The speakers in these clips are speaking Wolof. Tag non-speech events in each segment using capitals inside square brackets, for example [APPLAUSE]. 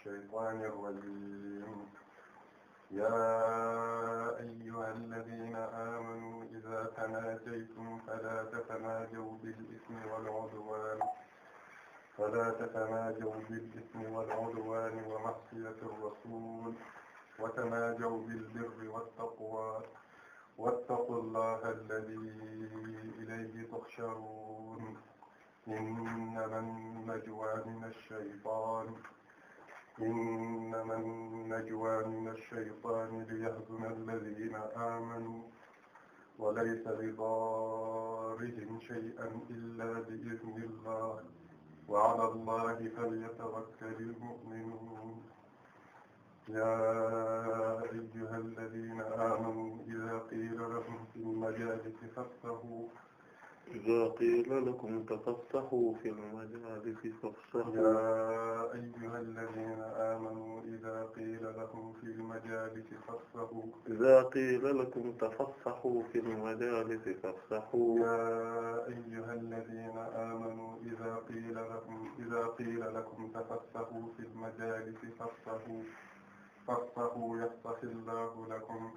الشيطان الرجيم يا أيها الذين آمنوا إذا تناجيتم فلا تتناجوا بالإثم والعدوان فلا تتناجوا بالإثم والعدوان ومعصية الرسول وتناجوا بالبر والتقوى واتقوا الله الذي إليه تحشرون إنما النجوى من الشيطان إنما النجوى من الشيطان ليحزن الذين آمنوا وليس بضارهم شيئا إلا بإذن الله وعلى الله فليتوكل المؤمنون يا أيها الذين آمنوا إذا قيل لهم في المجالس فافقهوا إذا قيل لكم تفسحوا في المجالس فافسحوا يا أيها الذين آمنوا إذا قيل لكم في المجالس فافسحوا إذا قيل لكم تفسحوا في المجالس فافسحوا يا أيها الذين آمنوا إذا قيل لكم إذا قيل لكم تفسحوا في المجالس فافسحوا فافسحوا يفسح الله لكم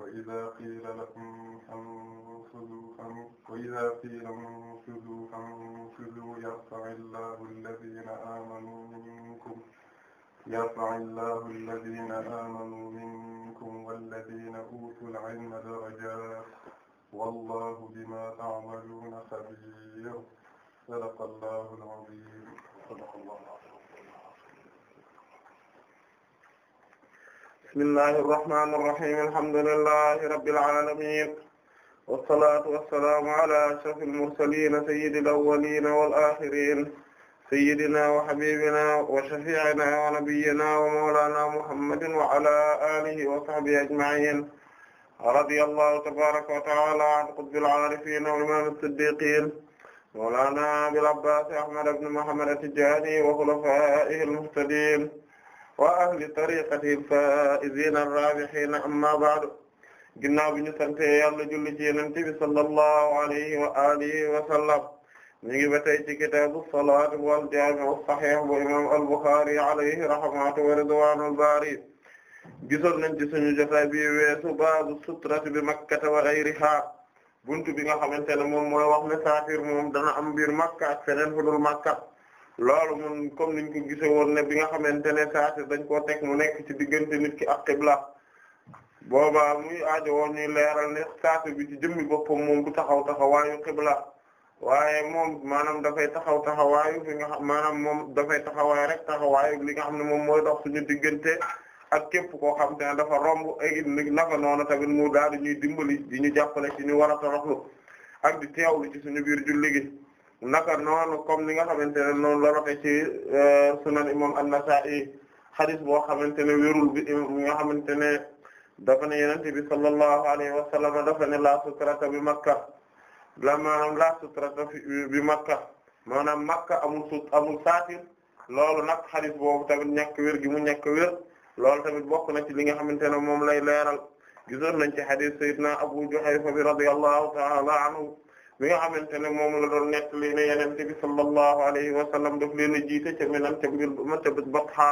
وإذا قيل لكم انفذوا وإذا قيل انفذوا فانفذوا يرفع الله الذين آمنوا منكم يرفع الله الذين آمنوا منكم والذين أوتوا العلم درجات والله بما تعملون خبير صدق الله العظيم صدق الله العظيم bismillahir rahmanir rahim alhamdulillahi rabbil alamin wassalatu wassalamu ala ashrafil mursalin sayyidil awwalin wal akhirin sayyidina wa habibina wa shafi'ina wa nabiyyina wa mawlana muhammadin wa ala alihi wa sahbihi ajma'in radiyallahu tabaraka wa ta'ala an qutbil arifin wa imam as-siddiqin mawlana abil abbas ahmad ibn muhammad at-tijani wa khulafaihi al-muhtadin wa ahli tariqati al-faa'iziina ar-raabihiina amma ba'du ginnaaw bi ñu sante yàlla julli ci yonent bi sallallahu alayhi wa alihi wa sallam ñu ngi ba tey ci kitaabu salaat wal jaami' as-sahiih bu imaam al-Bukhaari alayhi rahmatu wa ridwaanu al-baari gisoon nañ ci suñu jotaay bi weesu baabu sutrati bi makkata wa ghayrihaa buntu bi nga xamante ne moom mooy wax ne saafir moom dana am biir makka ak feneen fu dul makka loolu moom comme ñu ko gisee woon ne bi nga xamante ne saa dañ koo teg mu nekk ci diggante nit ki ak qibla boobaa muy aajo woon ñuy leeral ne saa si bi ci jëmmi boppam moom du taxaw taxawaayu qibla waaye moom maanaam dafay taxaw taxawaayu fi nga xam maanaam moom dafay taxawaay rek taxawaayu li nga xam ne moom mooy dox suñu diggante ak képp ko xam te dafa romb ay naka noonu tamit mu daal di ñuy dimbali di ñu jàppale ci ñu war a toroxlu ak di teewlu ci suñu biir julli gi. naka noonu comme ni nga xamante ne noonu la rafet ci euh, sunan imam an-Nasa'i xadis boo xamante ne wérul bi nga xamante ne dafa ne yonent bi sallallahu alayhi wa sallam dafa ne la sutrata bi makka la maanaam la sutrata bi makka maanaam makka amul sut amul saatir loolu nag xadis boobu tamit ñàkk wir gi mu ñàkk wér loolu tamit bokk na ci li nga xamante ne moom lay leeral gisoon nañ ci xadis sayyidina Abu Juhayfa bi radiyallahu ta'ala anhu bi nga xamante ne moom la doon nekk li ne yonent bi sallallahu alayhi wa sallam daf leen a jiite ca Minan ca biir ca Batha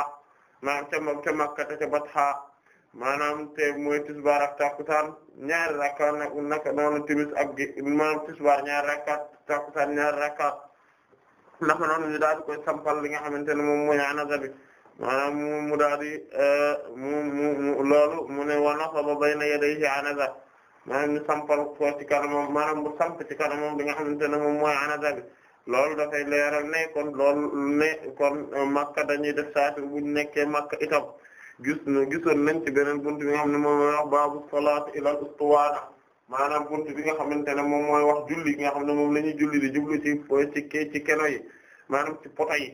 maanaam ca Makka ca Batha maanaam te mooy tisbaar ak takkusaan ñaari rakkaat nag naka noonu timis ak gi maanaam tisbaar ñaari rakkaat takkusaan ñaari rakkaat naka noonu daal di koy sampal li nga xamante ne moom mooy anaga bi maanaam mu mu daal di euh, mu mu loolu mu ne wa nasaba bayna yadayhi anaga maanaam ñu sampal ko ci kanamam maanaam bu samp ci li nga xamante ne moom mooy anada bi loolu dafay leeral ne kon loolu ne kon makka dañuy def saati bu ñu nekkee makka itam gis na gisoon nañ ci beneen buntu bi nga xam ne moom mooy wax baabu salaat ilal ustuwaana maanaam buntu bi nga xamante ne moom mooy wax julli nga xam ne moom la ñuy julli di jublu ci ci ci keno yi maanaam ci poto yi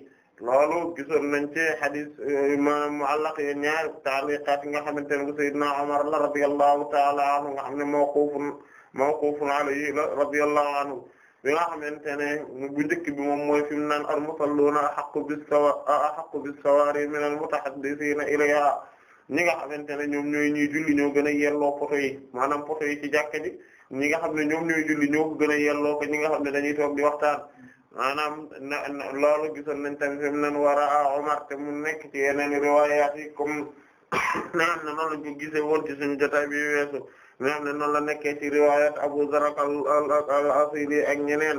loolu gisoon nañ ci hadis uh, ma muallaq yi ñaari taaliqaat yi nga xamante ne bu sayyidina Umar la radiyallahu ta'ala anhu nga xam ne mawqufun mawqufun alayhi la radiyallahu anhu bi nga xamante ne bu njëkk bi moom mooy fi mu naan al musalluuna ahaqqu bis-sawa ahaqqu bis-sawaari min al-mutahaddisiina ilayha ñi nga xamante ne ñoom ñooy ñuy julli ñoo gën a yelloo poto yi maanaam poto yi ci jàkka ji ñi nga xam ne ñoom ñooy julli ñoo gën a yelloo ñi nga xam ne dañuy toog di waxtaan maanaam loolu gisoon nañ tamit fi mu nan a Umar te mu nekk ci yeneen riwaayaat yi comme [COUGHS] na am ne noonu gisee woon ci suñu jotaay bi na am ne noonu la nekkee ci riwaayaat Abu Zarr al-Asili ak ñeneen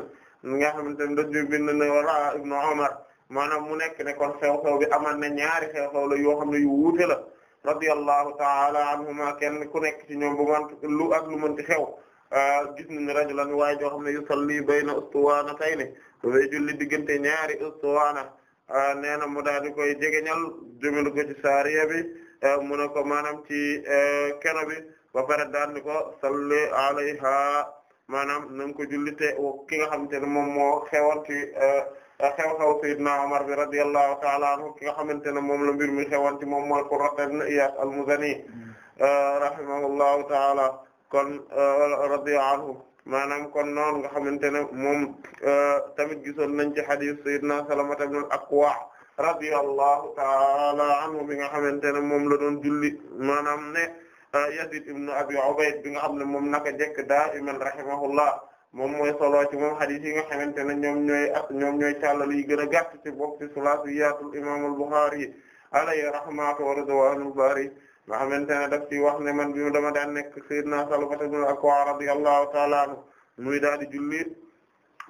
nga xamante ne dañu bind ne wara a Umar maanaam mu nekk ne kon xew-xew bi amaan na ñaari xew-xew la yoo xam ne yu wuute la radiyallahu ta'ala anhuma kenn ku nekk ci ñoom bu man lu ak lu mënti xew Ah, gis nañu rajulan waaye joo xam ne yusalli bayna ustuwanatayni dafay julli diggante ñaari ustuwana ah, nee na mu daal di koy jegeñal jëmale ko ci saariya bi ah, mu ne ko maanaam ci eh, keno bi ba pare daal di ko salli alayha maanaam na nga ko jullite ki nga xamante ne moom moo xewoon ci eh, eh, xew-xew Seydina Omar bi radiyallahu ta'ala anhu ki nga xamante ne moom la mbir mi xewoon ci moom mooy Qurratu ibn Iyas mm. rahimahullahu ta'ala kon euh, radiyallahu anhu maanaam kon noonu nga xamante ne moom euh, tamit gisoon nañ ci hadith sayyidina Salamata ibn al-Akwa radiyallahu ta'ala anhu bi nga xamante ne moom la doon julli maanaam ne euh, Yazid ibn Abi Ubayd bi nga xam ne moom naka jekk daa'iman rahimahullah moom mooy solo ci moom hadith yi nga xamante ne ñoom ñooy ak ñoom ñooy càllal yi gën a gàtt ci bokk ci sulaasiyyaatul imaamul Bukhari alayhi rahmatu wa ridwaanul baari nga xamante ne daf ci wax ne man bi mu dama daan nekk sayyidna Salbata ibn al-Akwa radiyallahu ta'ala anhu muy daal di julli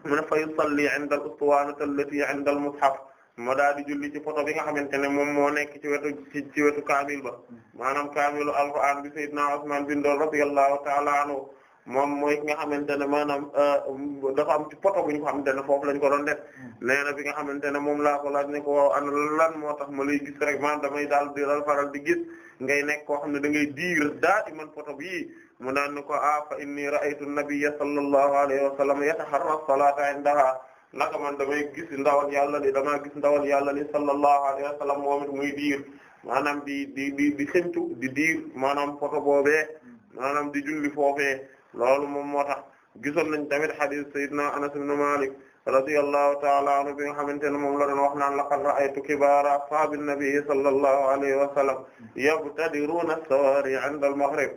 mu ne fa yusalli 'inda al-ustuwanati allati 'inda al-mushaf ma daal di julli ci poto bi nga xamante ne moom moo nekk ci wetu ci wetu kaamil ba maanaam kaamilu alquran bi sayyidna Usman bin Dawud radiyallahu ta'ala anhu moom mooy ki nga xamante ne maanaam euh, dafa am ci poto bu ñu ko xamante ne foofu lañ ko doon def hmm. na bi nga xamante ne moom laa ko laaj ne ko waaw ana lan moo tax ma lay gis rek maanaam damay di dal faral di gis ngay nekk koo xam ne da ngay diir daa di mën poto bi mu naan ne ko ah fa inni ra'aytu an-nabiyya sallallahu alayhi wa sallam yataharra as-salata 'indaha naka man damay gis ndawal yàlla li damaa gis ndawal yàlla li sallallahu alayhi wa sallam moom it muy diir maanaam di di di di xëntu di diir maanaam poto boobee hmm. maanaam di julli foofee loolu moom moo tax gisoon nañ tamit hadith sayyidina Anas ibn Malik radiyallahu ta'ala anhu bi nga xamante ne moom la doon wax naan laqad ra'aytu kibara ashabi an-nabi sallallahu alayhi wa sallam yabtadiruna as-sawari 'inda al-maghrib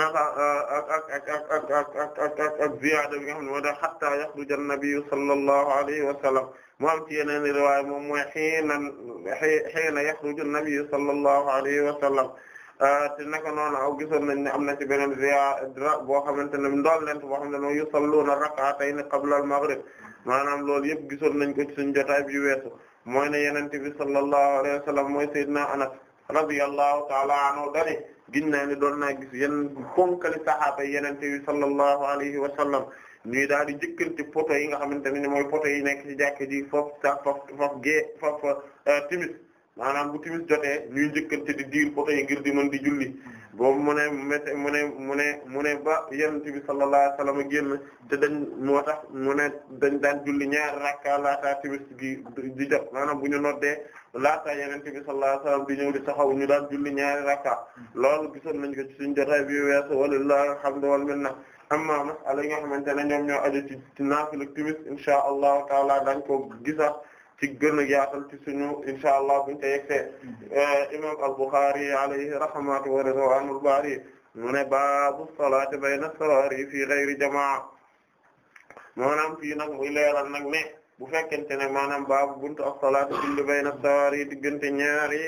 naka ak ak ak ak ak ak ak ak ziyaada bi nga xam ne moo tax hatta yakhruja an-nabi sallallahu alayhi wa sallam mu am ci yeneen riwaaya moom mooy hiina hiina yakhruju an-nabi sallallahu alayhi wa sallam Euh, te naka noonu aw gisoon nañ ne am na ci beneen ziyaara boo xamante ne ndool lent boo xam ne moom yusalluuna rak'atayni qabla al-maghrib maanaam loolu yëpp gisoon nañ ko ci suñu jotaay bi weesu mooy ne yonent bi sallallahu alayhi wa sallam mooy Seydina Anas radiyallahu ta'ala anhu dani giñ naa ne doon naa gis yenn ponkali sahaaba yenen yonent bi sallallahu alayhi wa sallam ñuy daal di jëkkante poto yi nga xamante ne mooy poto yi nekk ci jàkka ji foofu sa foofu euh, maanaam bu timis jotee ñuy njëkkante di diir poto yi ngir di mën di julli boo mu ne mu ne mu ne mu ne ba yonent bi sallallahu alayhi wasallam génn te dañ moo tax mu ne dañ daan julli ñaar rakka laataa timis gi di jot maanaam bu ñu noddee laataa yonent bi sallallahu alayhi wasallam di ñëw di taxaw ñu daan julli ñaari rakka loolu gisoon nañ ko ci suñu jotaay bi weesu walillahi alhamdu wal minna amma masala yi nga xamante ne ñoom ñoo aju ci naafila timis insha allahu taala dañ ko gisaat ci gën a yaatal ci suñu insha allah buñu te yeggtee eh, imam al-Bukhari alayhi rahmatu wa ridwanul bari mu ne baabu salaati bayna sarari fii ghayri jamaa maanaam fii nag muy leeral nag ne bu fekkente ne maanaam baabu buntu as-salaati julli bayna sarari diggante ñaari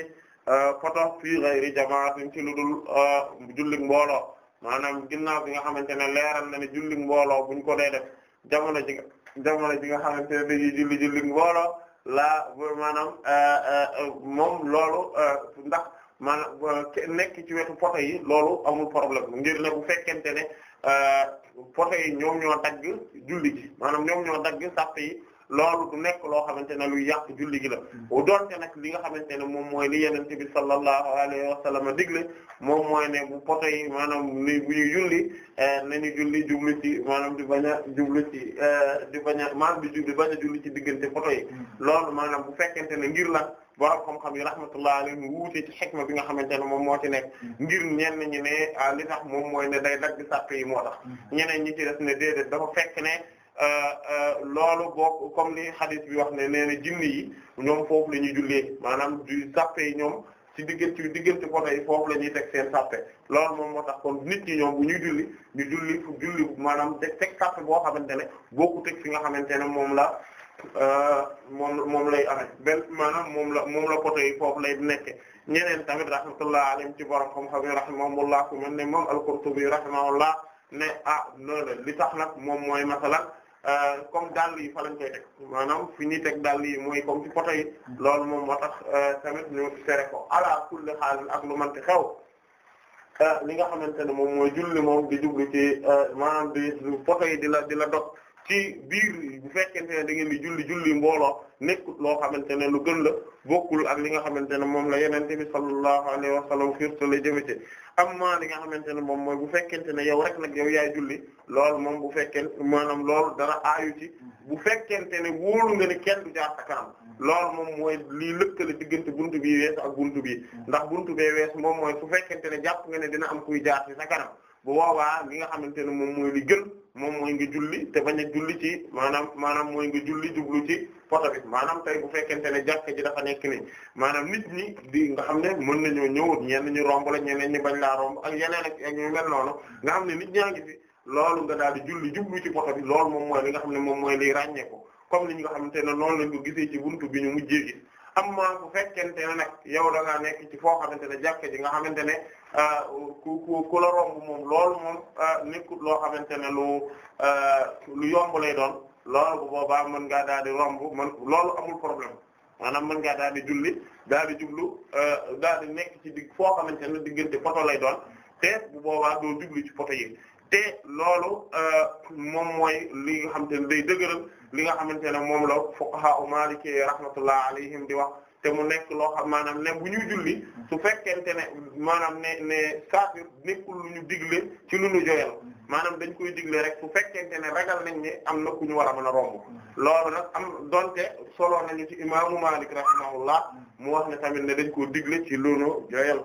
eh, poto fii ghayri jamaa ci lu dul eh, julli mbooloo maanaam ginnaaw bi nga xamante ne leeral na ne julli mbooloo buñ ko dee def jamono ji jamono ji nga xamante ne dañuy julli julli mbooloo la maanaam euh, euh, moom loolu euh, ndax maanaam nekk ci wetu poto yi loolu amul problème ngir ne bu fekkente ne poto yi ñoom ñoo dagg julli ji maanaam ñoom ñoo dagg sàpp loolu du nekk loo xamante ne luy yàq julli gi la mm-hmm. doonte nag li nga xamante ne moom mooy li yenent bi sallallahu alayhi wa sallam digle moom mooy ne bu poto yi maanaam li bu eh, ñu julli jublu ci maanaam di bañ a jublu ci eh, di bañ a maanaam di jubli bañ julli ci diggante poto yi mm-hmm. loolu maanaam bu fekkente ne ngir la borom xam-xam yi rahmatullah alayhi wuute ci ma bi nga xamante ne moom moo ci nekk mm-hmm. ngir ñenn ñi ne ah, li tax moom mooy ne day dagg sàpp yi moo tax ñeneen ñi ci def ne déedéet dafa fekk ne Euh, euh, loolu bokk comme ni hadith bi wax ne nee na yi ñoom foofu la ñuy jullee maanaam du sàppe yi ñoom ci diggante ci diggante côté yi foofu la ñuy teg seen sàppe lool moom moo tax kon nit ñi ñoom bu ñuy julli ñu julli fu julli maanaam teg teg sàppe boo xamante ne bokku teg fi nga xamante ne moom la euh, moom moom lay amee benn maanaam moom la moom la côté yi foofu lay nekke ñeneen tamit rahmatullah alayhim ci borom xam-xam yi rahimahumullah ku mel ne moom al-Qurtubi rahimahullah ne ah loolu li tax na moom mooy masalan Euh, comme dàll yi fa maanaam fi ñuy teg dàll yi mooy comme ci poto yi loolu moom moo tax euh, tamit ñu tere ko ala kulli xaalis ak lu manti xew euh, li nga xamante ne moom mooy julli moom di jublu ci maanaam di poto di la di la dog ci biir bu fekkente ne da ngeen di julli julli mbooloo nekk loo xamante ne lu gën la bokkul ak li nga xamante ne moom la yonent bi sallallahu alayhi wa la jëme ci amma nga xamante ne moom mooy bu fekkente ne yow rek nag yow yaay julli lool moom bu fekkente maanaam lool dara aayu ci bu fekkente ne wóolu nga ne kenn du jaar sa kanam loolu moom mooy lii lëkk la diggante buntu bi weesu ak buntu bi ndax buntu bee weesu moom mooy su fekkente ne jàpp nga ne dana am kuy jaar ci sa kanam bu boobaa li nga xamante ne moom mooy li gën moom mooy nga julli te bañ a julli ci maanaam maanaam mooy nga julli jublu ci poto bi maanaam tey bu fekkente ne jàkk ji dafa nekk ni maanaam nit ñi di nga xam ne mën nañoo ñëwut ñenn ñu romb la ñeneen ñi bañ laa romb ak yeneen ak ak ñu mel noonu nga xam ne nit ñaa ngi fi loolu nga daal di julli jublu ci poto bi loolu moom li nga xam ne moom mooy liy ràññee ko comme ni ñu nga xamante ne noonu lañ ko gisee ci buntu bi ñu mujjee gi amma bu fekkente ne nag yow da ngaa ci foo xamante ne jàkk ji nga xamante ne Ah, ku ku ku la romb moom loolu moom ah, nekkut loo xamante ne lu ah, lu yomb lay doon loolu bu boobaa mën ngaa daal di romb man loolu amul problème maanaam mën ngaa daal di julli daal di jublu daal di nekk ci digg foo xamante ne diggante poto lay doon te bu boobaa doo jublu ci poto yi te loolu moom mooy li nga xamante ne day dëgëral li nga xamante ne moom la fuqaha u Maliki rahmatullah alayhim di wax te mu nekk loo xam maanaam ne bu ñuy julli su fekkente ne maanaam ne ne saafir nekkul lu ñu digle ci lu ñu joyal maanaam dañ koy digle rek su fekkente ne ragal nañ ni am na ku ñu war a mën a romb loolu nag am donte solo nañu ci imaamu Maalik rahimahullah mu wax ne tamit ne dañ koo digle ci lu nu joyal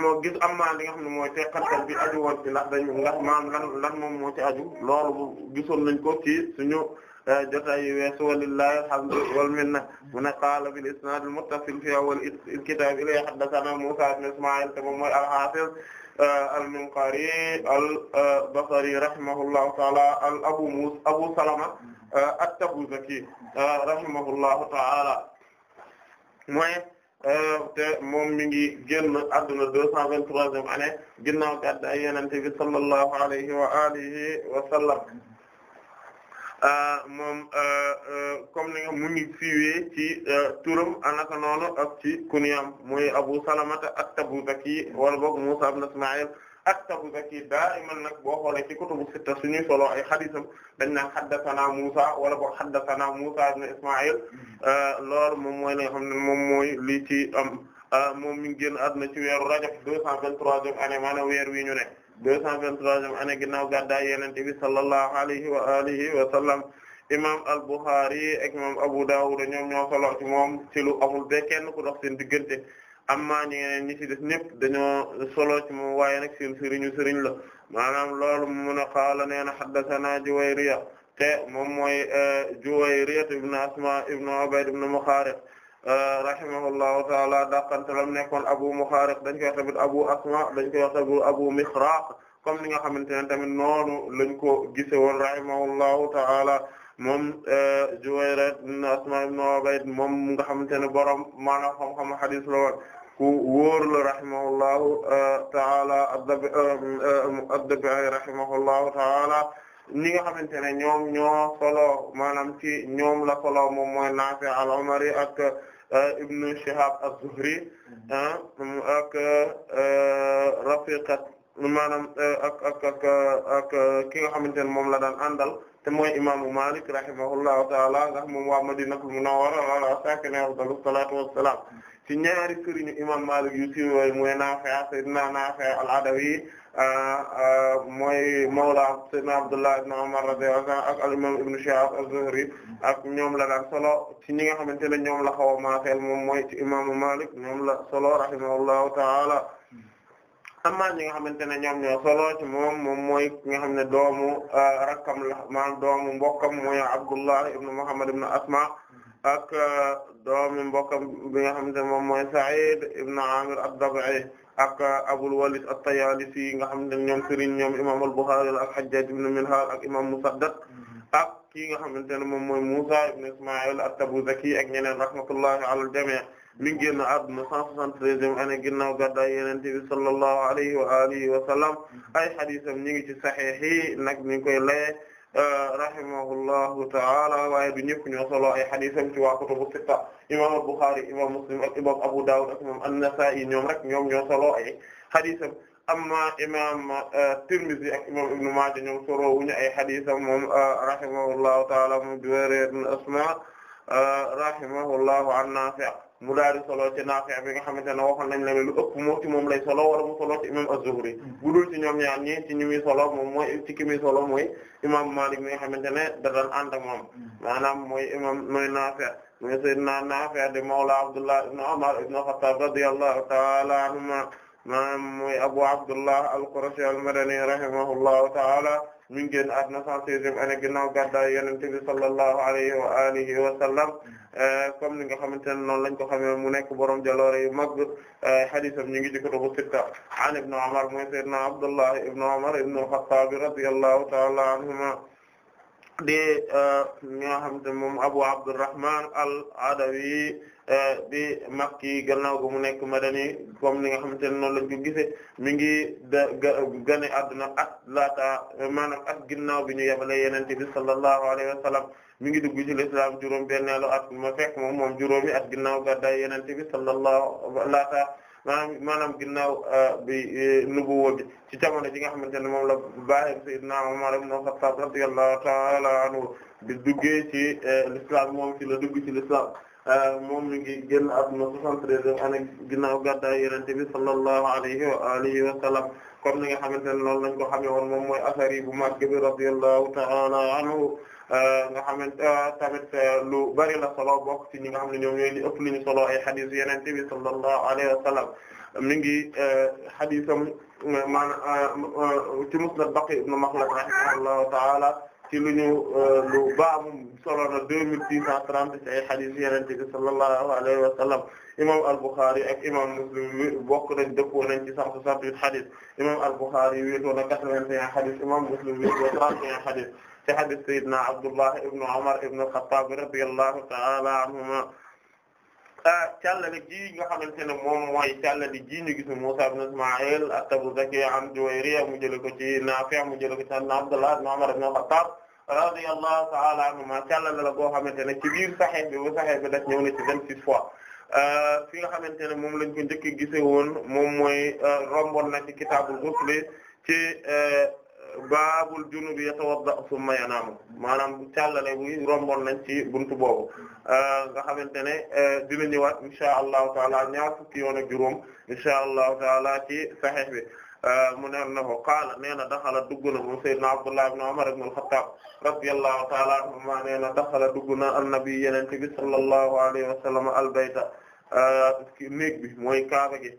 moo gis am maa li nga xam ne mooy teqantal bi aju woon ci ndax dañu nga maam lan lan moom moo ci aju loolu gisoon nañ ko ci suñu Eh, jotaay yu weesu walillahi alhamdu wal minna mu ne qaala bil isnaad al muttasil fi awwal kitaab ilay haddathana Muusaa ibn Ismaa'iil te moom mooy al-Haafiz eh, al-Minqari al-Basri rahimahullahu ta'ala al abu Muusaa abu Salama eh, at-Tabuzaki rahimahullahu ta'ala mooy te moom mi ngi génn adduna deux cent vingt-troisième année ginnaaw gàddaay Yonent bi sallallahu alayhi wa alihi wa sallam Euh, moom euh, euh, comme na nga mu ngi fiiwee ci turam anaka noonu ak ci kuniyam muy Abu Salamata at-Tabuzaki wala boog Musa ibn Isma'il at-Tabuzaki daa'iman nag boo xoolee ci kutubu sitta suñuy solo ay xadiisam dañ na naan haddathana Musa wala boog haddathana Musa ibn Isma'il mm-hmm. loolu moom mooy li xam moom mooy lii ci am moom mi ngi génn àdduna ci weeru rajab deux cent vingt-troisième année maanaam weer wi ñu ne deux cent vingt-troisième année ginnaaw gàddaay Yonent bi sallallahu alayhi wa alihi wa sallam imam al-Bukhari ak moom Abu Dawud ñoom ñoo solo moom ci lu amul be kenn ku dox seen diggante amma ñi ngeneen ñi ci def ñëpp dañoo solo ci moom waaye nag seen sëriñu sëriñ la maanaam loolu mun a qaala nee na haddathana Juwayriya te moom mooy euh, Juwayriya ibn Asma ibn Ubayd ibn Mukhariq rahimahullahu taala dàqantalam nekkoon abu muxaariq dañ koy wax tamit abu asma dañ koy wax tamit abu mixraq comme ni nga xamante ne tamit noonu lañ ko gise woon rahimahullahu taala moom eh, Juwayriya ibn Asma ibn Ubayd moom nga xamante ne borom maanaam xam-xamu hadis la woon ku wóor la rahimahullahu eh, taala eh, ad-Dabi'i rahimahullahu taala ñi nga xamante ne ñoom ñoo solo maanaam ci ñoom la solo moom mooy Naafi al-Umari Euh, ibn Shihab az-Zuhri mm-hmm. mm, ak euh, rafiqat maanaam euh, ak ak ak ak ki nga xamante ne moom la daan àndal te mooy imaamu Malik rahimahullahu taala nga xam moom waa Madinatul Munawwara ala saakinihaa afdalu salaatu wassalaam mm-hmm. ci ñaari sëriñu imam Malik yu siiwee mooy Naafi' sayyidina Naafi' al-Adawi euh, mooy mawla sayyidina Abdullah ibn Umar radiyallahu anhu ak al-imam Ibn Shihab az-Zuhri ak ñoom la daan solo ci ñi nga xamante ne ñoom la xaw moom mooy ci imaamu Malik ñoom la solo rahimahullahu ta'ala amma ñi nga xamante ne ñoom ñoo solo ci moom moom mooy nga xam ne doomu euh, rakkam la maanaam doomu mbokkam mooy Abdullah ibn Muhammad ibn Asma doomi mbokkam bi nga xamante ne moom mooy Sa'id ibn Amir ad-Dab'i ak Abul Walid at-Tayalisi nga xamante ne ñoom sëriñ ñoom imam al-Bukhari ak Hajjaj ibn Minhar ak imam Musaddad ak kii nga xamante ne moom mooy Musa ibn Isma'il at-Tabuzaki ak ñeneen rahmatullahi ala al-jami' mi ngi génn àdduna 173e année ginnaaw gàddaay Yonent bi sallallahu alayhi wa alihi wa sallam ay hadiisam ñi ngi ci sahih yi nag ñu ngi koy laye rahimahullahu ta'ala waaye du ñëpp ñoo solo ay xadisam ci waa kutubu sitta imam al-Bukhari imam Muslim ak imam Abu Dawud ak imam an-Nasa'i ñoom rek ñoom ñoo solo ay xadisam amma imam euh, Tirmidhi ak imam Ibn Majah ñoom solo wuñu ay xadisam moom euh, rahimahullahu ta'ala moom di wéreer Asma euh, rahimahullahu an Nafi' mu daal di solo ci Naafi' bi nga xamante ne waxoon nañ la lu ëpp moo ci moom lay solo wala mu solo ci imam az mm-hmm. bu dul ci ñoom ñaar ñi ci ñi solo moom mooy ci ki solo mooy imam Maalik mi nga xamante ne da daan ànd moom mm-hmm. maanaam mooy imam mooy Naafi' mooy sayyidina Naafi' di mawla Abdullah ibn Umar ibn Khattab radiyallahu ta'ala anhuma maanaam mooy Abu Abdullah al-Qurashi al-Madani rahimahullahu ta'ala mi ngi génn àdduna 116e année ginnaaw gàddaay Yonent bi sallallahu alayhi wa alihi wa sallam eh, comme ni nga xamante ne noonu lañ ko xamee mu nekk borom jaloore yu mag eh, hadiisam ñu ngi ci kutubu sitta an ibnu Umar mooy sayyidina Abdullah ibnu Umar ibnu al-Khattab ta'ala anhuma di eh, Abu Abdurrahman al-Adawi bi euh, makki gannaaw gu mu nekk madani kom ni nga xamante ne noonu la ko gisee mi ngi da gane adduna at laata maanaam at ginnaaw bi ñu yebale yonent bi sallallahu alayhi wa sallam mi ngi dugg ci lislaam juróom benneelu at ma fekk moom moom juróomi at ginnaaw gàddaay yonent bi sallallahu laata maanaam maanaam ginnaaw euh, bi euh, nubuwwa ci jamono ji nga xamante ne moom la baaxee sayyidina Umar ibn Khattab radiyallahu ta'ala anhu di duggee ci lislaam moom ci la dugg ci lislaam Euh, moom mi ngi génn àdduna 73 ane ginnaaw gàddaay Yonent bi sallallahu alayhi wa alihi wa sallam comme ni nga xamante ne loolu lañ ko xamee woon moom mooy asari bu mag bi radiyallahu ta'ala anhu euh, nga xamante euh, tamit lu bari la solo bokk ci ñi nga xam ne ñoom ñooy li ëpp lu ñu solo ay xadis Yonent bi sallallahu alayhi wa sallam mi ngi xadisam maanaam ci musnad Baqi ibn Makhlad rahimahullahu ta'ala ci lu ñu euh, lu baamum solo na deux mille six cent trente ci ay hadith yenente bi sallallahu alayhi wa sallam imam al-Bukhari ak imam Muslim bokk nañ dëppoo nañ ci cent soixante-huit hadith imam al-Bukhari wéetoo na quatre-vingt-un hadith imam Muslim wéetoo trente-et-un hadith ci hadith sayyidina Abdullah ibn Umar ibn al-Khattab radiyallahu ta'ala anhuma ah, càllale ji nga xamante ne moom mooy càllale ji ñu gis Musa ibn Isma'il at Abdullah ibn Umar ibn al radiyallahu ta'ala anhuma càllale la goo xamante ne ci biir Sahih bi bu Sahih bi daf ñëw na ci vingt-six fois euh, fi nga xamante ne moom lañ ko njëkk gise woon moom mooy euh, rombon na ci kitaabul ghusl ci euh, baabul junubi yatawadda summa yanaamu maanaam càllale bu rombon nañ ci buntu boobu nga xamante ne dina ñëwaat insha allahu taala ñaar fukki yoon ak juróom insha allahu taala ci Sahih bi Euh, mu ne annahu qaala nee na daxala dugg na moom sayyidna Abdullah ibn Umar ibn al-Khattab radiyallahu ta'ala anhuma nee na daxala dugg na annabi yenente bi sallallahu alayhi wa sallam albayta euh, néeg bi mooy kaaba gi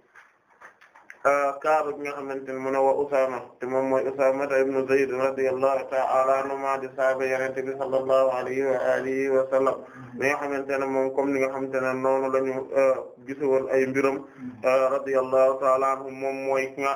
Euh, kaaba bi nga xamante ne mu ne wa Usaama te moom mooy Usaama ibn Zayd radiyallahu ta'ala anhuma di sahaaba bi sallallahu alayhi wa alihi wa sallam mi mm-hmm. nga xamante ne moom comme ni nga xamante ne noonu la ñu euh, gisoon ay mbiram mm-hmm. euh, radiyallahu ta'ala anhum moom mooy nga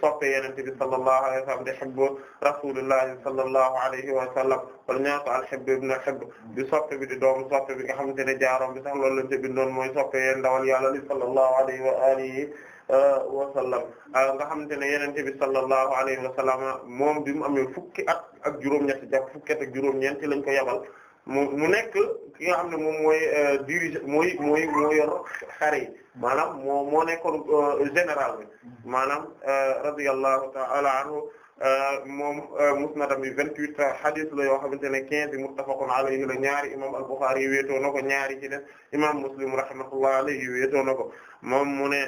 soppe Yonent bi sallallahu alayhi wa sallam di hubbu rasulillahi sallallahu alayhi wa sallam wala ñaa ko al-hibb ibn hibb mm-hmm. di soppe bi di doomu soppe bi nga xamante ne jaaroom bi sax loolu lañ te mooy soppe yeen ndawal Yàlla sallallahu alayhi wa alihi wa sallam ah, nga xamante ne yenente bi sallallahu alayhi wa sallam moom bi mu amee fukki at ak juróom-ñetti jàpp fukki at ak juróom-ñeenti lañ ko yabal mu mu nekk ki nga xam ne moom mooy euh, dirige mooy mooy moo yor xare yi maanaam moo moo nekkoon euh, général bi maanaam euh, radiyallahu ta'ala anhu Euh, moom euh, musnadam bi vingt-huit hadith la yoo xamante ne quinze yi muttafaqun alayhi la ñaari imam al-Bukhari yi wéetoo na ko ñaari ci def imam Muslim rahmatullah alayhi wéetoo na ko moom mu ne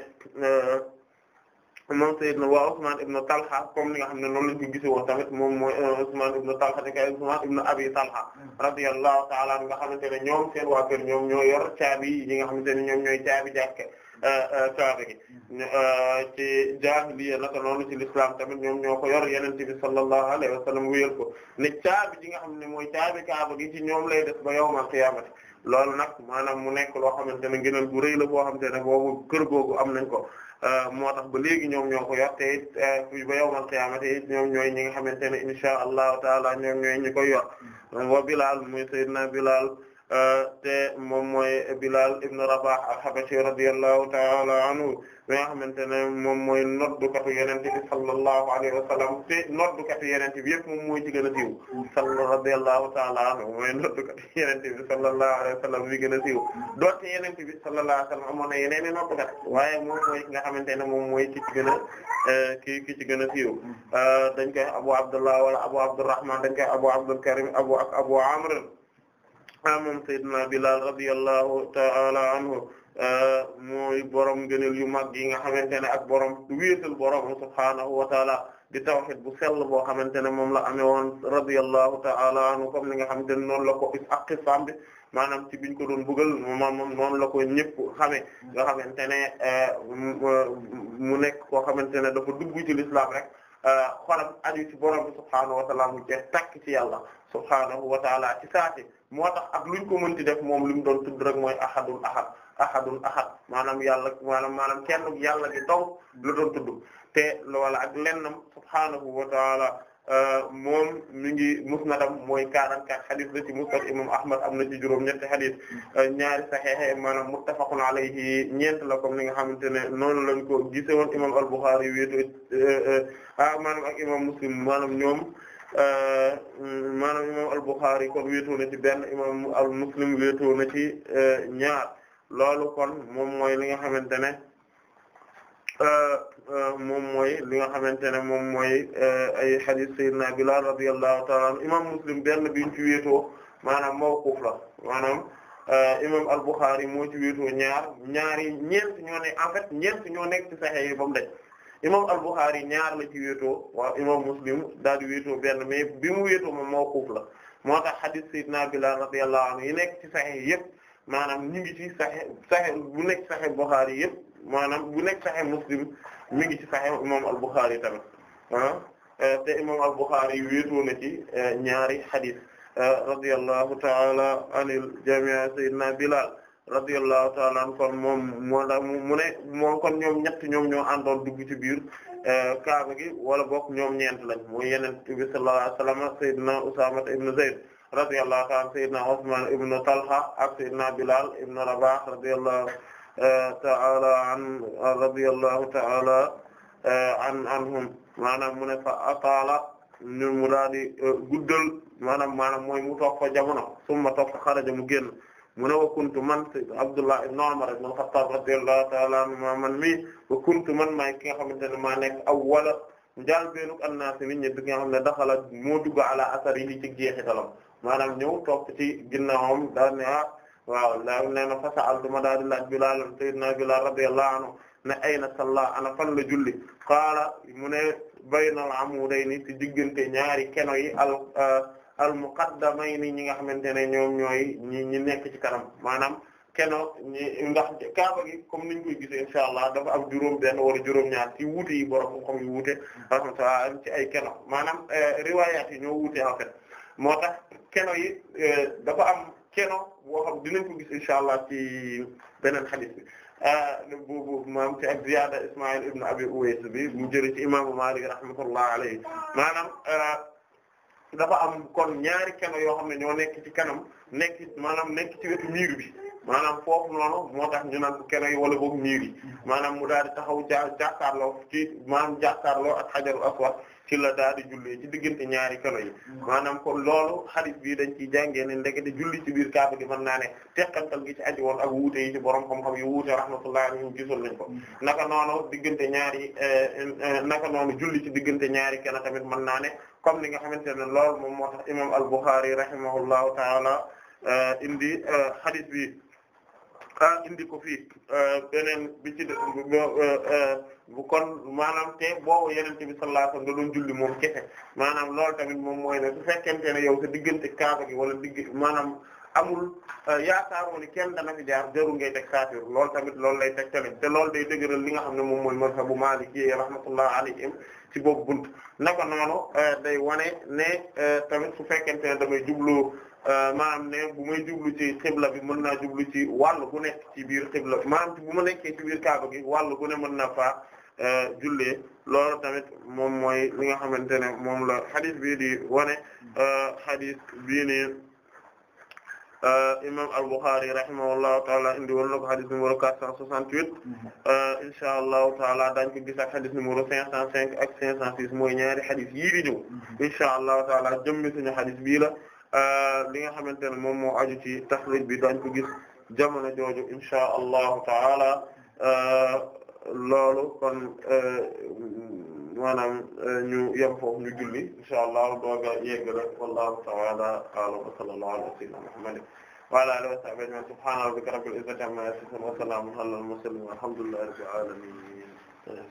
euh, moom sayyidna wa Usman ibn Talha comme ni nga xam ne noonu lañ ko gise woon tamit moom mooy Usman ibn Talha ni kay Usman ibn Abi Talha radiyallahu ta'ala nga xamante ne ñoom seen waa kër ñoom ñoo yor caabi yi nga xamante ne ñoom ñooy caabi jàkke kaaba euh, euh, gi euh, ci jaahiliya naka noonu ci l'islam tamit ñoom ñoo ko yor yonent bi sallallahu alayhi wa sallam wéyal ko ne caabi ji nga xam ne mooy caabi kaaba gi ci ñoom lay des ba yawmal qiyaamati lool nag maanaam mu nekk loo xamante ne gënal gu rëy la boo xamante ne boobu kër googu am nañ ko moo tax ba léegi ñoom ñoo ko yor te it ba yawmal qiyaamati ñoom ñooy ñi nga xamante ne insha allahu taala ñoom ñooy ñi koy yor wa Bilaal muy Seydina Bilaal te moom mooy Bilal ibn Rabah al-Habashi radiyallahu ta'ala anhu mi nga xamante ne moom mooy noddukatu Yonent bi sallallahu alayhi wa sallam te noddukatu Yonent bi yëpp moom mooy ci gën a siiw salla radiyallahu ta'ala anhu mooy noddukatu Yonent bi sallallahu alayhi wa sallam mi gën a siiw doonte Yonent bi sallallahu alayhi wa sallam amoon na yeneen i noddukat waaye moom mooy nga xamante ne moom mooy ki ci gën a eh, ki ki ci gën a siiw eh, dañ koy Abu Abdullah wala Abu Abdurrahman dañ koy Abu Abdul Karim Abu ak Abu Amr moom Seydina Bilal radiyallahu ta'ala anhu euh, mooy borom gëneel yu mag yi nga xamante ne ak borom wéetal borom subhaanahu wa taala di tawhid bu sell boo xamante ne moom la amee woon radiyallahu ta'ala anhu comme ni nga xamante ne noonu la ko ak xisam bi maanaam ci biñ ko doon bëggal moom noonu la ko ñëpp xamee nga xamante ne euh, mu nekk koo xamante ne dafa dugg ci rek euh, xolam aju ci borom bi subhaanahu wa taala mu jeex tàkk ci subhaanahu ci saati moo tax ak luñ ko mënti def moom li mu doon tudd rek mooy ahadul ahad ahadul ahad maanaam yàlla maanaam maanaam kenn yàlla di taw la doon tudd te loola ak lennam subhaanahu wa taala euh, moom mi ngi musnadam mooy 44 xadis la ci musnad imam ahmad am na ci juróom ñetti xadis euh, ñaari saxeexe maanaam muttafaqun alayhi ñeent la comme ni nga xamante ne noonu lañ ko gise woon imam al-Bukhari wéeto euh, ah, maanaam ak imam muslim maanaam ñoom Euh, maanaam imam al-Bukhari kon wéetoo na ci benn imam al-Muslim wéetoo na ci euh, ñaar loolu kon moom mooy li nga xamante ne euh, moom mooy li nga xamante ne moom mooy ay hadith sayyidina Bilal radiyallahu ta'ala anhu imam Muslim benn biñ ci wéetoo maanaam mawquf la maanaam imam al-Bukhari moo ci wéetoo ñaar ñaari ñeent ñoo ne en fait ñeent ñoo nekk ci yi ba mu imam al-Bukhari ñaar la ci wéetoo waaw imam Muslim daal di benn mais bi mu wéetoo moom mawquf la moo tax hadith sayyidina Bilal radiyallahu anhu yi nekk ci sahih yëpp maanaam ñu ngi ci sahih bu nekk sahih Bukhari yëpp maanaam bu nekk sahih Muslim mi ngi ci sahih imam al-Bukhari tamit ah te imam al-Bukhari wéetoo na ci eh, ñaari hadith eh, radiyallahu ta'ala anil jami' sayyidina Bilal radiyallahu ta'ala anhu moom moo tax mu ne moom kon ñoom ñett ñoom ñoo àndoon dugg ci biir euh, kaaba gi wala bokk ñoom ñeent lañ muy yeneen bi sallallahu alayhi wasallam sayyidina Usaama ibn Zayd radiyallahu ta'ala sayyidina Usman ibn Talha ak sayyidina Bilal ibn Rabah radiyallahu euh, ta'ala an radiyallahu ta'ala euh, maanaam maanaam mooy mu toog fa jamono summa toog fa mu génn mu wa kuntu man Abdullah ibn Umar ibn ki nga xamante ne maa nekk awwala njaal beenuk annaas nit ñi nga xam ne daxala moo dugg ala asar yi ci jeexitalam maanaam ñëw topp ci ginnaawam daal ne ah waaw laa nee na fa sa'altu ma daal di laaj Bilaal sayyidina Bilaal radiyallahu anhu ne ayna salla ana fan la julli qaala mu ne bayna al-amudayni ci diggante ñaari keno yi al ah, al muqaddamayni ñi nga xamante ne ñoom ñooy ñi ñi nekk ci kanam maanaam keno ñi ndax kaaba gi comme niñ koy gisee insha allah dafa am juróom benn wala juróom ñaar ci wuute yi borom xam yu wuute rahmatullah ci ay keno maanaam eh, riwaayaat yi ñoo wuute en fait moo tax keno yi eh, dafa am keno boo xam dinañ ko gis insha allah ci beneen hadith bi boobu eh, maam ci ak ziyaada Ismaïl ibn Abi Uways bi mu jëlee ci imaamu Maalik rahmatullah alayhi maanaam dafa am kon ñaari keno yoo xam ne ñoo nekk ci kanam nekk maanaam nekk ci wetu miir bi maanaam foofu noonu moo tax ñu naan keno yi wala boog miir yi maanaam mu daal di taxaw ja jàkkaarloo ci maanaam jàkkaarloo ak xajarul aswad ci la daal di jullee ci diggante ñaari kano yi mm. maanaam kon loolu hadith bi dañ ciy jàngee ne ndekete julli ci biir kaaba gi man naa ne teqantal gi ci aji woon ak wuute yi ci borom xam-xam yu wuute rahmatullahi alayhim gisoon nañ ko mm. naka noonu diggante ñaari eh, eh, naka noonu julli ci diggante ñaari kano tamit mën naa ne comme li nga xamante ne loolu moom moo tax imam al-Bukhari rahimahullahu taala eh, indi hadith bi indi ko fii euh, beneen bi ci euh, euh, bu kon maanaam te boobu yenente bi sallallahu alayhi wasallam jubli doon julli moom kese maanaam loolu tamit moom mooy ne su fekkente ne yow sa diggante kaaba gi wala digg maanaam amul yaakaaroo ni kenn dana fi jaar jarul ngay teg kaafiir loolu tamit loolu lay teg tamit te loolu day dëgëral li nga xam ne moom bu mooy mazhabu Maliki rahmatullah alayhim ci boobu bunt naka noonu day wane ne tamit su fekkente ne damay jublu Euh, maanaam ne bu may jublu ci xibla bi mën naa jublu ci wàll bu ne ci biir xibla bi bu ma nekkee ci biir kaaba gi wàll gu ne mën naa faa euh, jullee loolu tamit moom mooy li nga xamante ne moom la xadis bii di wane euh, xadis bii ni imam al-Bukhari rahimahullahu taala indi woon na ko xadis numéro 468 insha allahu taala daañ ko gis ak xadis numéro 505 ak 506 mooy ñaari xadis yii di mm-hmm. insha allahu taala jëmmi suñu xadis bii la Euh, li nga xamante ne moom moo aju ci taxrij bi dañ ko gis jamono jooju insha allahu taala euh, loolu kon euh, maanaam ñu yem foofu ñu julli insha allahu dooga yeggale wallahu taala a'lam wa sallallahu ala sayyidina muhammadin wa ala alihi wa sahbihi ajma'in subhana rabbika rabbil izzati amma yasifun wa salamun ala al mursalin walhamdulillahi rabbil alamin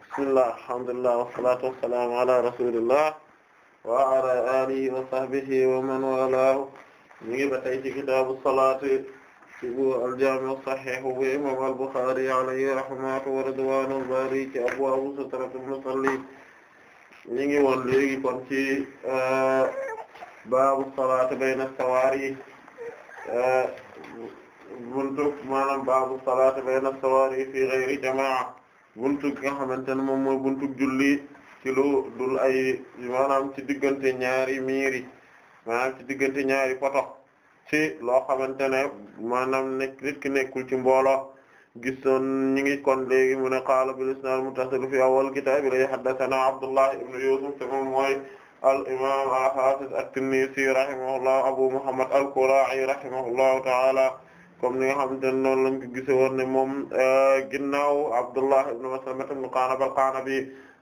bismillah alhamdulillah wassalatu wassalamu ala rasulillah wa ala alihi wa sahbihi wa man walaahu ñu ngi ba tey ci kitaabu salaati ci bu al-jaami' as-sahiih bu imaam al-Buxaari alayhi rahmatu wa ridwaanul baari ci abwaabu sutratul musalli ñu ngi woon léegi kon ci euh, baabu salaati bayna as-sawaari euh, buntu maanaam baabu salaati bayna as-sawaari fi ghayri jamaa'a buntu nga xamante ne moom mooy buntu julli. ci lu dul ay maanaam ci diggante ñaari miiri maanaam ci diggante ñaari poto ci loo xamante ne maanaam ne nit ki nekkul ci mbooloo gisoon ñi ngi kon léegi mu ne qaala bil isnaad muttasil fi awwal kitaab la haddathanaa Abdullah ibn Yusuf te moom mooy al imam al hafiz at-Tinnisi rahimahullah Abu Muhammad al-Qura'i rahimahullahu ta'ala comme ni nga xamante ne noonu lañ ko gise moom eh, ginnaaw Abdullah ibn Maslamah ibn Qanab al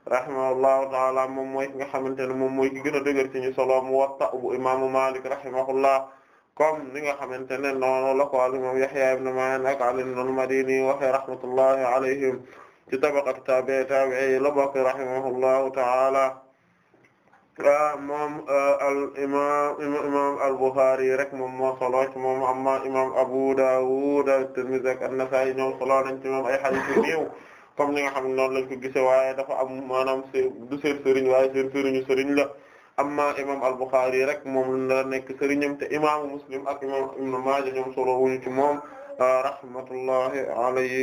rahimahullahu taala moom mooy ki nga xamante ne moom mooy gën a dëgër ci ñu solo Muwatta bu imaamu Malik rahimahullah comme ni nga xamante ne noonu la ko al imam Yahya ibn Ma'in ak Ali al-Madini waxee rahmatullahi alayhim ci tabaqat tabi'i tabi'i la bokk rahimahullahu taala ah, moom ah, imam solo ci moom Abu Dawud at-Tirmidhi an-Nasa'i ñoom solo nañ ci ay hadith comme ni nga xam ne noonu lañ ko gisee waaye dafa am maanaam du seen sëriñ waaye seen sëriñu sëriñ la amma imam al-Bukhari rek moom nekk sëriñam te imaamu Muslim ak imam Ibn Maaja ñoom solo wuñu ci moom rahmatullahi alayhi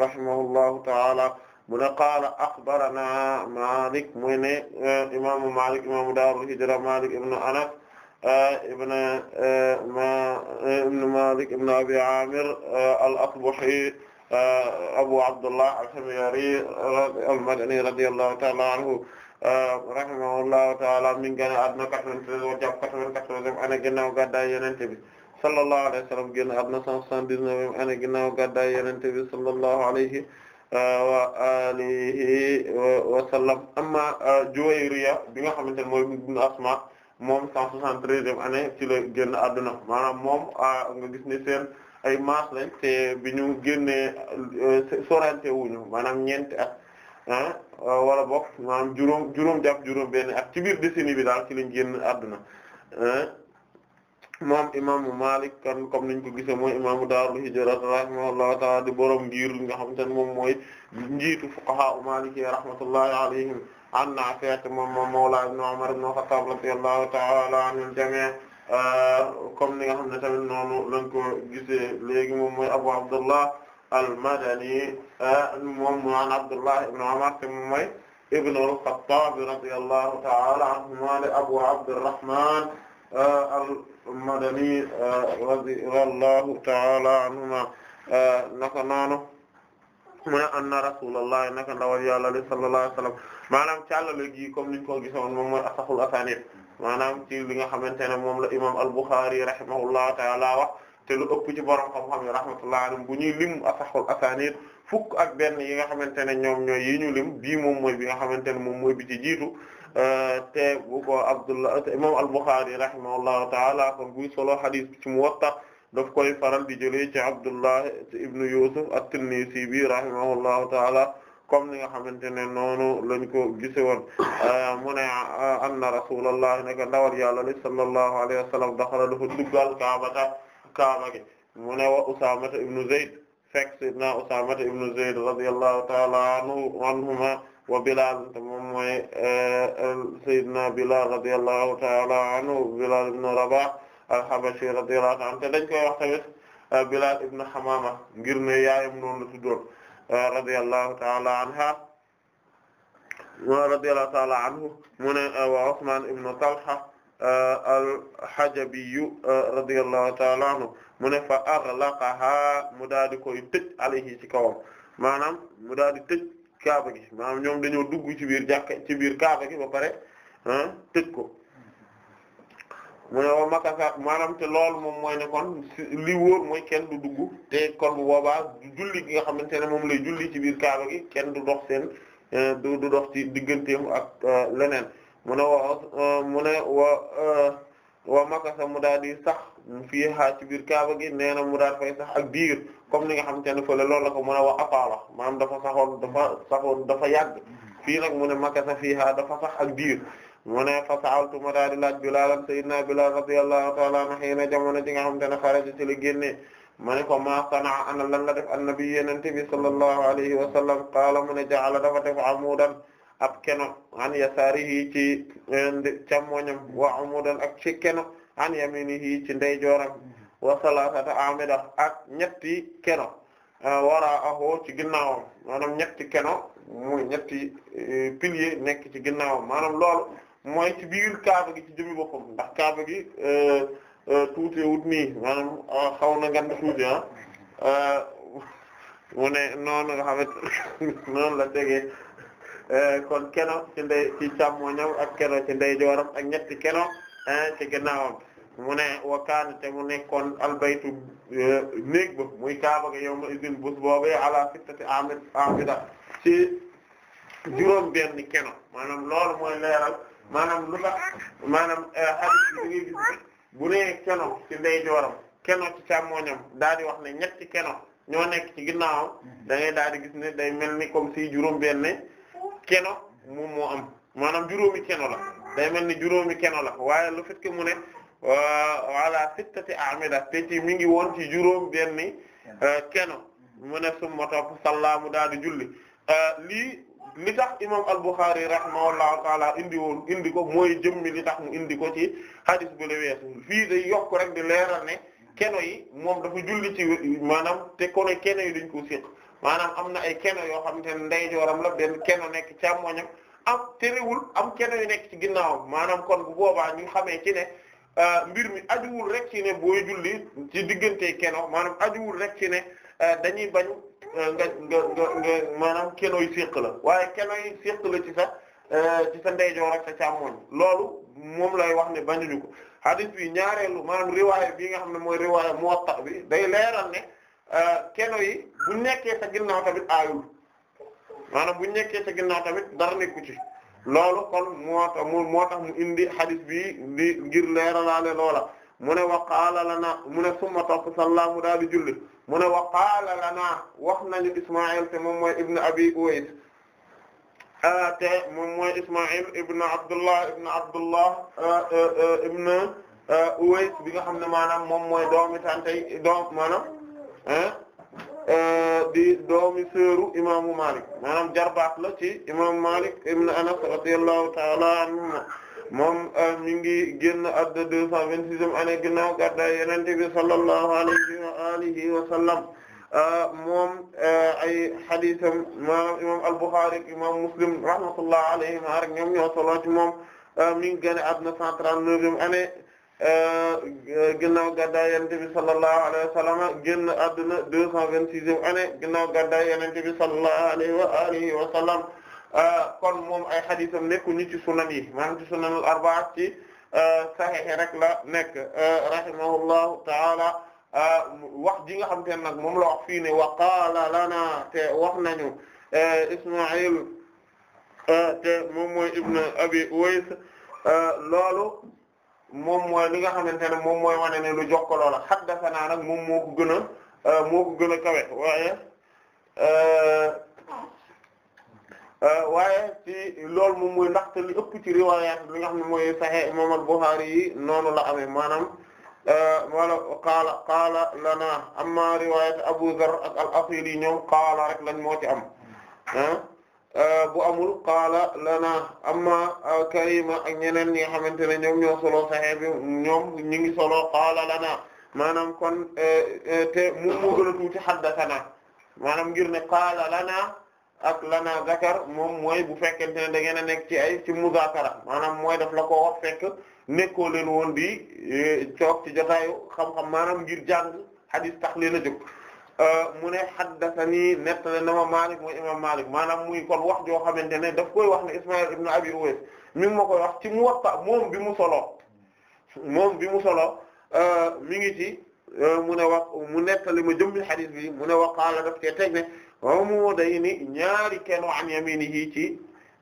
rahimahullahu ta'ala mu ne qaala akhbarana Malik muy ne eh, imaamu Malik imaamu daarul hijra Malik ibn Anas eh, ibn eh, Malik ibn Abi Amir al Abu Abdullah al-Himyari al-Madani radiyallahu ta'ala anhu rahimahullahu ta'ala mi ngi génn àdduna 93 jàpp 94 ana ginnaaw gàddaay Yonent bi sallallahu alayhi wa sallam génn àdduna 179 ana ginnaaw gàddaay Yonent bi sallallahu alayhi wa alihi wa sallam amma Juwayriya bi nga xamante ne mooy ibn Asma moom 173 ana ci la génn àdduna maanaam moom nga gis ne seen ay maas lañ te bi ñu génnee euh, sorante wuñu maanaam ñeenti at ah euh, wala bokk maanaam juróom juróom jàpp juróom benn ak ci biir décennie bi daal ci lañ génn àdduna ah. moom imaamu Malik kan comme niñ ko gisee mooy imaamu daarul hijra rahimahullahu ta'ala di borom ngir nga xam te moom mooy njiitu fuqaha maliki rahmatullahi alayhim an Naafi' moom moom mawla ibn Umar ibn Khattab radiyallahu ta'ala anil jami' Euh, comme ni nga xam ne tamit noonu lañ ko gisee léegi Abu Abdullah al-Madani euh, moom maan Abdullah ibn Umar te moom mooy ibn al-Khattab radiyallahu ta'ala anhuma Abu Abdurrahman euh, al-Madani radiyallahu ta'ala anhuma mu ne anna rasulullah naka ndawal yàlla maanaam ci li nga xamante ne moom la imam al-Bukhari rahimahullahu taala wax te lu ëpp ci borom xam-xam yi rahmatullahi alayhim bu ñuy lim a asaanid fukk ak benn yi nga xamante ne ñoom ñooy yi ñu lim bii moom mooy bi nga xamante ne moom mooy bi ci jiitu euh, te bu ko Abdullah imam al-Bukhari rahimahullahu taala kon buy solo hadith ci Muwatta daf koy faral di jëlee ci Abdullah ibn Yusuf at-Tinnisi bi rahimahullahu taala comme ni nga xamante ne noonu lañ ko gise woon euh, mu ne euh, anna rasulullah naka ndawal yàlla li sallallahu alayhi wa sallam daxala dafa duggal kaabata kaaba gi mu ne wa usaamata ibnu zayd fekk sidna usaamata ibnu zayd radiyallahu ta'ala anhu anhuma wa bilal moom mooy euh, sayyidna bilal radiyallahu ta'ala anhu bilal ibnu rabah al-habashi radiyallahu ta'ala anhu te dañ koy wax tamit bilal ibnu hamama ngir ne yaayam noonu la tuddoon radiyallahu ta'ala anha radiyallahu ta'ala anhu mu ne wa Usman ibn Talha uh, al-Hajabiyu uh, radiyallahu ta'ala anhu mu ne fa aghlaqaha mu daal di koy tëj alayhi ci kawam maanaam mu daal di tëj kaaba gi maanaam ñoom dañoo dugg ci biir jàkka ci biir kaaba gi ba pare ah, tëj ko mu ne wa makasa maanaam te loolu moom mooy ne kon li wóor mooy kenn du dugg te kon bu boobaa julli gi nga xamante ne moom lay julli ci biir kaaba gi kenn du dox seen euh, du du dox ci digganteem ak euh, leneen mu ne wa euh, mu ne makasa mu daal di sax fii xaar ci biir kaaba gi nee na mu daal fay sax ak diir comme ni nga xamante ne fële loolu la ko mu ne wa apaala maanaam dafa saxoon dafa saxoon dafa yàgg mm-hmm. fii nag mu ne makasa fii xaar dafa sax ak diir mu ne fa sa'altu ma daal di laaj Bilaal sayyidina Bilaal radiyallahu ta'ala anhu xëy na jamono ji nga xamante ne xaraja ci la génne ma ne ko ma sanaa ana lan la def annabi yenente bi sallallahu alayhi wa sallam qaala mu ne ja'ala dafa def amudan ab keno an yasaarihi ci eh, càmmoñam wa amudan ak ci keno an yaminihi ci ndeyjooram wa salasata amida ak ñetti keno eh, waraahu ci ginnaawam maanaam ñetti keno mu ñetti eh, nekk ci ginnaawam maanaam loolu mooy ci biir kaaba gi ci jëmmi boppam ndax kaaba gi euh, euh, tuuti wut nii maanaam euh, xaw na ngan tuuti ah [LAUGHS] mu ne noonu nga xamante [LAUGHS] noonu la tegee kon keno ci ndey ci càmmoñam ak keno ci ndeyjooram ak ñetti keno ci gannaawam mu ne wakaana te mu nekkoon albaytu néeg ba muy kaaba gi yow ma usine bus boobee ala sittati amid amida ci juróom benn keno maanaam loolu mooy leeral maanaam lu tax maanaam euh, hadith bi da ngay gis bu nee keno ci ndeyjooram keno ci càmmoñam daal di wax ne ñetti keno ñoo nekk ci ginnaawam da ngay daal di gis ne day mel ni comme si juróom keno moom moo am maanaam juróomi keno la day mel ni juróomi keno la waaye lu fekk mu ne euh, ala sittati amida te ci mi ngi woon ci juróom-benn euh, keno mu ne summa topp sallaamu daal di julli lii. li tax imam al-Bukhari rahimahullahu taala indi woon indi ko mooy jëmmi li tax mu indi ko ci hadith bu la weesu fii day yokk rek di leeral ne keno yi moom dafa julli ci maanaam te kono keno yi dañ ko siq maanaam am na ay keno yoo xam te ne ndeyjooram la benn keno nekk càmmoñam am terewul am keno yu nekk ci ginnaawam maanaam kon bu boobaa ñu xamee ci ne euh, mbir mi ajuwul rek ci ne booy julli ci diggante keno maanaam wul rek ci ne euh, dañuy bañ Euh, nga nga nga nga maanaam kenoy séq la waaye kenoy séq la ci sa euh, ci sa ndeyjoor ak sa loolu moom lay wax ne bañu ko hadith bi ñaareelu maanaam riwaaya bi nga xam ne mooy riwaaya Muwatta bi day leeral ne euh, keno yi bu nekkee sa ginnaaw tamit aayul maanaam bu ta sa ginnaaw tamit dara nekku ci loolu kon moo tax moo tax mu indi hadith bi di ngir leeralaale loola mu ne wa qaala lanaa mu ne summa topp salla mu daal di julli mu wax nañu Ismaa'il te moom mooy ibn Abi Uways te moom mooy Ismaa'il ibn Abdullah ibn Abdullah ibn Uways bi nga xam ne maanaam moom mooy doomi tantey doom maanaam di doomi seeru imaamu Malik maanaam jarbaat la ci imaamu Malik ibn Anas radiyallahu ta'ala anhu moom ah, mi ngi génn àdduna deux cent vingt-sixième année ginnaaw gàddaay Yonent bi sallallahu alayhi wa alihi wa sallam ah, moom ah, ay hadiisam maanaam imaam al-Bukhari ak imaam Muslim rahmatullah alayhima rek ñoom ñoo solo ci moom mi ngi génn àdduna cent trente-neuvième année ginnaaw gàddaay Yonent bi sallallahu alayhi wa sallam génn àdduna deux cent vingt-sixième année ginnaaw gàddaay Yonent bi sallallahu alayhi wa alihi wa sallam Euh, kon moom ay xadisam nekku ñu ci sunan yi maanaam ci sunanul arbaa ci euh, saxiix rek la nekk euh, rahimahullahu taala wax ji nga xam te nag moom la wax fii wa qaala lana te wax nañu Ismaa'il te moom mooy Ibn Abi Uways loolu moom mooy li nga xamante ne moom mooy wane ne lu jox ko loola haddasanaa nag moom moo ko gën a gën a kawe waaye. Euh, waaye ci loolu moom mooy ndaxte li ëpp ci riwaayaat li nga xam ne mooy Sahih imam al-Bukhari yi noonu la amee maanaam euh, wala kala qaala lana amma riwaayaat Abu Dharr ak al-Asili ñoom qaala rek lañ moo ci am euh, bu amul qaala lana amma Karima ak ñeneen ñi nga xamante ne ñoom ñoo solo Sahih bi ñoom ñi ngi solo qaala lana maanaam kon te mu mu gën a tuuti haddathana maanaam ngir ne qaala lana ak lana zakar moom mooy bu fekkente ne da ngeen a nekk ci ay ci muzaakara maanaam mooy daf la ko wax fekk nekkoo leen woon di coog e, ci jotaayu xam-xam maanaam ngir jàng hadis tax leen a jóg euh, mu ne haddathani nettale na ma Maalik mooy imam Maalik maanaam muy kon wax joo xamante ne daf koy wax ne Ismaïl ibn Abi Uways ma koy wax ci Muwatta moom bi mu solo moom bi mu solo euh, mi ngi ci euh, mu ne wax mu nettali ma jëmmi hadis bi mu ne wax qaala daf cee teg ne umudayni ñaari kennu an yaminihi ci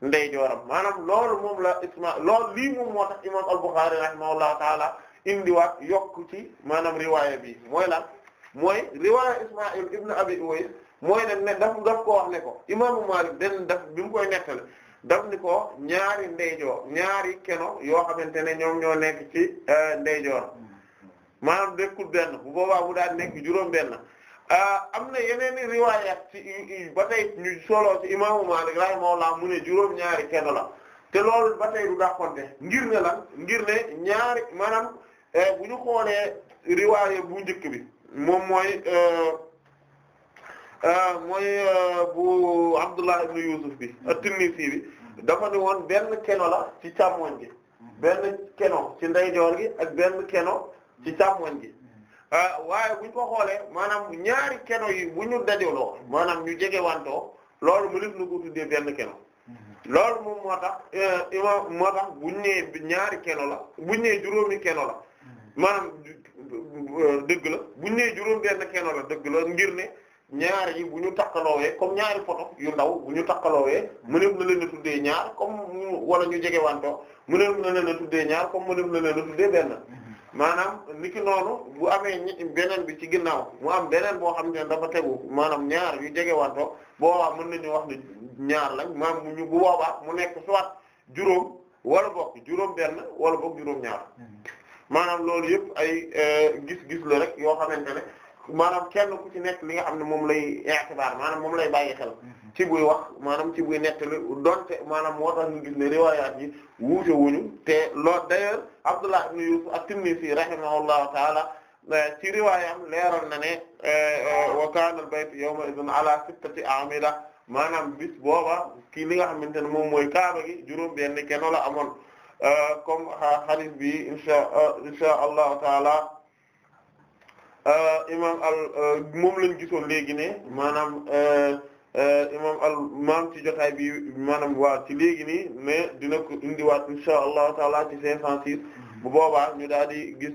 ndeyjooram maanaam loolu moom la isma loolu lii moom moo tax imam al-Bukhari rahimahullahu taala indiwaat yokk ci maanaam riwaaya bi mooy lan mooy riwaaya Isma'il ibn Abi Uways mooy nag ne daf daf ko wax ne ko imaamu Maalik den daf bi mu koy nettale daf ni ko ñaari ndeyjoor ñaari keno yoo xamante ne ñoom ñoo nekk ci euh, ndeyjoor maanaam nekkul benn bu boobaa bu daan nekk juróom benn Ah, am na yeneen riwaayaat ci ba tey ñu solo ci imaamu Maalik rahimahullah mu ne juróom-ñaari kenn la te loolu ba tey du dàqonte ngir ne lan ngir ne ñaari maanaam eh, bu ñu xoolee riwaaya bu njëkk bi moom mooy eh, eh, mooy bu Abdullah ibn Yusuf bi at-Tinnisi bi dafa ne woon benn keno la ci càmmoñ gi benn keno ci ndeyjoor gi ak benn keno ci càmmoñ gi Ah, waaye buñ ko xoolee maanaam ñaari keno yi bu ñu dajaloo maanaam ñu jege wantoo loolu mu lif na ko tuddee benn keno mhm. loolu moom moo tax eh, imam moo tax buñ nee ñaari keno la buñ nee juróomi keno la mhm. maanaam eh, dëgg la buñ nee juróom benn keno la dëgg la ngir ne ñaar yi bu ñu takkaloowee comme ñaari photo yu ndaw bu ñu takkaloowee mëneef na leen a tuddee ñaar comme wala ñu jege mu mëneef na leen a tuddee ñaar comme mëneef na maanaam niki noonu bu amee beneen bi ci ginnaaw mu am beneen boo xam ne dafa tegu maanaam ñaar yu jege wanto boobaa mën nañu wax ne ñaar lañ maanaam mu ñu bu boobaa mu nekk soit juróom wala bokk juróom benn wala bokk juróom ñaar hmm. maanaam loolu yëpp ay euh, gis-gis la rek yoo xamante ne maanaam kenn ku ci nekk li nga xam ne moom lay i'tibaar maanaam moom lay bàyyi xel ci buy wax maanaam ci buy nettali donte maanaam moo tax ñu gis ne riwaayaat yi wuute wuñu te loolu d'ailleurs Abdullah ibn Yusuf at-Tinnisi rahimahullahu taala eh, ci riwaayam leeral na ne eh, eh, wa kaana al-baytu yawma idhin ala sittati maanaam bis booba kii li nga xamante ne moom mooy kaaba gi juróom benn kenn la amoon comme hadith bi insha insha Allah taala Euh, imaam al euh, moom lañ gisoon léegi ne maanaam euh, imaam al maam ci jotaay bi maanaam waa ci léegi nii mais dina ko indiwaat insha allahu taala ci 506 mhm. bu boobaa ñu daal di gis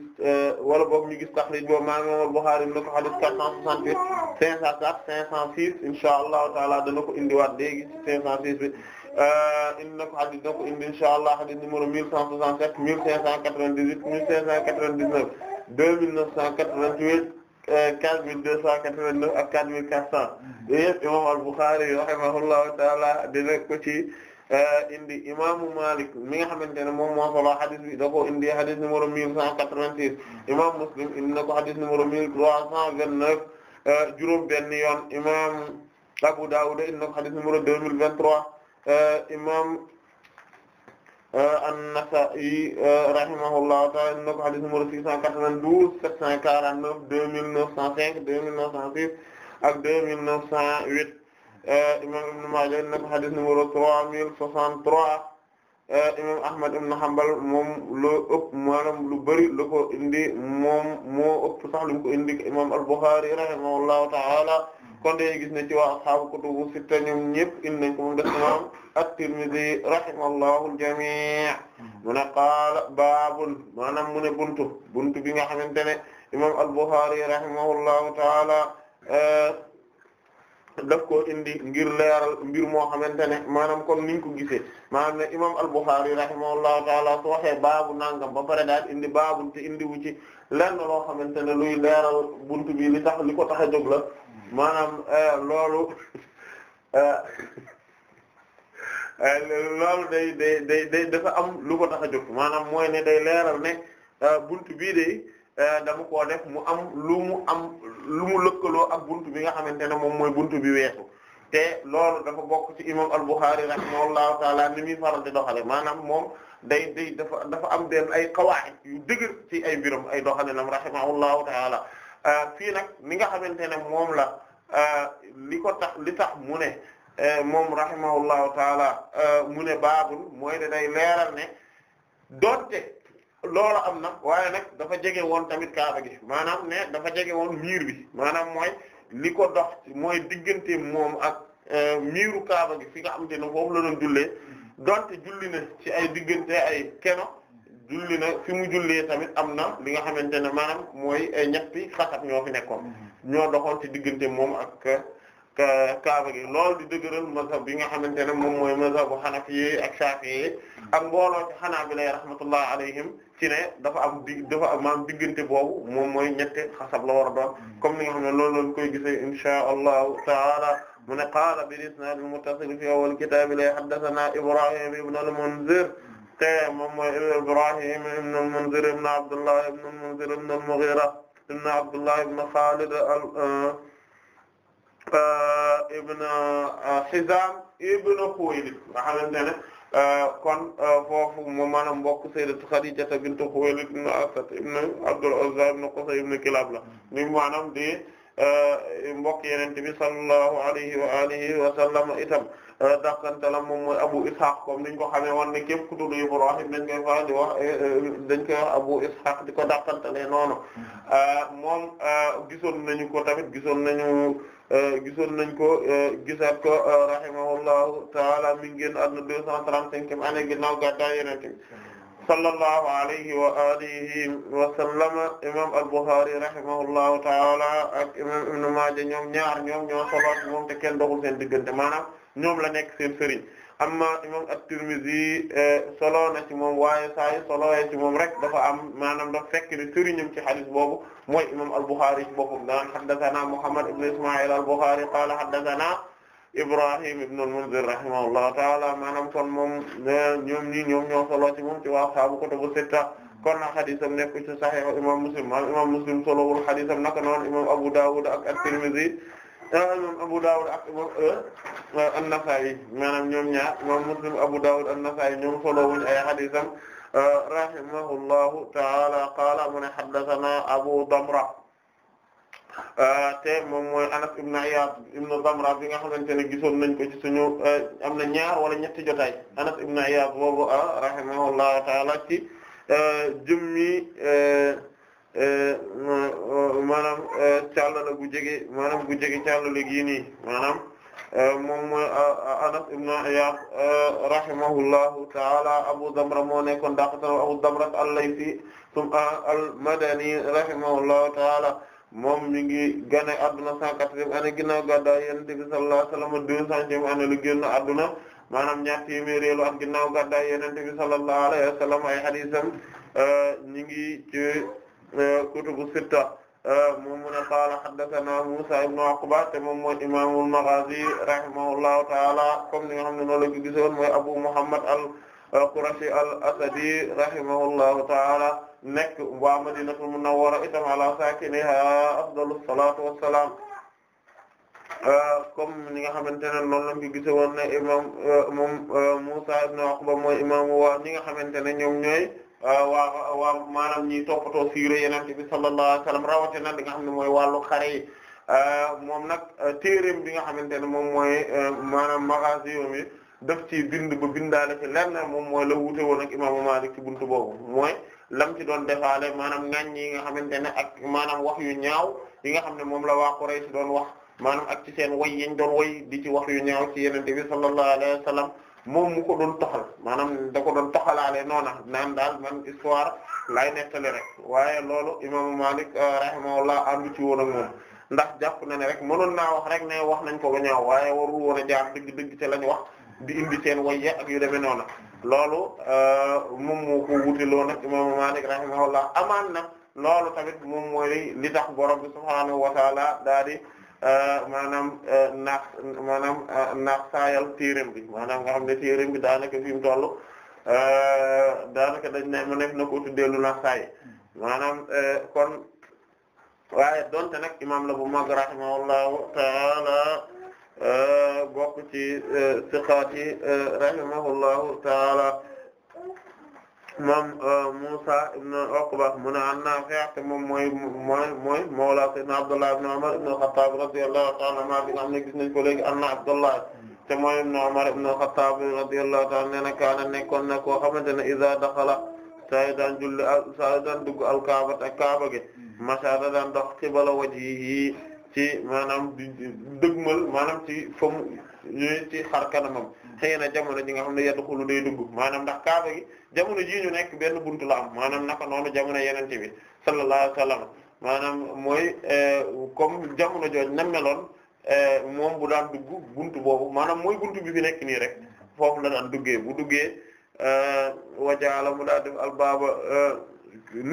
wala boog ñu gis taxrij boobu maa imaam al Bukhari na ko hadith 468 504 506 insha allahu taala dana ko indiwaat léegi ci 506 bi indi ko hadith dina ko indi insha allah hadith numéro 1167 1598 1599 deux mille neuf cent quatre-vingt-huit euh, quatre mille deux cent quatre-vingt-neuf ak quatre cent imam al-Bukhari rahimahullahu taala dina ko ci euh, indi imaamu Malik mi nga xamante ne moom moo solo hadith bi o ko indi hadith numéro mille cent quatre-vingt-six imam Muslim indi ko hadith numéro mille trois cent vingt-neuf euh, juróom benn yoon imam Abu Dawud indi na ko hadith numéro deux mille vingt-trois imam Euh, an-Nasa'i euh, rahimahullahu ta'ala indi na ko hadith numéro 692 749 2905 2906 ak 2908 euh, imam Ibn Maaja indi na ko hadith numéro 3063 imam Ahmad ibn Hanbal moom lu ëpp maanaam lu bari lu ko indi moom moo ëpp sax lu ko indi imam al-Bukhari rahimahullahu ta'ala kon dañuy gis ne ci waa ashaabu kutubu sitta ñoom ñëpp indi nañ ko moom des imam at-Tirmidhi rahimahullahu al-jamii' mm-hmm. mu ne qaala baabun maanaam mu ne buntu buntu bi nga xamante ne imam al-Bukhari rahimahullahu taala euh, def ko indi ngir leeral mbir moo xamante ne maanaam comme niñ ko gisee maanaam ne imam al-Bukhari rahimahullahu taala su waxee baabu nangam ba pare daal indi baabu te indi wu ci lenn loo xamante ne luy leeral buntu bi li tax ko tax a la maanaam eh, loolu [LAUGHS] eh, eh, loolu day day day day dafa am lu ko tax a maanaam mooy ne day leeral ne bunt bii de. Euh, dama ko def mu am lu mu am lu mu lëkkaloo ak buntu bi nga xamante ne moom mooy buntu bi weesu te loolu dafa bokk ci imam al-Bukhari rahimahullahu taala ni muy faral di doxale maanaam moom day day dafa dafa am benn ay qawaid yu dëgër ci ay mbiram ay doxalinam rahimahullahu taala euh, fii nag li nga xamante ne moom la euh, li ko li tax mu ne moom rahimahullahu taala mu ne baabul mooy ne day leeral ne doonte loolu am na waaye nag dafa jege woon tamit kaaba gi maanaam ne dafa jege woon miir bi maanaam mooy li ko dox mooy diggante moom ak euh, miiru kaaba gi fi nga xamante ne foofu la doon jullee donte julli na ci ay diggante ay keno julli na fi mu jullee tamit am na li nga xamante ne maanaam mooy euh, ñetti xatat ñoo fi nekkoon mm-hmm. ñoo doxoon ci diggante moom ak kaaba gi loolu di dëgëral mazhab bi nga xamante ne moom mooy mazhabu xanafi ak shafi'i ak mbooloo ci xanaa bi lay rahmatullah alayhim ci ne dafa am di dafa am maam diggante boobu moom mooy ñetti xasab la war a doon mm-hmm. comme ni nga xam ne loolu lañ koy gisee inshaa allahu taala mu ne qaala bil isnaad al muttasil fi awwal kitaab li haddathana ibrahim ibn al munzir mm-hmm. te moom mooy ibrahim ibn al munzir ibn abdullah ibn al munzir ibn al mughira ibn abdullah ibn khalid al uh, uh, ibn uh, hizam ibn khuwaylid nga xamante ne Euh, kon euh, foofu moom maanaam mbokk Sayyidatu Khadija bintu Khuwaylid ibn Asad ibn Abdul Uzza ibn Qusay ibn Kilab la ni maanaam di euh, mbokk Yonent bi sallallahu alayhi wa alihi wa sallam itam dakantalam moom mooy Abu Ishaq comme niñ ko xamee woon ne képp ku tudd Ibrahim dañ koy faral di wax dañ koy wax Abu Ishaq di ko dakantalee noonu mm-hmm. moom gisoon nañu ko tamit gisoon nañu Euh, gisoon nañ ko euh, gisaat ko euh, rahimahullahu taala mi ngi génn na deux cent trente-cinq année ginnaaw gàddaay Yonent bi sallallahu alayhi wa alihi wa sallama imam al-Bukhari rahimahullahu taala ak imam Ibn Maaja ñoom ñaar ñoom ñoo soloot moom te kenn doxul seen diggante maanaam ñoom la nekk seen sëriñ amma imam at-Tirmidhi solo na ci moom waaye saa yu solo ci moom rek dafa am maanaam dafa fekk ne sëriñam ci hadith boobu mooy imam al-Bukhari ci boppam daan haddathana Muhammad ibn Isma'il al-Bukhari qala haddathana Ibrahim ibn al-Munzir rahimahullahu ta'ala maanaam kon moom ñoom ñi ñoom ñoo solo ci moom ci waa saabu kutubu sitta kon nag xadisam nekk ci Sahih imam Muslim maanaam imam Muslim solowul xadisam naka noonu imam Abu Dawud ak at-Tirmidhi imam Abu Dawud ak imam euh, an-Nasa'i ñoom ñaar imam Muslim Abu Dawud an-Nasa'i ñoom solowuñ ay xadisam rahimahullahu ta'ala qaala mu ne haddathana Abu Damra te moom mooy Anas ibn Iyad ibn Damra bi nga xamante ne gisoon nañ ko ci suñu am na ñaar wala ñetti jotaay Anas ibn Iyad boobu rahimahullahu ta'ala ci jëmmi maanaam la gu jege maanaam gu jege càllale gii nii maanaam moom mooy Anas ibn Iyad rahimahullahu ta'ala Abu Damra moo nekkoon daqatan Abu Damra al-Laythi al-Madani rahimahullahu ta'ala moom mi ngi gane adduna cent quatrième année ginnaaw gàddaay Yonent bi sallallahu alayhi wa sallam deux centième lu génn adduna maanaam ñaar téeméeri lu ak ginnaaw gàddaay Yonent bi sallallahu alayhi wa sallam ay ñi ngi ci kutubu sitta Euh, moom mu ne qaala haddathana Musa ibn Uqba te moom mooy imaamul Maghazi rahimahullahu ta'ala comme ni nga xam ne noonu la ñu gisoon mooy Abu Muhammad al-Qurashi al-Asadi rahimahullahu ta'ala nekk waa Madinatul Munawwara itam ala saakiniha afdalus salaatu wassalaam euh, comme ni nga xamante ne noonu la ñu gisoon ne imaam euh, moom Musa ibn Uqba mooy imaamu waa ñi nga xamante ne ñoom ñooy. Euh, waa waa maanaam ñi toppatoo siira yeneen bi sallallahu alayhi wa rawatina li nga xam ne mooy wàllu xare yi euh, moom nag euh, téereem bi nga xamante ne moom mooy maanaam magasin bi daf ci bind ba bindaale ci lenn moom mooy la wuute woon ak imaamu Maalik ci buntu boobu mooy lam ci doon defaale maanaam ngañ yi nga xamante ne ak maanaam wax ñaaw yi nga xam ne moom la waa Quraysh doon wax maanaam ak ci seen way yañ doon way di ci wax yu ñaaw ci yeneen bi sallallahu alayhi wa mu mu ko doon toxal maanaam da ko doon toxalaale noona naan daal man histoire lay nettali rek waaye loolu imaamu Malik euh, rahimahullah àndu ci woon ak moom ndax jàpp na ne rek mënoon naa wax rek ne wax nañ ko ba ñaaw waaye warul woon a jaar dëgg ce te lañ wax di indi seen wayye ak yu demee noona loolu euh, moom moo ko wuteeloo nag imaamu Malik rahimahullah amaan na loolu tamit moom mooy li tax borom bi subhaanahu wa taala daal di Euh, maanaam euh, naax maanaam euh, naax saayal téereem bi maanaam nga xam ne téereem bi daanaka fi mu toll dañ ne ma nekk na ko tuddee lu naax saay maanaam kon waaye donte nag imaam la bu mag rahimahullahu taala bokk ci rahimahullahu taala moom euh, Musa ibn Uqba mu ne an Naafi' te moom mooy mooy mooy mawla sayyidina Abdullah ibn Umar ibn al-Khattab radiyallahu ta'ala anhuma bi nga xam ne gis nañ ko léegi anna Abdullah te mooy ibn Umar ibn al-Khattab radiyallahu ta'ala nee na kaana nekkoon na koo xamante ne iza daxala saa daan julli saa daan dugg al-Kaaba te Kaaba gi hmm. macha daan dox qibala wajhihi ci maanaam di dëgmal maanaam ci fom mu ci xar kanamam xëy na jamono ji nga xam ne yadxulu day dugg maanaam ndax kaaba gi jamono jii ñu nekk benn bunt la am maanaam naka noonu jamono yenente bi sallallahu alayhi wa maanaam mooy euh, comme jamono jooj na meloon euh, moom bu daan dugg bunt boobu maanaam mooy buntu bi fi nekk nii rek foofu la daan duggee bu duggee euh, wajaala mu daa def albaaba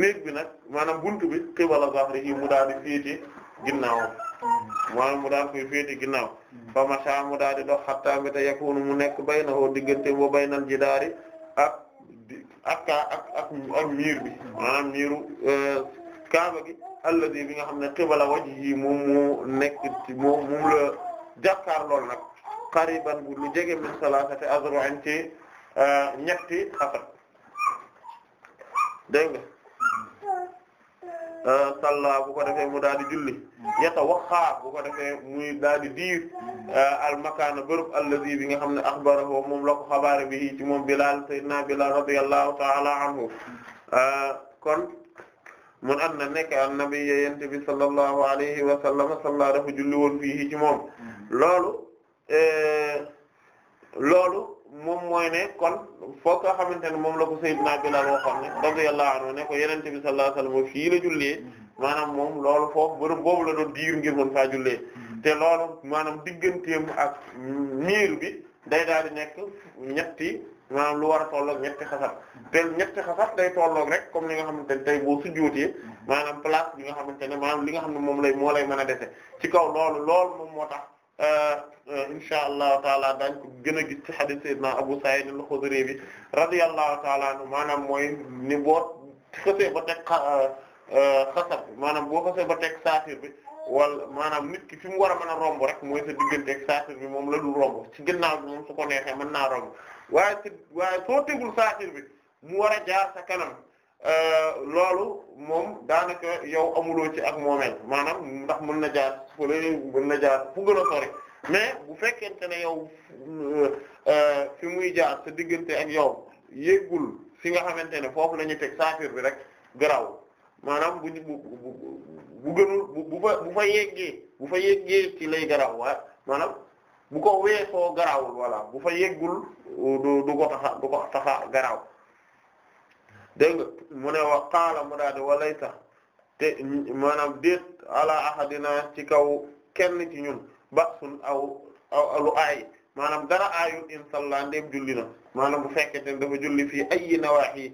néeg bi nag maanaam bunt bi xibala zahrihi mu daa di fiiti ginnaawam maanaam mu daal koy féete ginnaaw fa macha mu daal di dox xattaa mbéta yakunu mu nekk bay na woo diggante boo bay nan ji daari ak ak ak miir bi maanaam miiru euh, kaaba gi alladi bi nga xam ne qibala wajhi yi moom moo nekk ci lool nag qariban bu lu jege min salasati azru'in ci euh, ñetti xatat dégg nga euh, salla bu ko defee mu daal julli yatawaqa bu ko defee muy daal diir euh, al makaana bërëb allazi bi nga xam ne axbarahu moom la ko xabaare bi ci moom Bilaal na Bilaal radiyallahu ta'ala anhu euh, kon mun am na nekk an nabi yente bi sallallahu alayhi wa sallam salla julli woon fii ci moom loolu euh, loolu moom mooy ne kon foo ko ne moom la ko sayyidina Bilaal waxoon ne radiyallahu anhu ne ko yenente bi sallallahu la jullee maanaam moom loolu foofu bërëb boobu la doon diir ngir mën faa jullee mm-hmm. te loolu maanaam digganteem ak miir bi day daal nekk ñetti maanaam lu war a tolloog ñetti xasar te ñetti xasar day tolloog rek comme li nga xamante ne tey boo sujjóotee mm-hmm. maanaam place bi nga xamante ne maanaam li nga xam ne moom lay moo lay mën a dese ci kaw loolu lool moom moo tax euh, euh, insha allah taala dañ gën a gis ci hadith sayyidina Abu Sa'id al-Khudri bi radiyallahu taala anhu maanaam mooy ni boo xësee ba xasab euh, maanaam boo xasee ba teg saatir bi wala maanaam nit ki fi mu war a mën a romb rek mooy sa diggante ak saatir bi moom la dul romb ci ginnaaw bi moom su ko neexee mën naa romb waaye ci waaye soo tegul bi mu war a jaar sa kanam euh, loolu moom daanaka yow amuloo ci ak moomeel maanaam ndax mun na jaar fële mën na jaar fu gën a sori mais bu fekkente ne yow euh, fi muy jaar sa diggante ak yow yéggul fi nga xamante ne foofu la ñuy teg saatir bi rek garaw maanaam bu bu bu gënul bu fa bu fa yeggee bu fa yeggee ci lay garaaw waaye maanaam bu ko weesoo garaawul voilà bu fa yeggul du du ko taxa du ko taxa garaaw dégg nga mu ne wa qaala mu daal di walaysa te maanaam déet ala ahadina ci kaw kenn ci ñun basun aw aw lu aay maanaam dara aayul inshallah ndéem julli na maanaam bu fekketen dafa julli fii ayi nawaahi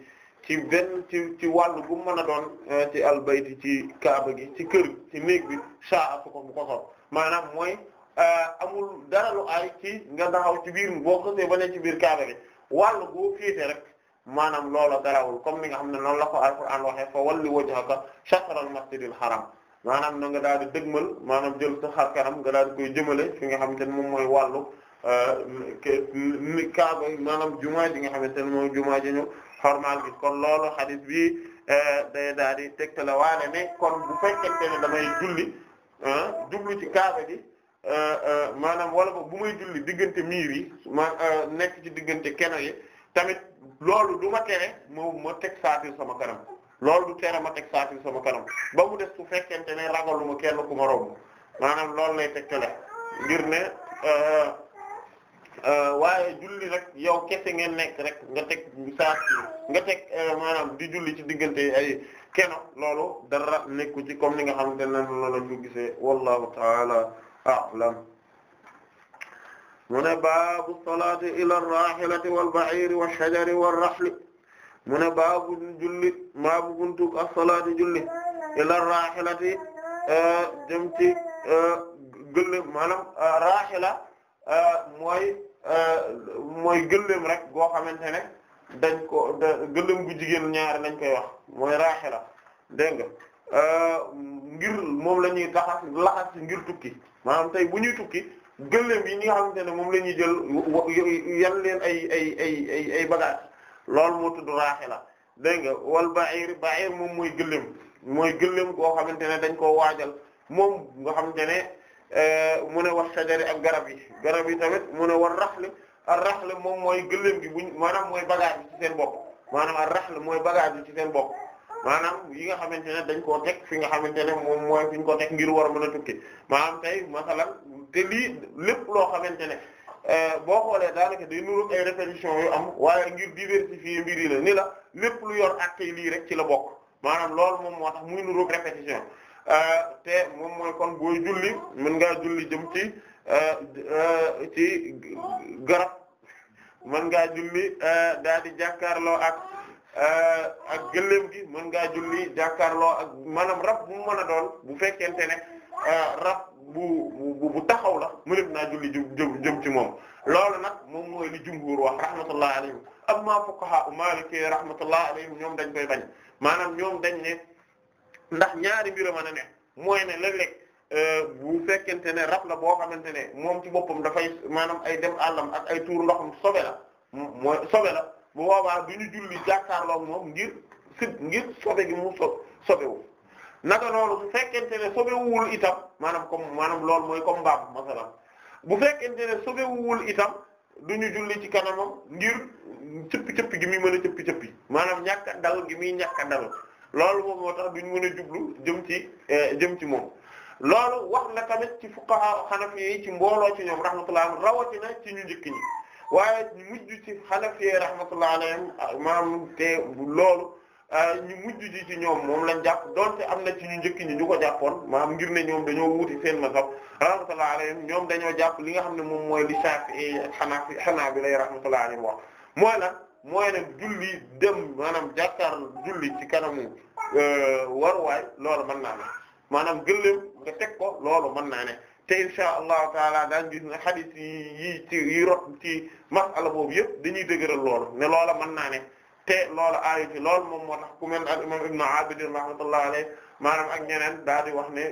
ci benn ci ci wàllu bu mën a doon euh, ci albayti ci kaaba gi ci kër ci néeg bi saa su ko bu ko maanaam mooy euh, amul dara lu aay ci nga taxaw ci biir boo xasee ba ne ci biir kaaba gi wàllu boo féete rek maanaam loola garawul comme ni nga xam ne noonu la ko alquran waxee fa walli wajhaka shatral masjidil haram maanaam na nga daal di dëgmal maanaam jël sa xar kanam nga daal di koy jëmale fi nga xam te ne moom mooy wàllu kaaba maanaam jumaa ji nga xamante ne moom jumaa ji ñu xormaal gi kon loolu hadith bi eh, day daal di tegtale waale ne kon bu fekkente ne damay julli ah, jublu ci kaaba gi eh, eh, maanaam wala bu may julli diggante miir yi ma nekk ci diggante keno yi tamit loolu du ma tere moom ma teg saatir sama kanam loolu du tere ma teg saatir sama kanam ba mu des su fekkente ne ragaluma kenn ku ma romb maanaam loolu lay tegtale ngir ne. Euh, waaye julli rek yow kese ngeen nekk rek nga teg saa nga teg euh, di julli ci diggante ay keno loolu dara nekku ci comme ni nga xamante ne loolu ñu gisee wallahu taala a'lam mu ne baabu salaati ila rahilati wal ba'iri wa shajari war rahli mu ne baabu julli baabu buntu as-salaati julli ila rahilati euh, jëm ci gëlle maanaam mooy mooy gëléem rek goo xamante ne dañ ko gëléem gu jigéen ñaari lañ koy wax mooy raaxila dégg nga euh, ngir moom la ñuy taxas laxas ngir tukki maanaam tey bu ñuy tukki gëléem yi ñi nga xamante ne moom lañuy jël yan leen ay ay ay ay ay loolu moo tudd raaxila dégg nga wal ba'ir ba'ir moom mooy gëléem mooy gëléem goo xamante ne dañ koo waajal moom nga xam xamante ne Euh, mu ne wax sajari ak garab yi garab yi tamit mu ne war raxle ar raxle moom mooy gëléem gi buñ maanaam mooy bagage bi ci seen bopp maanaam ar raxle mooy bagage bi ci seen bopp maanaam yi nga xamante ne dañ koo teg fi nga xamante ne moom mooy fi ñu ko teg ngir war a mën a tukki maanaam tey masalan te lii lépp loo xamante ne euh, boo xoolee daanaka day nuru ay répétition yu am waaye ngir diversifier mbir yi la ni la lépp lu yor ak tey lii rek ci la bokk maanaam loolu moom moo tax muy nuru répétition Ah, te moom mooy kon booy julli mën ngaa julli jëm ci ah, ah, ci garab mën ngaa julli daal di jàkkaarloo ak ak gëléem gi mën ngaa julli jàkkaarloo ak maanaam rab bu mën doon bu fekkente ne rab bu bu taxaw la mënef naa julli jëm ci moom loolu nag moom mooy li jumhur wax rahmatullah alayhim amma fuqaha maliki rahmatullah alayhim ñoom dañ koy bañ maanaam ñoom dañ ne ndax ñaari mbir mën a ne mooy ne léeg-léeg euh, bu fekkente ne rab la boo xamante ne moom ci boppam dafay maanaam ay dem àllam ak ay tuur ndoxam sobe la mooy sobe la bu boobaa du ñu julli jàkkaarloo moom ngir ngir sobe gi mu so sobewu naka noonu su fekkente ne sobewuwul itam maanaam comme maanaam loolu mooy comme mbaam masalan bu fekkente ne sobewuwul itam du ñu julli ci kanamam ngir cëppi cëppi gi muy mën a cëppi cëppi maanaam ñàkk a dal gi muy ñàkk dal loolu moom moo tax duñ mën a jublu jëm ci eh, jëm ci moom loolu wax na tamit ci fuqaha xanafi yi ci mbooloo ci ñoom rahmatullah rawatina ci ñu njëkk ñi waaye ñu ci xanafi yi rahmatullah alayhim maam eh, ñu mujj ji ci ñoom moom lañ jàpp donte am na ci ñu njëkk ñi ñu ko jàppoon maam ngir ne ñoom dañoo wuuti seen mazhab rahmatullah alayhim ñoom dañoo jàpp li nga xam ne moom mooy li Shafi'i ak xanaafi xanaa bi lay rahmatullah alayhim wax mooy nag mooy nag julli dem maanaam jàkkaar julli ci kanamu Euh, waruwaay loolu mën naa ne maanaam gëléem nga teg ko loolu mën naa ne te insha allahu taala daañ gis ne hadith yi ci yi rot ci masala boobu yëpp dañuy dëgëral loolu ne loola mën naa ne te loolu aayu ci loolu moom moo tax ku mel al imam ibnu abidin rahmatullah alayhi maanaam ak ñeneen daal di wax ne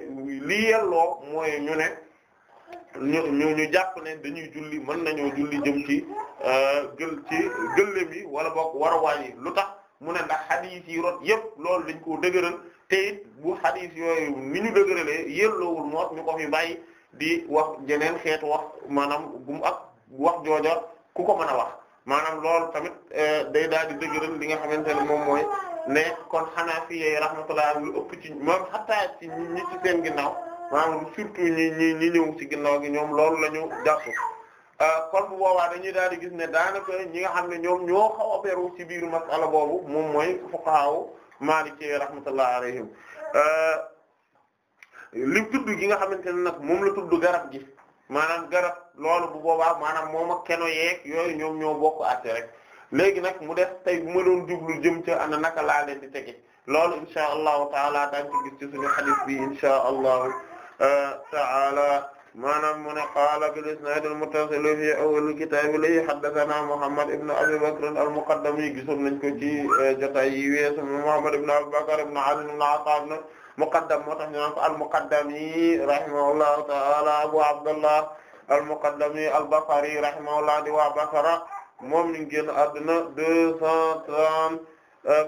lii yelloo mooy ñu ne ñu ñu ñu jàpp ne dañuy julli mën nañu julli jëm ci euh, gël ci gël yi wala boog waruwaay yi lu tax mu ne ndax hadith yi rot yëpp loolu dañ koo dëgëral bu hadith yooyu ni ñu dëgëralee yelloowul noot ñu ko fi bàyyi di wax jeneen xeetu wax maanaam gum ak wax jooja ku ko mën a wax maanaam loolu tamit euh, day daal di dëgëral li nga xamante ne moom mooy ne kon xanaa fi yey rahmatullah lu ëpp ci moom xataa ci ñi ci seen ginnaaw maanaam surtout ñi ñi ñi ñëw ci ginnaaw gi ñoom loolu la ñu jàpp Euh, kon bu boobaa dañuy daal di gis ne daanaka ñi nga xam ne ñoom ñoo xaw a beru ci biir masala boobu moom mooy fuqahaa Maaliki rahmatullah alayhim euh, li tudd gi nga xamante ne nag moom la tudd garab gi maanaam garab loolu bu boobaa maanaam moom ak keno yeeg yooyu ñoom ñoo bokk àtte rek léegi nag mu def tey bu ma doon jublu jëm ca ana naka laa leen di tege loolu insha allahu taala daañu ci gis ci suñu hadith bi insha allahu euh, taala. maanaam mu ne qaala bil isnaad al muttasil fi awwal kitaab li haddathana Muhammad ibn Abi Bakr al muqaddami gisoon nañ ko ci eh, jotaay yi weesu Muhammad ibn Abi Bakr ibn Ali ibn Ata ibn muqaddam moo tax ñu naan ko al muqaddami rahimahullahu ta'ala Abu Abdullah al muqaddami al Basri rahimahullah di waa Basra moom ñu génn àdduna deux cent trente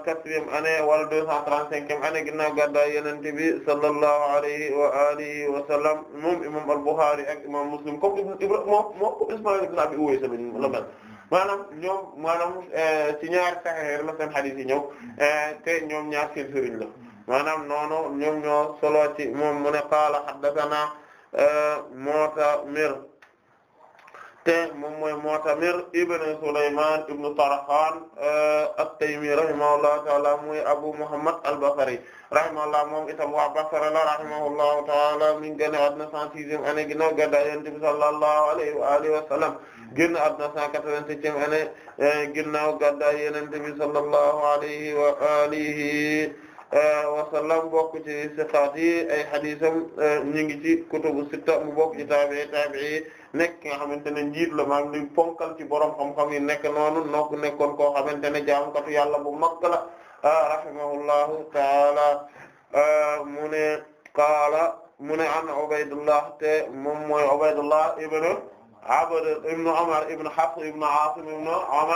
quatrième année wala deux cent trente-cinquième année sallallahu alayhi wa alihi wa sallam moom imam al-Bukhari ak imam Muslim comme Ibra moom moom Ismaïl ibn Abi Uways la mel maanaam ñoom maanaam eh, ci ñaar saxeer la seen hadith yi ñëw eh, te ñoom ñaar seen sëriñ la maanaam noonu ñoom ñoo solo ci moom mu ne qaala haddathana eh, Mu'tamir te moom mooy Mu'tamir ibn Sulaymaan ibn Tarxaan eh, at-Taymi rahimahullahu taala muy Abu Muhammad al-Basri rahimahullah moom itam waa Basra la rahimahullahu taala mi ngi génn àdduna 106e année ginnaaw gàddaay Yonent bi sallallahu alayhi wa alihi wa sallam génn àdduna 187e année eh, ginnaaw gàddaay Yonent bi sallallahu alayhi wa alihi Euh, wa sallam bokk ci siqaat yi ay xadiisam euh, ñu ngi ci kutubu sitta mu bokk ci taabi'i taabi'i nekk nga xamante ne njiit la maam li ponkal ci borom xam-xam yi nekk noonu noo nekkoon koo xamante ne jaamkatu yàlla bu mag la euh, rahimahullahu taala mu ne qaala mu ne an Ubaydullah te moom mooy Ubaydullah ibn Abd ibn Umar ibn Hafs ibn Aasim ibn Umar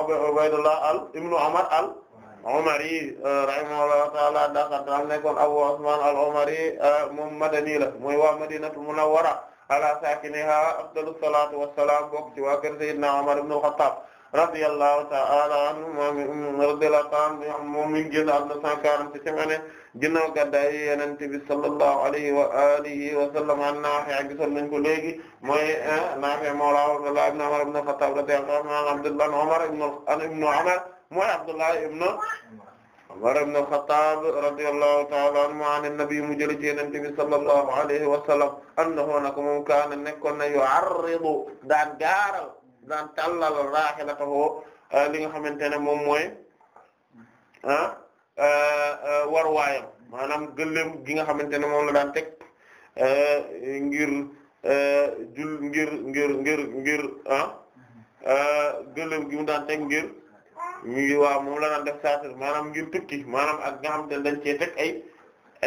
al ibn Umar al Omari eh, rahimahullahu taala daxantaam nekkoon Abu Usman al-Omari eh, moom madani la mooy waa Madinatu Munawwara ala saakiniha afdalu salaatu wa salaam bokk ci waa kër Sayyidina Umar ibn al-Khattab radiyallahu ta'ala anhu moom radiyallahu ta'ala moom mi ngi génn àdduna 147 année ginnaaw gàddaay Yonent bi sallallahu alayhi wa alihi wa sallam an Naafi' gisoon nañ ko léegi mooy eh, Naafi' mawla Abdullah ibn Umar ibn al-Khattab radiyallahu anhu Abdullah ibn Umar ibn Umar mooy Abdullah ibn Umar ibn Khattab radiyallahu ta'ala anhu nabi mu jële ci Yonent bi sallallahu alayhi wa sallam annahu moom kaana nekkoon na yu'arridu daan gaaral daan tallal raahilatahu eh, li nga xamante ne moom mooy ah eh, eh, war waayam maanaam gëléem gi nga xamante ne moom la daan teg ngir jul ngir ngir ngir ngir ah gëléem gi mu daan ngir mi ngi waaw moom la daan def saafara maanaam ngir tukki maanaam ak nga xamante ne dañ cee teg ay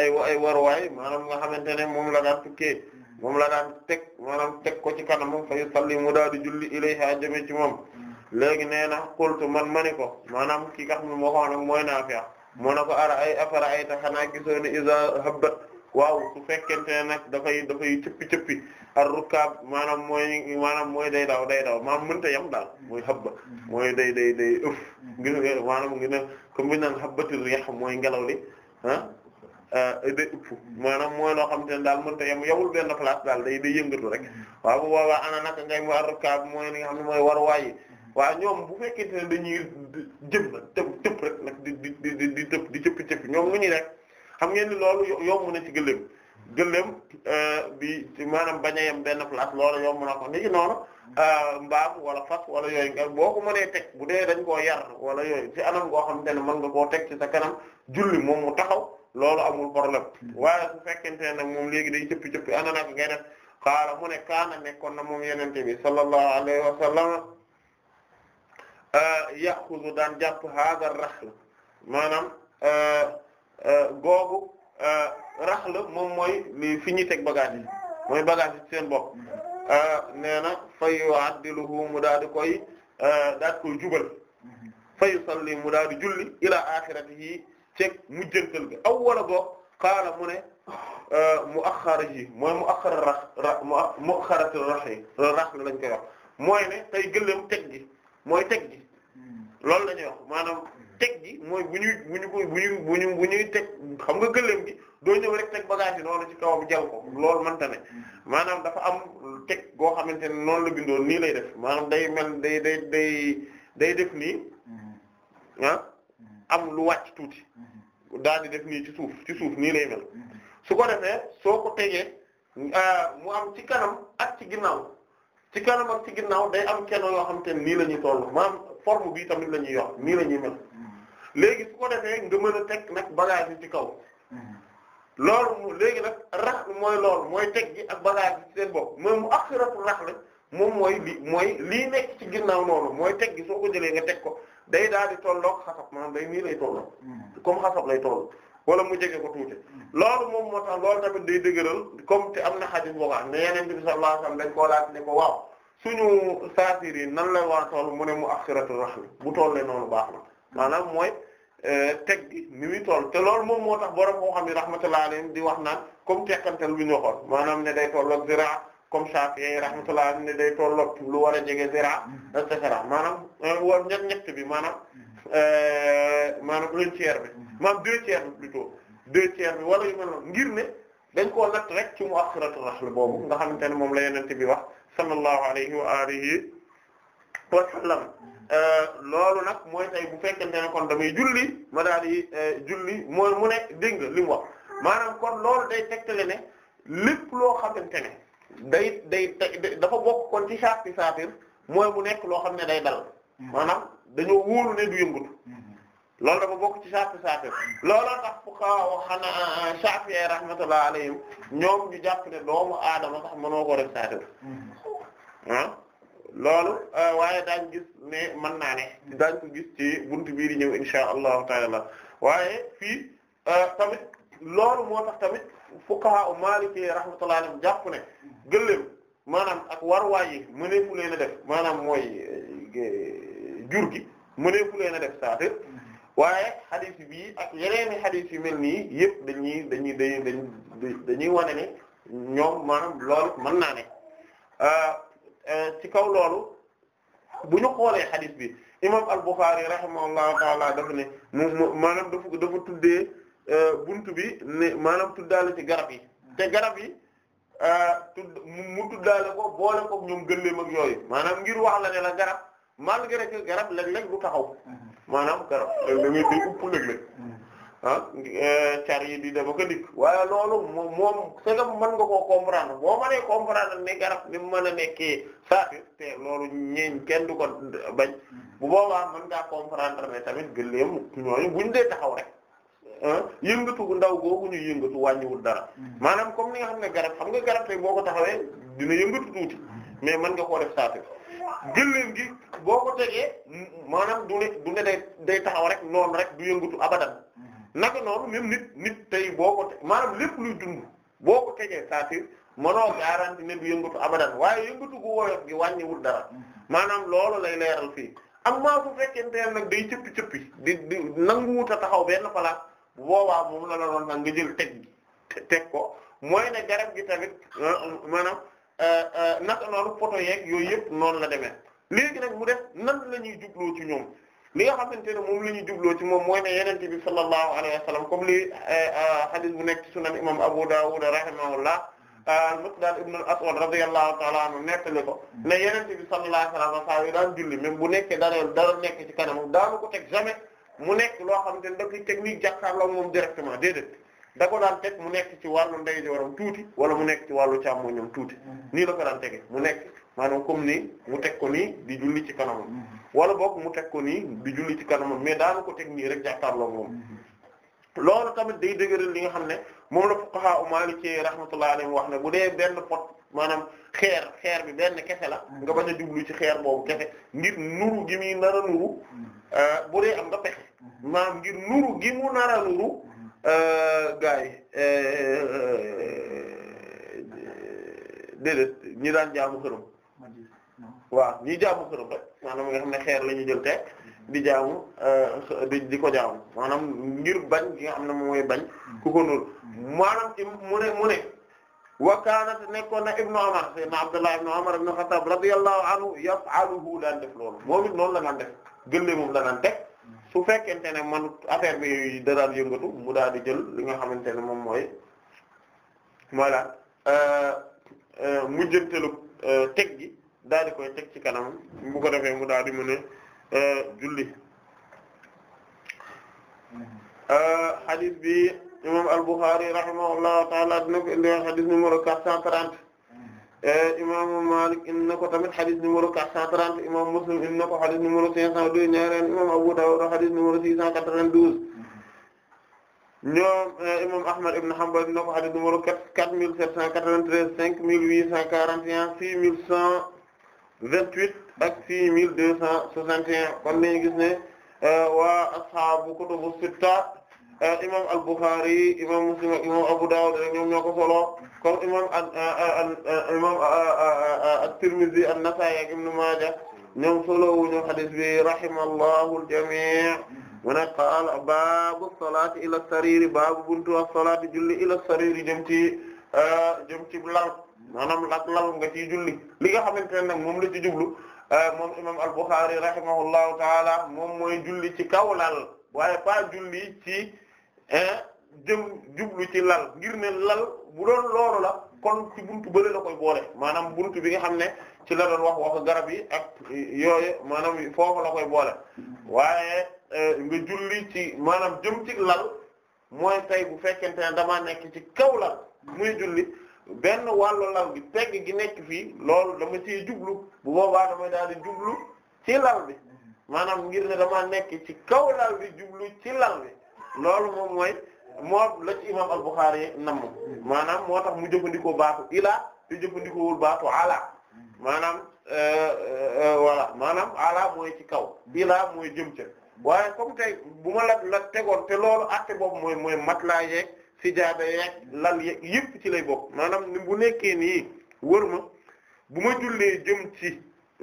ay ay waruwaay maanaam nga xamante ne moom la daan tukkee moom la daan teg maanaam teg ko ci kanam fa yusalli mu daal di julli ilayha jëme ci moom léegi nee na qultu man mani ko maanaam ki nga xam ne moo ko wax nag mooy Naafi' moo na ko ara ay afara ay ta xanaa gisoo ne iza habbat waaw su fekkente ne nag dafay dafay cëppi cëppi ar rukab maanaam mooy maanaam mooy day daw day daw maanaam mënta yam daal mooy xabba mooy day day day ëf ngi ne comme bi naan xabbatul riix mooy ngelaw li ah, ah day ëpp maanaam mooy loo xamante ne daal mënta yam yawul benn place daal day day yëngatu rek waaw bu boobaa ana naka ngay mu ar mooy li nga xam ne mooy war waayi waa ñoom bu fekkee ne dañuy jëm nag tëb tëb rek nag di di di di tëb di cëppi ñoom lu ñuy rek xam ngeen loolu yomb na ci gëléem gëléem euh, bi maanaam bañ a yem benn place loolu yomb na ko niki noonu euh, mbaam wala fas wala yooyu nga boo ma mënee teg bu dee dañ koo yar wala yooyu ci anam goo te ne mën nga koo teg ci sa kanam julli moom mu taxaw loolu amul problème hmm. waaye su fekkente ne nag moom léegi day cëppi cëppi ana nak ngay def xaala mu ne kaana nekkoon na moom yenente bi sallallahu alayhi wa sallam euh, yaxuzu daan jàpp haadar rahl maanaam googu euh, euh, rax moom mooy li fi ñuy teg bagage yi mooy bagage yi seen bopp euh, nee na fayuwaat di mu daal koy daal di koy jubal fayu salli mu daal di julli ila axiratihi ceeg mujjantal gi aw wala boog mu ne mu axara ji mooy mu axara mu mu axaratul rax yi rax la mooy ne tey gëléem teg gi mooy teg gi hmm. loolu la ñuy wax maanaam teg gi mooy bu ñuy bu bu ñu ñu bu ñuy teg xam nga gëléem gi doo ñëw rek teg bagage yi noonu ci kawam jal ko lool mënta ne maanaam dafa am teg goo xamante ne noonu la bindoon nii lay def maanaam day mel day day day day def nii mhm. ah mhm. lu wàcc tuuti mhm. daal def nii ci suuf ci suuf nii lay mel su ko defee soo ko tegee ah, mu am ci kanam ak ci ginnaaw ci kanam ak ci ginnaaw day am kenn yoo xamante ne nii la ñuy toll maanaam forme bi tamit la ñuy yor nii la ñuy mel. léegi su ko defee nga mën a teg nag bagage yi ci kaw loolu léegi nag rax mooy loolu mooy teg gi ak bagage yi ci seen bopp mooy mu axiratu rax la moom mooy li mooy lii nekk ci ginnaaw noonu mooy teg gi ko jëlee teg ko day daal di tolloog xasab maanaam day nii lay tolloo mm. comme xasab lay toll wala mu jege ko tuuti mm. loolu moom moo tax loolu tamit day dëgëral comme te am na xadis boobaa ne yeneen bi sallallahu ne ko waaw suñu saafir yi nan la war a mu ne mu axiratu rax la bu tollee noonu baax na maanaam mooy euh, teg gi ni muy toll te loolu moom moo tax borom moo xam ne rahmatullah alayhi di wax naan comme tekkantal bi ñu waxoon maanaam ne day tolloog zira comme Shafi'i rahmatullah ne day tolloog lu war a jege zira et cetera maanaam euh, war ñett ñett bi maanaam euh, maanaam un tiers bi maanaam deux tiers bi plutôt deux tiers bi wala yu mel noonu ngir ne dañ ko natt rek ci mu'akhkhiratur rahl boobu nga xamante ne moom la yonent bi wax sallallahu alayhi Euh, loolu nag mooy tey bu fekkente ne kon damay julli ma daal di euh, julli mooy mu ne dégg nga li mu wax maanaam kon loolu day tegtale ne lépp loo xamante ne day day dafa bokk kon ci saati mooy mu nekk loo xam ne day dal maanaam dañoo wóolu ne du yëngutu loolu dafa bokk ci saati saatir looloo tax fuqahaa xanaa euh, Shaafi'i rahmatullah alayhim ñoom ñu jàpp ne doomu aadama sax mënoo ko def saatir mm-hmm. ah loolu euh, waaye daañ gis ne mën naa ne daañ ko gis ci bunt bii di ñëw insha allahu taala waaye fii euh, tamit loolu moo tax tamit fuqaha u maliki rahmatullahi alayhim jàpp ne gëléem maanaam ak waruwaay yi mëneefu leen def maanaam mooy euh, jur gi mëneefu leen a def saatir waaye xadis bii ak yeneeni xadis yu mel nii yëpp dañuy dañuy dañuy dañuy wane ne ñoom maanaam loolu mën naa ne Euh, ci kaw loolu bu ñu xoolee xadis bi imam al-Bukhari rahimahullahu taala dafa ne mu maanaam dafa dafa tuddee euh, bunt bi ne maanaam tuddaale ci garab yi te garab yi euh, tudd mu tuddaale ko boole ko ñoom gëléem ak yooyu maanaam ngir wax la ne la garab malgré que garab léeg-léeg du taxaw mhm. maanaam garab léeg-léeg day upp léeg ah eh, car yi di dem ak a dikk waaye loolu moom moom sega mën nga koo comprendre boo mënee comprendre ne garab ni mu mën a nekkee saafir te loolu ñeeñ kenn du ko bañ bu boobaa mën ngaa comprendre ne tamit gëléem ñooñu buñ dee taxaw rek ah, yëngatu ndaw googu ñu yëngatu wàññiwul dara mm-hmm. maanaam comme ni nga xam ne garab xam nga garab tey boo ko taxawee dina yëngatu tuuti mm-hmm. mais mën nga koo def saafir gëléem gi boo ko tegee maanaam du ne du ne day taxaw rek noonu rek du yëngatu abadan mm-hmm. naka noonu même nit nit tey boo ko maanaam lépp luy dund boo ko tegee c'est-à-dire bi garanti ne du yëngatu abadan waaye yëngatu gu woyof gi wàññiwul dara maanaam loolu lay leeral fii am maa su fekkente nag day cëppi cëppi di di nangu nanguwuta taxaw benn place bu boobaa moom la la doon nag nga jël teg teg ko mooy ne garab gi tamit euh, maanaam euh, euh, naka noonu poto yeeg yooyu yëpp noonu la demee léegi nag mu def nan la ñuy jubloo ci ñoom li nga xamante ne moom la ñu jubloo ci moom mooy ne yenente bi sallallahu alayhi wa sallam comme li eh, eh, hadith bu nekk ci sunan imam Abu Dawud rahimahullah eh, a miqdad ibn al-Aswad radiyallahu ta'ala anhu nettali ko ne yenente bi sallallahu alayhi a sallam daan julli même bu nekkee dara dara nekk ci kanam daanu ko teg jamais mu nekk loo xam ne da koy technique jàkkaarloo moom directement déedéet da ko daan teg mu nekk ci wàllu ndeyjooram tuuti wala mu nekk ci wàllu càmmoñam tuuti nii ko daan tege mu nekk maanaam comme ni mu teg ko nii di julli ci kanamam mm-hmm. wala boog mu teg ko nii di julli ci kanamam mais daanu ko teg nii rek jàkkaarloo moom mm-hmm. loolu tamit day dëgëral li nga xam ne moom la fuqaha u Maliki rahmatullahi alayhi wax ne bu dee benn pot maanaam xeer xeer bi benn kese la mm-hmm. nga bañ a jublu ci xeer boobu kese ngir nuru gi muy nar a nuru euh, bu dee am nga pexe maanaam ngir nuru gi mu nar a nuru euh, gaa yi euh, déedéet ñi daan jaamu xërëm waaw ñi jaamu këram rek maanaam nga xam ne xeer la jël teg mhm. di jaamu euh, di ko jaamu maanaam ngir bañ nga xam ne moom mooy bañ mhm. ku ko nul mhm. mu ne mu ne wa kaanat nekkoon na ibnu Umar sayyidna Abdullah ibnu Umar ibnu Xattaab radiyallahu anhu yaf'aluhu daan def loolu moom it noonu la daan def gëllee moom la daan teg su fekkente ne man affaire bi da yëngatu mu daal di jël li nga xamante ne moom mooy voilà euh, euh, mujjantelu teg gi daal di koy teg ci kanamam bu ko defee mu daal di mën a euh, julli euh, hadith bi imam al-Bukhari rahimahullahu ta'ala dina ko indi hadith numéro 430 euh, imam Malik indi na ko tamit hadith numéro 430 imam Muslim indi na ko hadith numéro 502 ñaareel imam Abu Dawud hadith numéro 692 ñoom imam Ahmad ibn Hanbal indi na ko hadith numéro 4793 5841 6100 28 ak 6261 kon dañu gis ne euh, waa ashaabu kutubu sitta euh, imam al-Bukhari imam Muslim ak imam Abu Dawud rek ñoom ñoo ko solo kon imam euh, imam at-Tirmidhi an Ibn Maaja ñoom solo wuñu hadith bi rahimallahu al-jami' mu ne qaala baabu salaati ila sariri baabu buntu as-salaati julli ila sariri jëm ci jëm ci lal maanaam lak lal nga ciy julli li nga xamante ne nag moom la ci jublu euh, moom imam al-Bukhari rahimahullahu taala moom mooy julli ci kaw lal waaye pas julli ci jëm jublu ci lal ngir ne lal bu loolu la kon ci la koy boole maanaam buntu bi nga xam ne ci la doon wax garab yi ak yooyu maanaam koy boole waaye euh, nga julli ci maanaam jëm lal mooy tey bu fekkente ne dama nekk ci kaw lal muy julli benn wàllu lal gi pegg gi nekk fii loolu dama ci jublu bu boobaa dama daal di jublu ci lal bi maanaam ngir ne dama nekk ci kaw lal bi jublu ci lal bi loolu moom mooy moo la ci imam al-Bukhari namm maanaam moo tax mu jëfandikoo baatu ilaa te jëfandikoowul baatu ala maanaam wala euh, euh, euh, maanaam ala mooy ci kaw ilaa mooy jëm ca waaye comme te bu ma la tegoon te loolu acte boobu mooy mooy mat laa yeeg sijaada yeeg lal yeeg yëpp ci lay bokk maanaam ni bu nekkee nii wër ma bu ma jullee jëm ci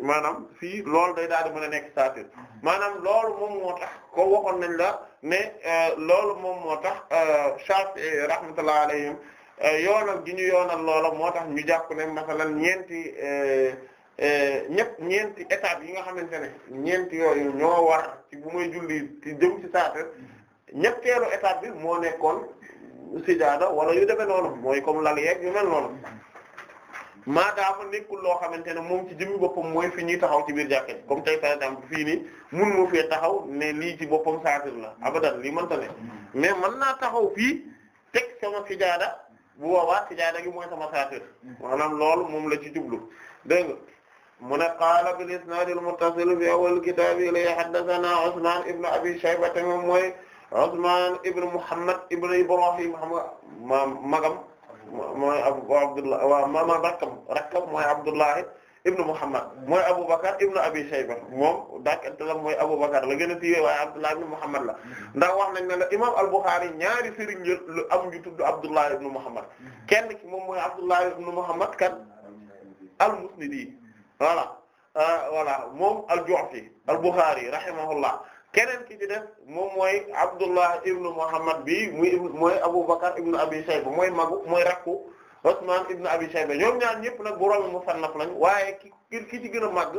maanaam fii loolu day daal di mën a nekk saatir maanaam loolu moom moo tax ko waxoon nañ la ne euh, loolu moom moo tax euh, Shafi rahmatullah alayhim euh, yoonal gi ñu yoonal loola moo tax ñu jàpp ne masalan ñeenti ñëpp ñeenti étapes yi nga xamante ne ñeenti yooyu ñoo war ci bu may julli ci jëm ci saatir ñetteelu étape bi moo nekkoon sijaada wala yu demee noonu mooy comme lal yeeg yu mel noonu maadaama nekkul loo xamante ne moom ci jëmmi boppam mooy fi ñuy taxaw ci biir jàkke comme tey par exemple fii nii mun mu fee taxaw ne lii ci boppam saatir la abadan lii mënta ne na mën naa taxaw fii teg sama sijaada bu boobaa sijaada gi mooy sama saatir maanaam lool moom la ci jublu dégg nga mu ne qaala bil isnaadil muttasil fi awwal kitaabi li haddathana Usmaan ibn Abi Shayba tamit mooy Usmaan ibn Muhammad ibn Ibrahim xam nga ma magam mooy Abu Abdullah waaw mama rakkam rakkam mooy Abdullahi ibn Muhammad mooy Abu Bakar ibn Abi Shayba moom dàkkante la mooy Abu Bakar la gën a tiiwee waaye Abdullah ibn Muhammad la ndax wax nañ ne la imam al-Bukhari ñaari sëriñ lu am ñu tudd Abdullah ibn Muhammad kenn ki moom mooy Abdullah ibn Muhammad kan al-Musnidi voilà euh, voilà moom al-Ju'fi al-Bukhari rahimahullah keneen ki ci def moom mooy Abdullah ibnu Muhammad bi muy mooy Abu Bakar ibnu Abi Shayba mooy magu mooy rakku Usman ibnu Abi Shayba ñoom ñaar ñëpp nag borom musannaf lañ waaye ki ki ci gën a màgg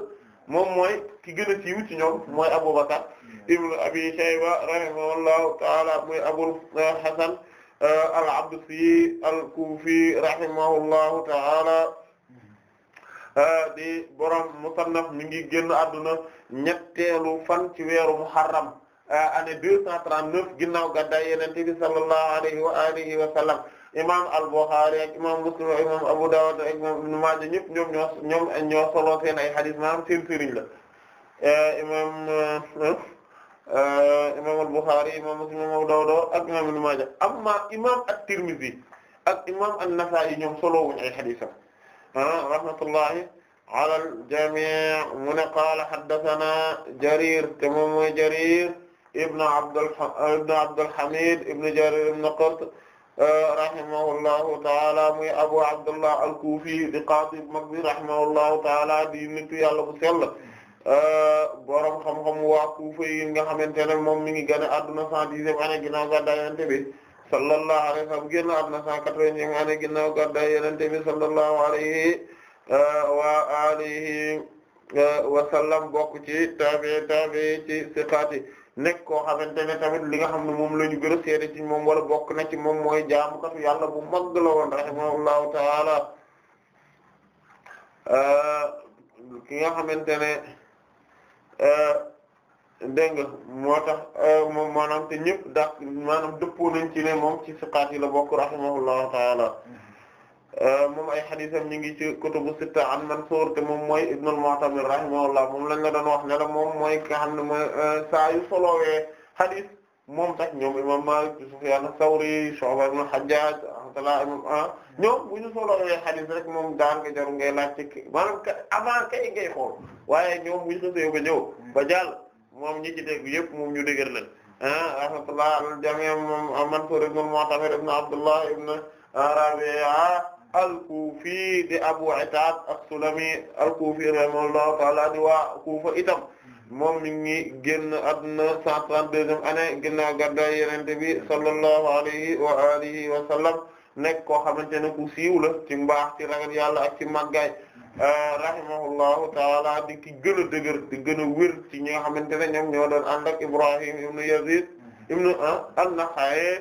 moom mooy ki gën a siiw ci ñoom mooy Abu Bakar ibnu Abi Shayba rahimahullahu ta'ala muy Abul Hasan uh, al-Absi al-Kufi rahimahullahu ta'ala di borom musannaf mi ngi génn àdduna ñetteelu fan ci weeru muharram année deux cent trente-neuf ginnaaw gàddaay yonent bi sallallahu alayhi wa alihi wa sallam imam al-Bukhari ak imam Muslim Abu Dawud ak imam Muslim amma imam at-Tirmidhi ak imam an-Nasa'i ñoom solo ay haditham rahmatullahi ala al-jamii' mu ne qaala haddathana Jarir te moom mooy Jarir ibn Abdul ibn Abdul Hamid ibn Jarir ibn Qurt eh, rahimahullahu taala muy Abu Abdullah al-Kufi di qaadi bu mag bi rahimahullahu taala di nitu yàlla bu sell eh, borom xam-xam waa Kufa yi nga xamante ne moom mi ngi gën a adduna 110 ans ginnaaw gàddaay Yonent bi sallallahu alayhi wa sallam génn àdduna 180 ani ginnaaw gàddaay Yonent bi sallallahu alayhi uh, wa alihi uh, wa sallam bokk ci taabi taabi ci siqaati nekk koo xamante ne tamit li nga xam ne moom la ñu gën a ci moom wala bokk na ci moom mooy jaamukatu yàlla bu mag la woon rahimahullahu taala uh, ki nga xamante ne. dégg nga moo tax euh, moom maanaam te ñëpp da maanaam dëppoo nañ ci ne moom ci siqaat yi la bokk rahimahullahu taala euh, moom ay xadiisam ñu ngi ci kutubu sitta an Mansuur te moom mooy Ibn al-Mu'tamir rahimahullah moom lañ la doon wax ne la moom mooy nga xam ne mooy euh, saa yu solowee xadiis moom tax ñoom imam Maalik Sufyaan as-Sawri Shu'ba ibn al-Hajjaj rahmatullah imam ah ñoom bu ñu solowee xadiis rek moom daan nga jaru ngay laaj ci maanaam avant kay ngay xool waaye ñoom bu ñu ba ñëw ba jàll moom ñi ci dégg yëpp moom ñu dëgër lañ ah, rahmatullah al jami' moom Mansur ibn al-Mu'tamir ibn Abdullah ibn Rabi'a ah, al-Kufi di Abu Attab as-Sulami al-Kufi rahimahullahu ta'ala waa Kufa itam moom mi ngi génn àdduna 132e année ginnaaw gàddaay Yonent bi sallallahu alayhi wa alihi wa sallam nekk koo xamante ne ku siiw la ci mbaax ci ragal yàlla ak ci màggaay Euh, rahimahullahu taala di ki gën a dëgër di gën a wér ci ñi nga xamante ne ñoom ñoo doon ànd ak Ibrahim ibnu Yazid ibnu ah, an-Nakha'i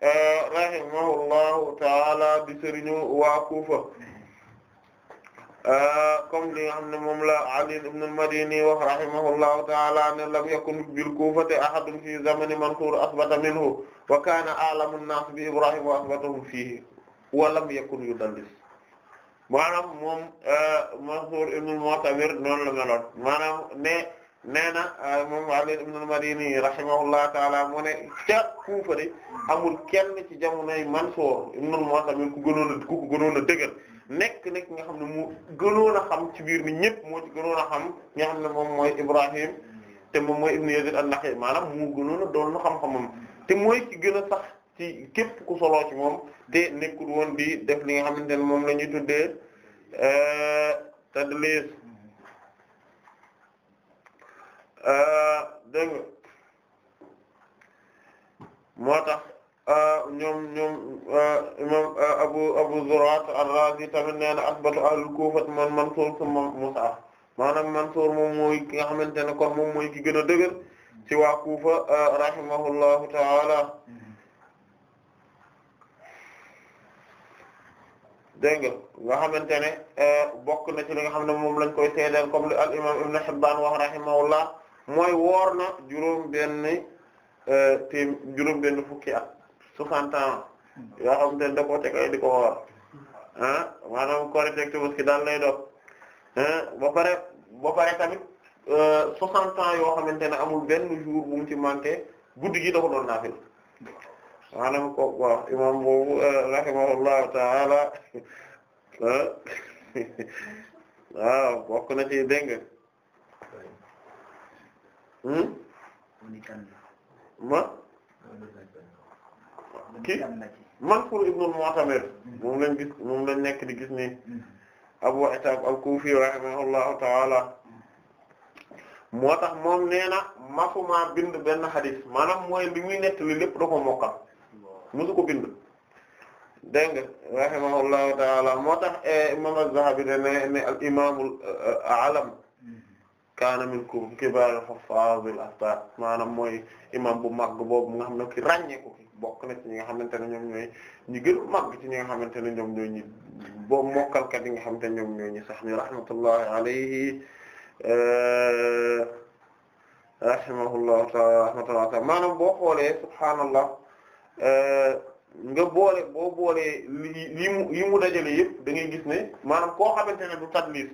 euh, rahimahullahu taala di sëriñu waa Kufa euh, comme li nga xam ne moom la Ali ibn al-Madini wax rahimahullahu taala ne lam yakun bil Kufati ahadun fi zamani Mansur asbata minhu wa kana a'lamu an-nas bi Ibrahim wa asbatahum fihi wa lam yakun yudallis maanaam moom euh, Mansuur ibnul Mu'tamir noonu la meloon maanaam ne nee na euh, moom Ali ibnul Madini rahimahullahu taala mu ne ca Kuufa amul kenn ci jamonoy Mansuur ibnul Mu'tamir ku gënoon a ku gënoon dëgër nekk nekk nga xam ne mu gënoon a xam ci biir ni ñëpp moo ci gënoon a xam nga xam ne moom mooy Ibrahim te moom mooy ibnu Yazid an-Nakha'i maanaam mu gënoon a doon xam-xamam te mooy ci gën a sax ci képp ku solo ci moom te nekkul woon def li nga xamante ne moom la ñuy tuddee euh, tadlis euh, dégg moo tax euh, ñoom ñoom imam abu abu zurat ar-razi tamit nee na asbatu ahlul kufa man mansur summa mus'ab maanaam mansur moom nga xamante ne kon moom mooy ki gën a dëgër ci waa kufa rahimahullahu ta'ala mm-hmm. dégg nga nga xamante ne euh, bokk na ci li nga xam ne moom lañ koy seedeel comme li al imam Ibn Hibban wax rahimahullah mooy woor na juróom benn euh, téem juróom benn fukki at soixante ans yoo xamante ne da koo teg ay di ko woor ah maanaam correcte Tabaski daal lay doon ba pare ba pare tamit euh, soixante ans yoo xamante ne amul benn jour bu mu ci manqué guddi gi da ko doon naafil maanaam ko waaw imam boobu euh, rahimahullahu taala [LAUGHS] euh, waaw bokk na ci dégg hmm? hmm. moom lañ gis moom lañ nekk di gis ni hmm. Abu Attab al-Kufi rahimahullahu taala moo tax moom nee na masuma bind benn xadis maanaam mooy li muy lépp da ko mosu ko bind dégg nga rahimahullahu taala moo tax eh, imam az-Zahabi dane ne al imamul eh, alam kaana min ko kibaar haffaazil astar maanaam mooy imam bu màgg boobu nga xam ne ki ràññeeku bokk na ci ñi nga xamante ne ñoom ñooy ñi gën màgg ci ñi nga xamante ne ñoom ñooy ñi boobu mokkalkat yi nga xamante ne ñoom ñooy ñi sax ni rahmatullahi alayhi eh, rahimahullahu taala rahmatullahi taala maanaam boo xoolee subhaanallah Euh, nga boole boo boolee li mu yi mu dajale yëpp da ngay gis ne maanaam koo xamante ne du tadlis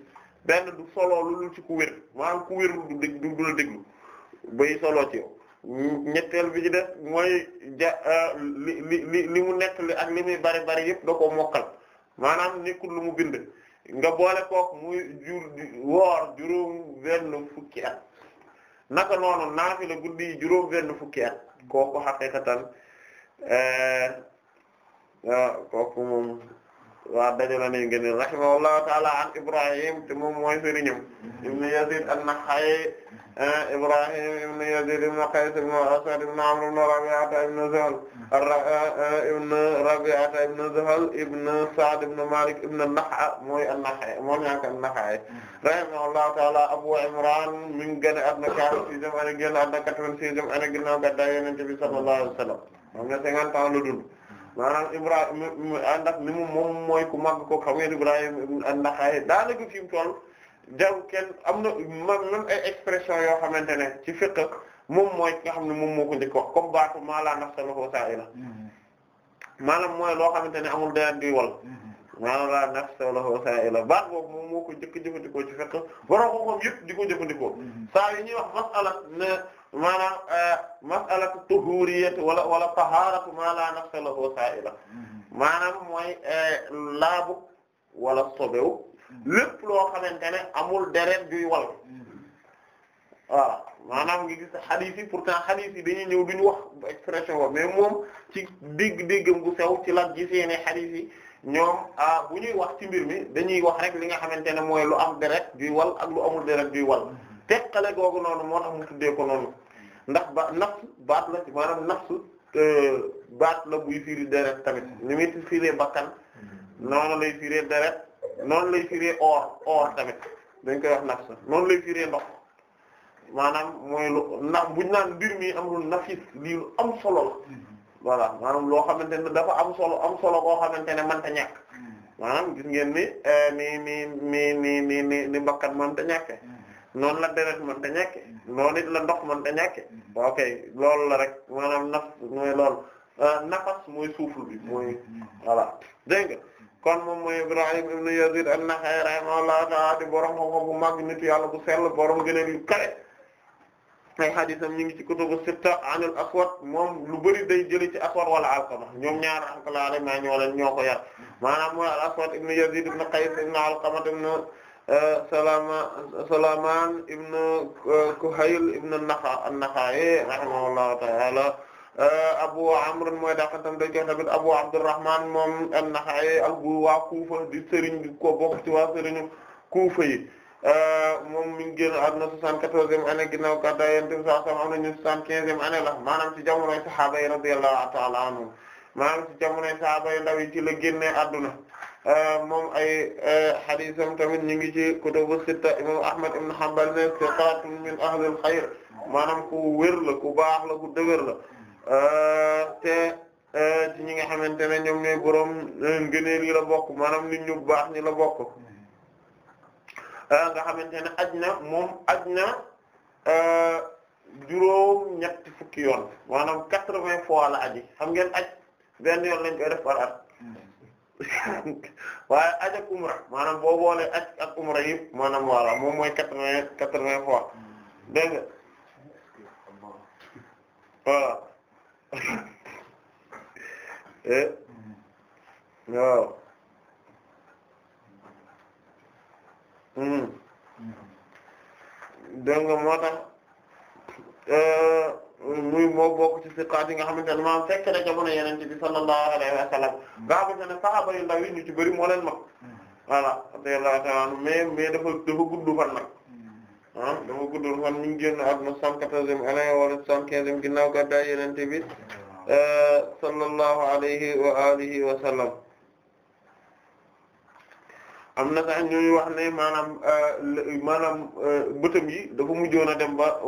benn du solo lu ci ku wér maanaam ku wér du la déglu bay solo ci yow ñetteel bi ci def mooy ja euh, li li li mu nekk li ak li muy bari bari yëpp da ko mokkal maanaam nekkul lu mu bind nga boole kook muy jur woor juróom benn fukki at naka noonu naafila guddi yi juróom benn fukki at kooku xaqiqatan kooku moom waaw dajala nañ gën rahimahullahu ta'ala an Ibrahim te moom mooy sëriñam mm-hmm. ibn Yazid an-Nakha'i Ibrahim ibn Yazid ibn Qays ibn Asad ibn Amr ibn Rabi'ata ibn Zuhal ibn Rabi'ata ibn Zuhal ibn Sa'd ibn Malik ibn an-Nakha' mooy an-Nakha'i moom ñaaka an-Nakha'i rahimahullahu ta'ala Abu Imran mi ngi gën a adduna 46 am ana génn adduna 86 am ana ginnaaw gàddaay Yonent bi sallallahu alayhi wa sallam xam nga cinquante ans la dund maanaam Ibrahima ah, ndax mi mu moom mooy ku màgg ko xam ngeen Ibrahima an-Nakha'i daanaka fi mu toll jaru kenn am na même ay expression yoo xamante ne ci fiqh moom mooy ki nga xam ne moom moo ko njëkk wax comme baatu maa laa nafsa lahu maanaam mooy loo xamante ne amul dayan di wal maa laa nafsa lahu saa'ila baat boobu moom moo ko njëkk jëfandikoo ci fiqh borom xam-xam yëpp di ko jëfandikoo saa yi ñuy wax masala ne maanaam euh, mas'alatu tuhuriyyat wala wala taharatu ma la nafsa lahu sa'ila mm-hmm. maanaam mooy euh, laabu wala sobewu mm-hmm. lépp loo xamante ne amul deret juy wal mm-hmm. maanaam ngi gis hadith yi pourtant hadith yi dañuy ñëw duñu wax expression wa mais moom ci dégg-déggam gu sew ci la gisee ne hadith yi ñoom euh, bu ñuy wax ci mbir mi dañuy wax rek li nga xamante ne mooy lu am deret juy wal ak lu amul deret juy wal teqale googu noonu moo tax mu tuddee ko noonu ndax ba nafs baat la maanaam nafsu euh, baat la buy firi deret tamit ni muy firee bakkan mm-hmm. noonu lay firee deret noonu lay firee or or tamit dañ koy wax nafs noonu lay firee ndox maanaam mooy lu ndax buñ naan mbir mi amul nafis lii lu am solo la mm-hmm. maanaam loo xamante ne dafa am solo am solo koo xamante ne mënta ñàkk mm-hmm. maanaam gis ngeen ni euh, ni ni ni ni ni ni bakkan mënta ñàkke noonu la deret mënta ñàkke noonu it la ndox man da ñàkke mm-hmm. ok loolu la rek maanaam naf mooy loolu euh, nafas mooy suuful bi mooy mm-hmm. voilà dégg nga kon moom mooy Ibrahim ibn Yazid an-Nakha'i rahimahullahu ta'ala di borom xam-xam bu mag nit yàlla bu sell borom a yu kare ay hadisam ñu ngi ci kutubu sitta anil aswad moom lu bari day jëlee ci aswad wala alqama ñoom ñaar alqama maa ñoo leen ñoo ko yar mm-hmm. maanaam mooy al aswad ibn Yazid ibn Qays ibn alqama Eh, Salama Salaman ibn eh, Kuhayl ibn Nakha an-Nakha'i rahimahullahu ta'ala eh, Abu Amr mooy dàqantam dañ koy tamit Abu Abdurrahman moom an-Nakha'i albu waa Kufa di sëriñ ko bokk ci waa sëriñu Kufa yi moom mi ngi génn àdduna soixante-quatorzième année ginnaaw gàddaay Yonent bi am nañu soixante-quinzième la maanaam ci jamonoy sahaaba yi radiyallahu ta'ala anhum maanaam ci jamonoy sahaaba yi ndaw ci la génnee àdduna Euh, moom ay euh, hadisam tamit ñu ngi ci kutubu sitta imam Ahmad ibn Hanbal ne siqatun min ahlil xayr maanaam ku wér la ku baax la ku dëgër la euh, te ñi nga xamante ne ñoom ñooy borom ngëneel yi la bokk maanaam nit ñu baax ñi la bokk nga xamante ne aj na moom aj na juróom ñetti fukki yoon maanaam quatre-vingts fois la aji xam ngeen aj benn yoon lañ koy def par at [LAUGHS] waaye aj ak umra maanaam boo boolee aj ak umra yëpp maanaam voilà moom mooy quatre-vingts quatre-vingts fois dégg nga voilà [LAUGHS] eh? waaw hmm. dégg nga moo tax euh, muy moo bokk ci nga xamante ne maam fekk na jamono yeneen bi sallallahu alayhi wa sallam hmm. nga xamante ne saxaaba yu ndaw yi ñu ci bëri moo leen mag hmm. voilà radiyallahu ta'ala mais mais dafa dafa gudd fan nag hmm. ah dafa gudd fan mi ngi génn àdduna cent quatorzième année wala cent quinzième ginnaaw gàddaay yeneen bi euh, sallallahu alayhi wa alihi wa sallam am na sax ñuy wax ne maanaam euh, maanaam euh, yi dafa mujjoon dem ba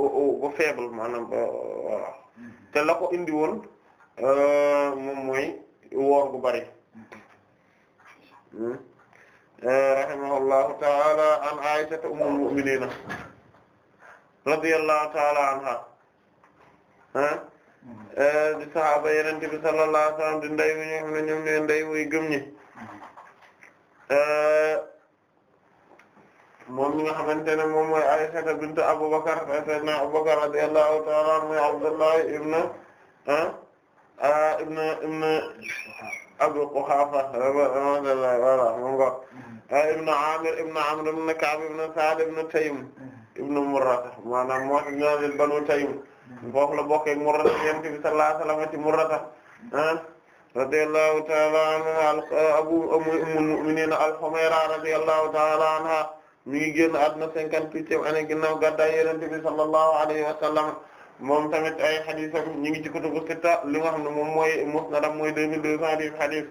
ba faible maanaam ba euh, voilà mm-hmm. te la ko indi woon moom mooy woor gu bari mm-hmm. Mm-hmm. rahimahullahu taala an Aisha ummul mu'minina radiyallahu taala anha ah di sahaaba yenente bi sallallahu alayhi wasallam di nday wi ñoo xam ne nday woy gëm ñi Euh, moom mi nga xamante ne moom mooy Aysata bint Abubakar Aysata Abubakar radiyallahu ta'ala anhu mooy Abdullah euh, ibn ibn ibn Abi Quhafa radiyallahu wala moom nga ibn Amir ibn Amr ibn Ka'b ibn Sa'd ibn Taym ibn Murrata maanaam moo ñoo leen Banu Taym mm-hmm. foofu la bokkee Murrata Yonent bi sallallahu alayhi wa sallam ci Murrata radiyallahu ta'ala anha abu mu'minin al-Humayra radiyallahu ta'ala anha mi ngi génn àdduna cinquante-huitième année ginnaaw gàddaay Yonent sallallahu alayhi wa sallam tamit ay xadisam ñu ngi ci kutubu sitta ne moom mooy musnadam mooy deux deux cent dix xadis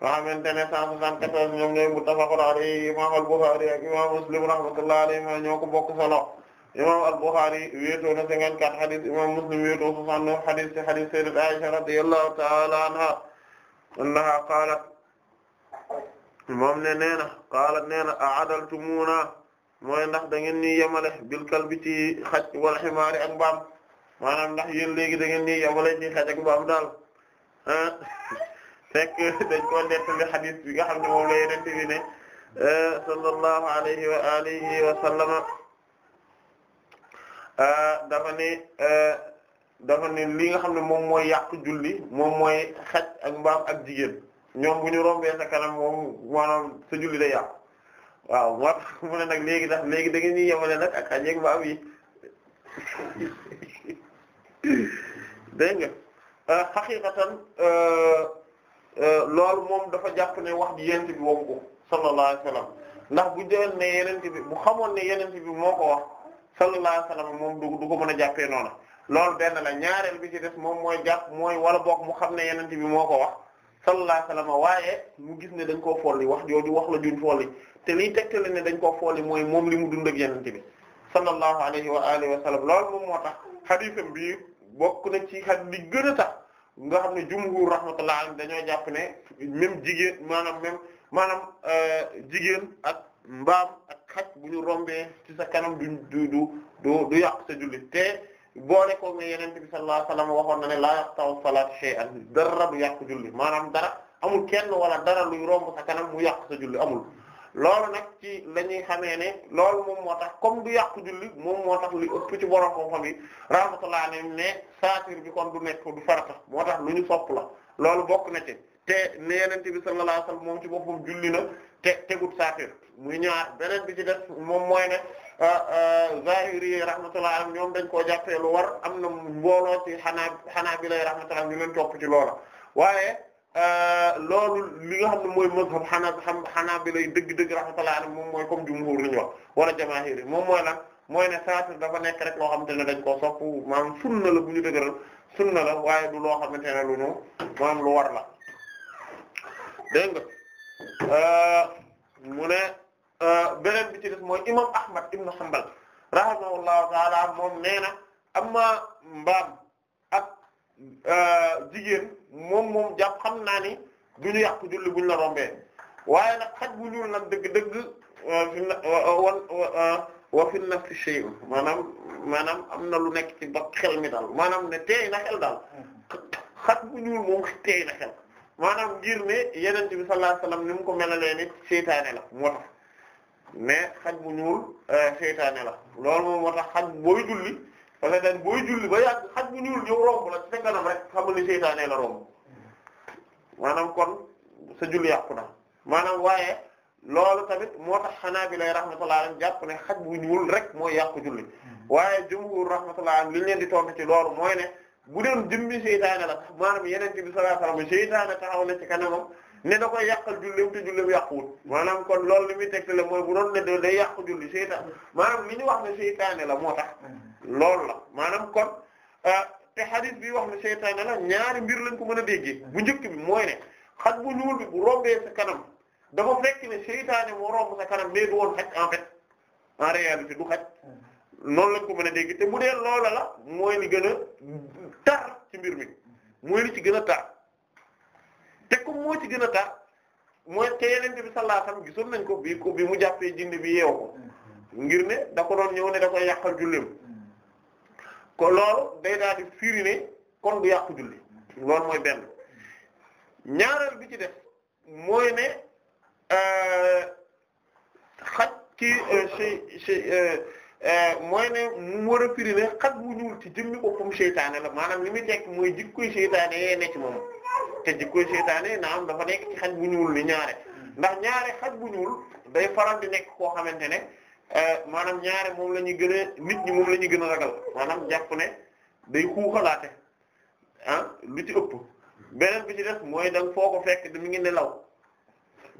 nga xamante ne cent ñoom ñooy muttafaqun alayhi imam al-Bukhari ak imam Muslim rahmatullahi alayhi ñoo ko bokk imam al-Bukhari wéetoo na cinquante-quatre xadis imam Muslim wéetoo soixante-neuf annaha qaalat moom ne nee na qaalat nee na aadaltumuna mooy ndax da ngeen ni yemale bil kalbi ci xaj wal ximaari ak mbaam maanaam ndax yéen léegi da ngeen ni yemale ci xaj ak mbaam daal ah fekk dañ ko nettali xadis bi nga xam ne moom la yeneen bi ne eh, sallallahu alayhi wa alihi wa sallama ah, dafa ni dafa ne li nga xam ne moom mooy yàq julli moom mooy xaj ak mbaam ak jigéen ñoom bu ñu rombee sa kanam moom maanaam sa julli day yàqu waaw moo tax mu ne nag léegi ndax léegi da nga ñuy yemale nag ak xaj ak mbaam yi dégg nga euh, euh, euh, loolu moom dafa jàpp ne wax ji yent bi wom ko sallallahu alayhi wasallam ndax bu jël ne yenent bi bu xamoon ne yenent bi moo ko wax sallallahu alayhi moom du du ko a jàppee noona loolu benn la ñaareel bi ci def moom mooy jàpp mooy wala boog mu xam ne yeneen bi moo ko wax sallallahu alayhi wa waaye mu gis ne dañ koo folli wax jooju wax la juñ folli te teg liy tegtale ne dañ koo folli mooy moom li mu dund ak yeneen bi sallallahu alayhi wa alihi wa sallam loolu moom moo tax xadiisam bi bokk na ci xadiis bi gën tax nga xam ne jumhur rahmatullah alayhi dañoo jàpp ne même jigéen maanaam même maanaam euh, jigéen ak mbaam ak xaj bu ñu rombee ci sa kanam du du du du yàq sa julli te. boo ko mais yeneen bi sallallahu alayhi wasallam waxoon na ne laa yaqta'u salaat shay'an dara du yàq julli maanaam dara amul kenn wala dara luy romb sa kanam mu yàq sa julli amul loolu nag ci lañuy ñuy xamee ne loolu moom moo tax comme du yàq julli moom moo tax li ëpp ci borom xam-xam yi rahmatullah alayhim saatir bi kon du nekk du farata moo tax lu ñu sopp la loolu bokk na ci te ne yeneen bi sallallahu alayhi moom ci boppam julli na te tegut saatir mu ñaar beneen bi ci def moom mooy ne. Ah, ah, zahiri yi rahmatullah alayhim ñoom dañ koo jàppee lu war am na mbooloo ci xanaa xanaa bi lay rahmatullah ñu leen topp ci loola waaye ah, loolu li nga xam ne mooy mazhab xam xanaa bi lay dëgg-dëgg rahmatullah alayhim moom mooy comme jumhur li ñu wala jamaahir yi moom mooy lan mooy ne saatir dafa nekk rek loo xamante ne dañ koo sopp maanaam sunna la bu ñu dëgëral sunna la waaye du loo xamante ne lu ñu maanaam lu war la dégg nga mu ne Euh, beneen bi ci des mooy imam Ahmad ibn Hanbal rahimahullahu taala moom nee na amma mbaam ak euh, jigéen moom moom jàpp xam naa ni du ñu yàq julli buñ la rombee waaye nag xaj bu ñuul nag dëgg-dëgg euh, wa wa fi nafsi shay'un maanaam maanaam am na lu nekk ci ba xel mi daal maanaam ne teey na xel daal xaj bu ñuul moom teey na xel maanaam ngir ne yonent bi sallallahu alayhi wasallam ni ko melalee ni seytaane la moo tax mais xaj bu ñuul euh, seytaane la loolu moom moo tax xaj booy julli parce que dañ booy julli ba bu ñuul ñëw romb la ci sa kanam rek xamal seytaane la romb maanaam kon sa julli yàqu na maanaam waaye loolu tamit moo tax xanaa bi lay rahmatullah alayhi jàpp ne xaj bu ñuul rek mooy yàqu julli waaye jumhur rahmatullah alayhi li ñu leen di tontu ci loolu mooy ne bu doon jëmmi seytaane la maanaam yeneen di sallallahu alayhi wasallam seytaane taxaw na ci kanamam ne da koy yàqal julleem te julleem yàquwul maanaam kon loolu li muy tegte la mooy bu noon ne da day yàqu julli seytaan maanaam li ñu wax ne seytaane la moo tax loolu la maanaam kon euh, te hadith bi wax ne seytaane la ñaari mbir lañ ko mën a déggee bu njëkk bi mooy ne xaj bu ñuul bi bu rombee sa kanam dafa fekk ne seytaane moo romb sa kanam mais du woon xaj en fait en réalité du xaj noonu lañ ko mën a dégg te bu dee loola la mooy li gën a tar ci mbir mi mooy li ci gën a tar te ko moo ci gën a tar mooy te yenente bi sallallahu gisoon nañ ko bi bi mu jàppee jinne bi yeew ko mm-hmm. ngir ne dako ko doon ñëw ne da koy yàqal jullim mm-hmm. ko loolu day daal firi ne kon du yàqu julli mm-hmm. loolu mooy benn ñaareel bi ci def mooy ne euh, xaj ci ci euh, ci euh, mooy ne mu war a firi ne xaj bu ñuul ci jëmmi boppam seytaane la maanaam li muy tekk mooy jikkoy seytaane yee ne ci moom te jikkoy seytaane naam dafa nekk ci xaj bu ñuul ni ñaare ndax ñaare xaj bu ñuul day faral di nekk koo xamante ne euh, maanaam ñaare moom la ñuy gën a nit ñi moom lañuy ñuy gën a ragal maanaam jàpp ne day xuuxalaate ah lu ci ëpp beneen bi ci def mooy da nga foo ko mu ngi ne law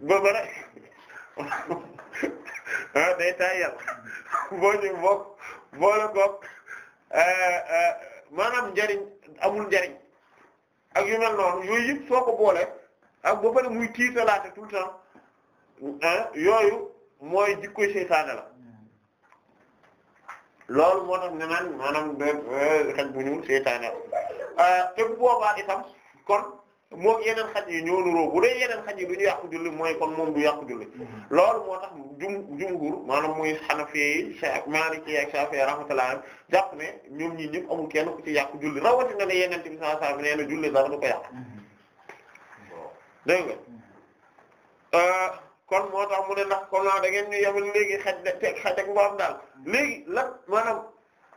ba bara [LAUGHS] ah day tayal boo ñu bokk boole koog euh, euh, maanaam njariñ amul njariñ ak yu mel noonu yooyu yëpp soo ko boole ak ba pare muy tiitalaate tout le temps yooyu mooy jikkoy seytaane la loolu moo tax ne naan maanaam euh, euh, xaj bu ñuul seytaane euh, te bu boobaa itam kon moom yeneen xaj yi ñoo nuroo bu dee yeneen xaj yi du ñu yàqu julli mooy kon moom du yàqu julli mhm. loolu moo tax jum jumhur maanaam muy xanafi maliki ak shafi ne ñoom ñi ñëpp amul ku ci yàqu julli rawatina ne yeneen bi sallallahu alayhi wasallam nee na julli dara du ko yàq mhm. dégg nga mhm. euh, kon moo tax mu ne ndax comme naa da ngeen ñu yemal léegi xaj de teg xaj ak mbaam daal léegi lan maanaam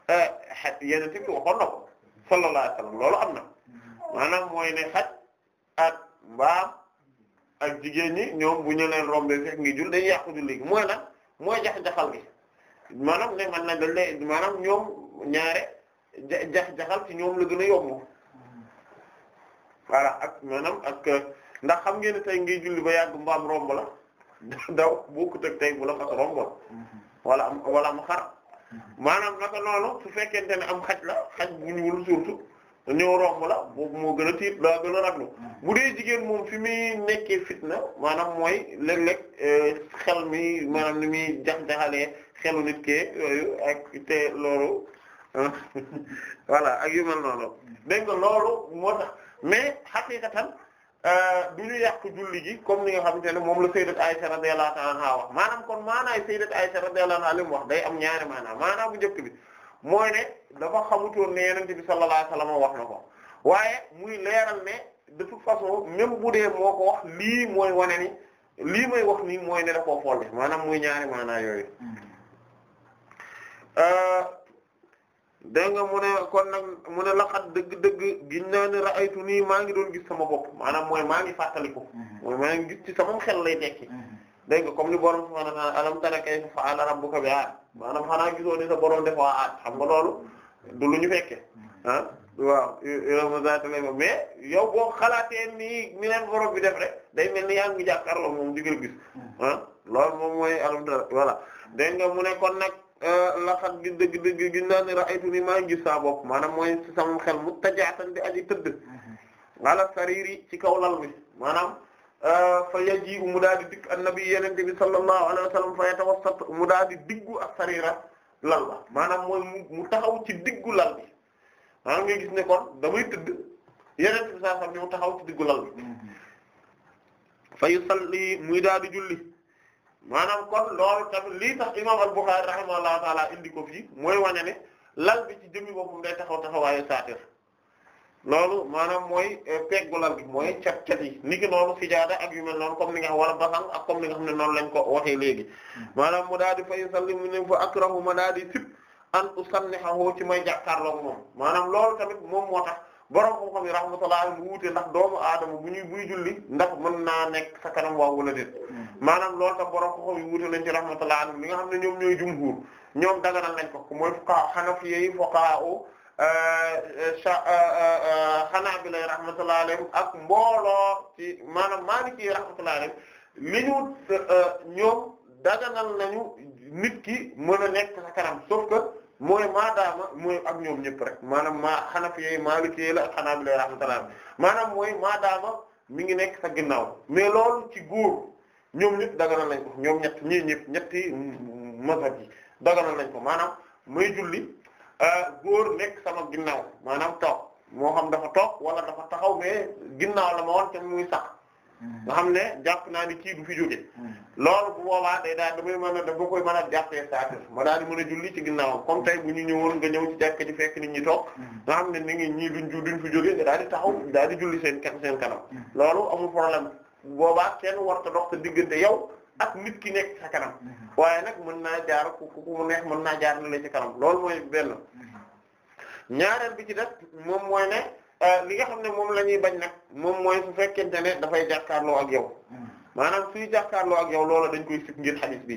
euh, xaj yeneen bi waxoon na ko sallallahu alayhi wasallam loolu am na maanaam mooy ne xaj ak mbaam ak jigéen ñi ñoom bu ñu leen rombee fekk ngi jul dañuy yàqu julli gi mooy nag mooy jax-jaxal gi maanaam ne man na dañ ne maanaam ñoom ñaare jax-jaxal ci ñoom la gën a yomb voilà ak maanaam ak ndax xam ngeen tey ngi julli ba yàgg mbaam romb la [LAUGHS] daw bokkut ak tey bu la fas romb wala am wala am xar mm-hmm. maanaam naka noonu su fekkente ne am xaj la xaj bu ñuul surtout ñëw romb la boobu moo gën a tiit daa gën a raglu mm. bu dee jigéen moom fi muy nekkee fitna maanaam mooy léeg-léeg euh, xel mi maanaam ni muy jax-jaxalee xelu nit kee yooyu ak te loolu [LAUGHS] voilà ak yu noonu mm. dégg nga loolu moo tax mais xaqiiqatan euh, du ñu yàq julli gi comme ni nga xamante ne moom la sayyidat ay radiyallahu anha wax maanaam kon maanaay sayyidat Aisha radiyallahu anha li mu wax day am ñaari maanaam maanaam bu bi mooy ne dafa xamutoon ne yonent bi sallallahu alayhi wasallam wax na ko waaye muy leeral ne de toute façon même bu dee moo ko wax lii mooy wane ni lii may wax nii mooy ne da koo folle maanaam muy ñaari maanaa yooyu hmm. euh, dégg nga mu ne kon nag mu ne laqat dëgg-dëgg giñ naa ne ra'aytu nii maa ngi doon gis sama bopp maanaam mooy maa ngi fàttaliku hmm. mooy maa ngi gis ci sama xel lay tekki hmm. dégg nga comme ni borom subhaanahu wa ta'aala alam tara kayfa fa'ala rabbuka bi'aad maanaam xanaa gisoo ni sa borom def waa aat xam nga loolu du lu ñu fekke ah waaw ma mais yow boo xalaatee nii ni leen borom bi def rek day mel ni yaa ngi jàkkaarloo moom digal gis ah moom mooy alamta voilà dégg nga mu ne kon nag euh, laxat gi dëgg dëgg gi naa ni ra'aytu ni maa ngi gis saa bopp maanaam mooy si sama xel mu tajaatan di aji tëdd mm-hmm. ala sariri ci kaw lal bi maanaam Euh, fa yaji mu daal di dikk annabi yenente bi sallallahu alayhi wa sallam fa yatawassat mu daal di diggu as-sarira la maanaam mooy mu taxaw ci diggu lal bi maanaam ah, ngay gis ne kon damay tëdd yenente bi sallallahu alayhi wa sallam mu taxaw ci diggu lal bi fa yusalli mu daal di julli maanaam kon loolu tamit lii tax imam al-Bukhari taala indi ko fii mooy wane ne lal bi ci jëmmi boppam day taxaw taxawaayu saatir loolu maanaam mooy euh, peggulal gi mooy cat cat yi ni ki noonu sijaada ak yu mel noonu comme ni nga xam wala basang ak comme ni nga xam ne noonu lañ ko waxee léegi hmm. maanaam mu daal di fay salli mu ne fa akrahu ma daal di sib an usannihahu ci may jàkkaarloog moom maanaam loolu tamit moom moo tax borom xam-xam yi rahmatullah mu wuute ndax doomu aadama bu ñuy buy julli ndax mën naa nekk kanam waaw wala déet hmm. maanaam loolu tax borom xam-xam yi wuute nañ ci rahmatullah li nga xam ne ñoom ñooy jumhuur ñoom daganal nañ ko mooy fuqahaa hanafiyyi fuqahaa Eh, eh, eh, Hanaabila rahmatullahi alayhim ak mbooloo ci maanaam Maaliki rahmatullahi alayhim li ñu ñoom daganal nañu nit ki mën a nekk sa kanam sauf que mooy maadaama mooy ak ñoom ñëpp rek maanaam maa Hanafi Maaliki la ak Hanaabila rahmatullahi alayhim maanaam mooy maadaama mi ngi nekk sa ginnaaw mais loolu ci guur ñoom ñëpp daganal nañ ñoom ñett ñetti mazhab yi daganal nañ ko maanaam may julli. Euh, góor nekk sama ginnaaw maanaam toog moo xam dafa toog wala dafa taxaw mais ginnaaw la ma war te muy sax hmm. nga xam ne jàpp naa ni kii du fi jóge hmm. loolu bu boobaa de daal damay mën a dama koy mën a jàppee saatir ma daal di mën a julli ci ginnaawam comme tey bu ñu ñëwoon nga ñëw ci jàkka ji nit ñi toog hmm. nga xam ne ni ju duñ fi jóge nga daal i taxaw daal di julli seen seen kanam loolu amul problème boobaa kenn warta dox sa diggante yow ak nit ki nekk sa kanam mhm. waaye nag mën naa jaar ku mën naa jaar na la ci kanam loolu mooy benn mhm. ñaareel bi ci def moom mooy ne euh, li nga xam ne moom la ñuy bañ nag moom mooy su fekkente ne dafay jàkkaarloo ak yow mhm. maanaam suy jàkkaarloo ak yow loola dañ koy sib ngir hadith bi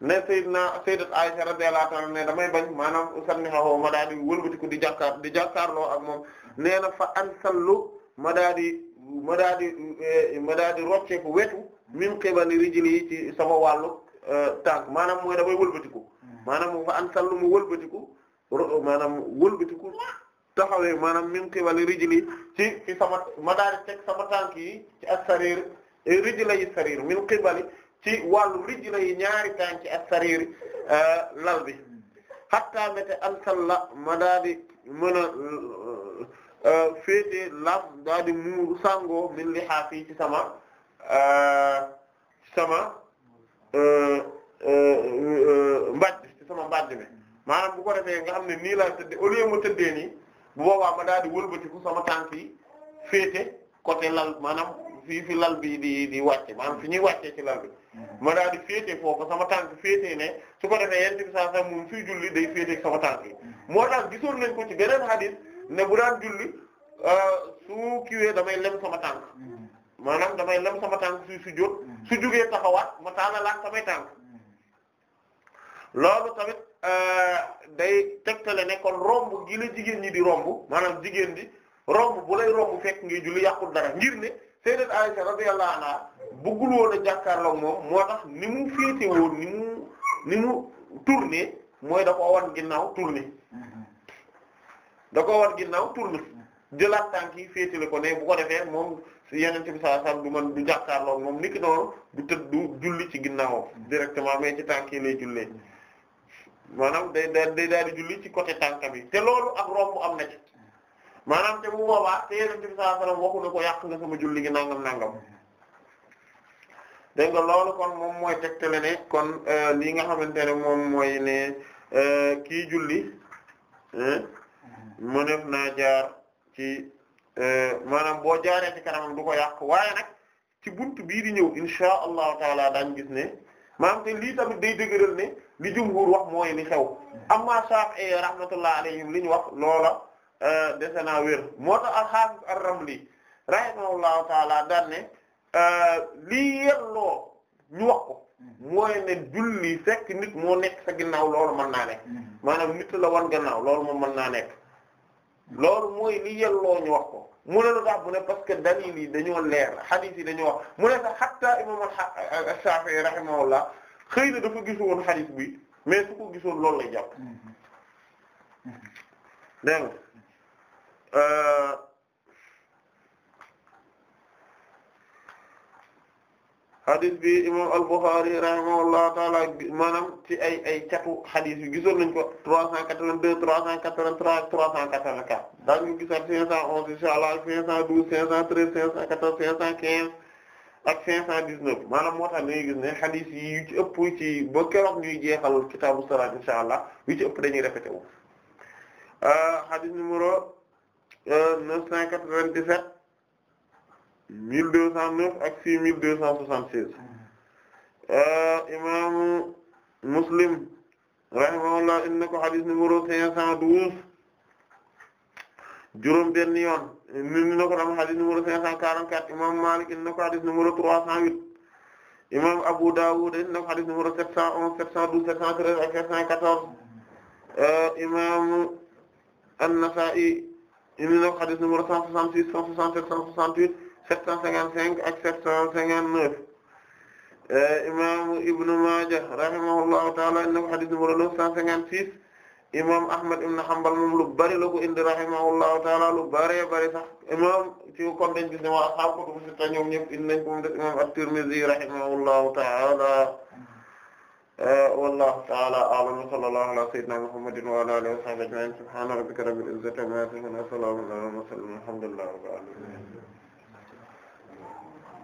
ne sayyidna sayyidat Aisha radiyallahu anha ne damay bañ maanaam usannihahu ma daa di wëlbatiku di jàkkaar di jàkkaarloo ak moom nee na fa ansallu ma daa di ma di eh, ma daa wetu min qibali rijli yi ci sama wàllu euh, tànk maanaam mooy damay wëlbatiku hmm. maanaam fa an sallu mu wëlbatiku maanaam wëlbatiku taxawee maanaam min qibali rijli ci ci sama ma daal di sama tànk yi ci as-sarir eh, rijlay as-sarir min qibali ci wàllu rijlay ñaari tànk ci as-sarir euh, lal bi hatta mete an salla ma daal di mën a euh, féete laaf daal di muur sangoo ci sama Euh, sama euh, euh, mbaj ci sama mbaj mi maanaam bu ko refee nga xam ne nii laa tëddee au lieu ma tëddee nii bu boobaa ma daal di wëlbatiku sama tànk yi féete côté lal maanaam fii fi lal bi di di wàcce maanaam fi ñuy wàccee ci lal bi mhm. ma daal di féete foofu sama tànk féete ne su ko defee yent bi saa sax moom suy julli day féete sama tànk mhm. moo tax gisoon nañ ko ci beneen hadith ne bu daan julli su kiwee damay lem sama tànk mhm. maanaam damay lem sama tànk su su jóg mm. jógee taxawaat ma taalalaat samay tànk mm. loolu tamit euh, day tegtale ne kon romb gi la jigéen ñi di romb maanaam jigéen di romb bu lay romb fekk ngay julli yàqul dara ngir ne sayyidat Aisha naa anha bëggul woon a jàkkaarloo moom moo tax ni mu féete woon ni mu ni mu tourné mooy da ko wan ginnaaw tourné mm-hmm. da ko wan ginnaaw tourné mm-hmm. jëlaat tànk yi féetale ko ne bu ko defee moom yeneen bi saa saa du man du jàkkaarloo moom niki noonu du julli ci ginnaawam directement mais ci tànk yi lay jullee maanaam day day daal di julli ci côté tànk bi te loolu ak romb am na ci maanaam te bu boobaa te yeneen bi saa waxu na ko yàq nga sama julli gi nangam nangam dégg nga loolu kon moom mooy tegtale ne kon euh, lii nga xamante ne moom mooy ne euh, kii julli mëneef naa jaar ci. Eh, maanaam boo jaaree ci kanamam du ko yàq waaye nag ci buntu bii di ñëw insha allahu taala daañ gis ne maanaam te lii tamit day dëgëral ne li jumhur wax mooy ni xew amma Shafi'i rahmatullah alayhim li wax loola eh, dese naa wér moo tax al-Hafiz ar-Ramli rahimahullahu taala daan ne eh, lii yelloo ñu wax ko mooy ne julli fekk nit moo nekk sa ginnaaw loolu mën naa nekk mm-hmm. maanaam nit la wan gannaaw loolu moom mën naa nekk loolu mooy li yelloo ñu wax ko mu ne lu tax bu ne parce que dalil yi dañoo leer xadiis yi dañoo wax mu ne sax xatta imam Shafi'i rahimahullah xëy na dafa gisu woon xadiis bi mais su ko gisoon loolu lay jàpp mm-hmm. Mm-hmm. dégg nga euh, xadis bi imam al-Bukhari rahimahullahu taala maanaam ci ay ay catu xadis bi gisoon nañ ko 382 383 384 daañu gisaat 511 inshallah 512 513 514 515 ak 519 maanaam moo tax dañuy gis ne xadis yi yu ci ëpp ci ba keroog ñuy jeexal kitaabu salaat inshallah yu ci ëpp dañuy répété wu xadis euh, numéro 997 euh, mille deux cent neuf ak six mille deux cent soixante seize euh, imaamu Muslim rahimahullah indi na ko xadis numéro cinq cent douze juróom benn yoon indi na ko tam xadis numéro cinq cent quarante quatre imaamu Malik indi ko xadis numéro trois cent huit imam Abu Dawud indi ko xadis numéro sept cent onze sept cent douze sept cent treize ak sept cent quatorze euh, imam An-Nasa'i ko xadis numéro cent soixante six cent soixante sept cent soixante huit 755 ak 759 imaamu Ibnu Maaja rahimahullahu taala indi na ko xadis numéro 956 imaamu Ahmad ibn Hanbal moom lu bari la ko indi rahimahullahu taala lu bari bari sax imaam ci kon dañ gis ne waa ashaabu kutubu sitta ñoom ñëpp indi nañ ko moom des imaam at-Tirmidhi rahimahullahu taala euh, wallahu taala a'lam wa sallallahu ala sayyidina Muhammadin wa ala alihi wa sahbihi ajma'in subhana rabbika rabbil izzati amma yasifun wa salamun ala al mursalin walhamdulillahi rabbil alamin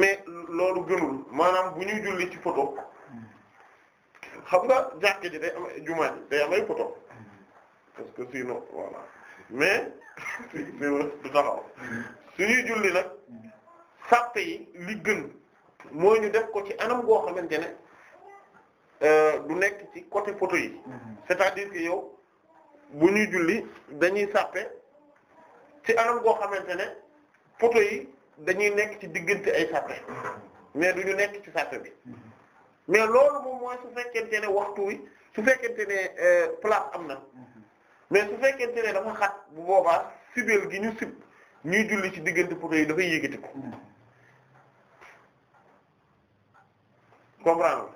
mais loolu gënul maanaam bu ñuy julli ci photo xam nga jàkka ji day am jumaa ji day am ay photo parce que sinon mais [LAUGHS] du taxaw su ñuy julli nag sàpp yi li gën mooy ñu def ko ci anam goo xamante ne euh, du nekk ci côté photo yi c'est-à-dire que yow bu ñuy julli dañuy sàppe ci anam goo xamante ne photo yi dañuy nekk ci diggante ay sàppe mais du ñu nekk ci sàppe bi mais loolu moom mooy su fekkente ne waxtu wi su fekkente ne euh, plat am na mais su fekkente ne dafa xat bu boobaa sibeel gi ñu sib ñuy julli ci diggante poto yi dafay yéegati ko comprendre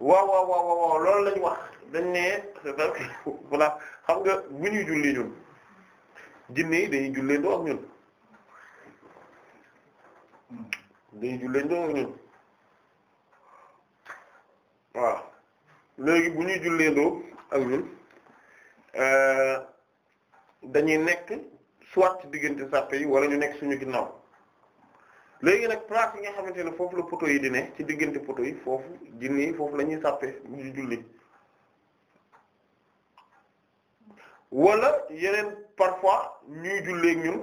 waaw waaw waaw waaw loolu lañu wax dañ ne voilà xam nga bu ñuy julli ñun jinne yi dañuy julleendoo ak ñun dañuy julleendoo ak ñun waaw léegi bu ñuy julleendoo ak ñun euh, dañuy nekk soit ci diggante sàppe yi wala ñu nekk suñu ginnaaw léegi nag place yi nga xamante ne foofu la poto yi di ci diggante poto yi foofu jinne yi foofu lañuy ñuy sàppe ñu julli wala yeneen parfois ñuy jullee ñun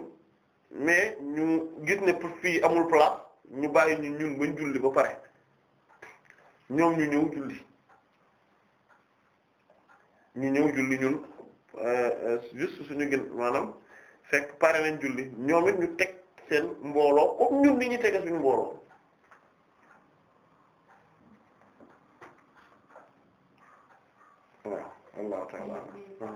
mais ñu gis ne pour fii amul place ñu bàyyi ñu ñun bañ julli ba pare ñoom ñu ñëw julli ñu julli ñun euh, euh, juste suñu gën maanaam fekk pare nañ julli ñoom it ñu teg seen mbooloo comme ñun ni ñu tege suñu mbooloo waaw Allah ta'ala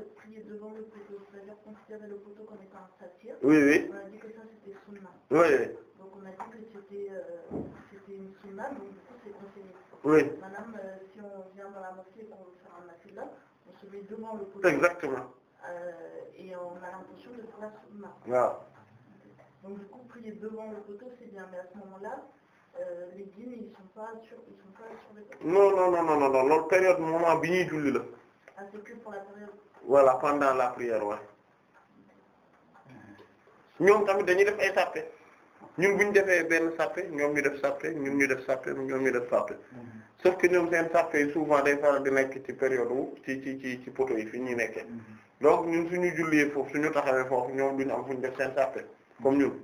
prier devant le poteau, c'est-à-dire le poteau comme étant un satyre. Oui, oui. On a dit que ça c'était sunna. Oui, oui. Donc on euh, Oui. Madame, euh, si on vient dans la faire un nafila, on se met devant le poteau. Exactement. Euh, et on a l'intention de faire la sunna. Voilà. Donc du coup prier le poteau c'est bien, à ce moment-là, les dînes ils sont pas sur ils sont pas période moment bi ñuy julli la. ah pour la période. voilà pendant la prière wa ñoom tamit dañuy def ay sàppe ñun bu ñu defee benn sàppe ñoom ñu def sàppe ñun ñu def sàppe ñoom ñu def sàppe mm-hmm. sauf ki ñoom seen sàppe yi souvent day faral di nekk ci période wu ci ci ci ci poto yi fi ñuy nekkee mm-hmm. donc ñun suñu jullee foofu suñu taxawee foofu ñoom duñu am fu ñu def seen sàppe comme ñun. Mm-hmm.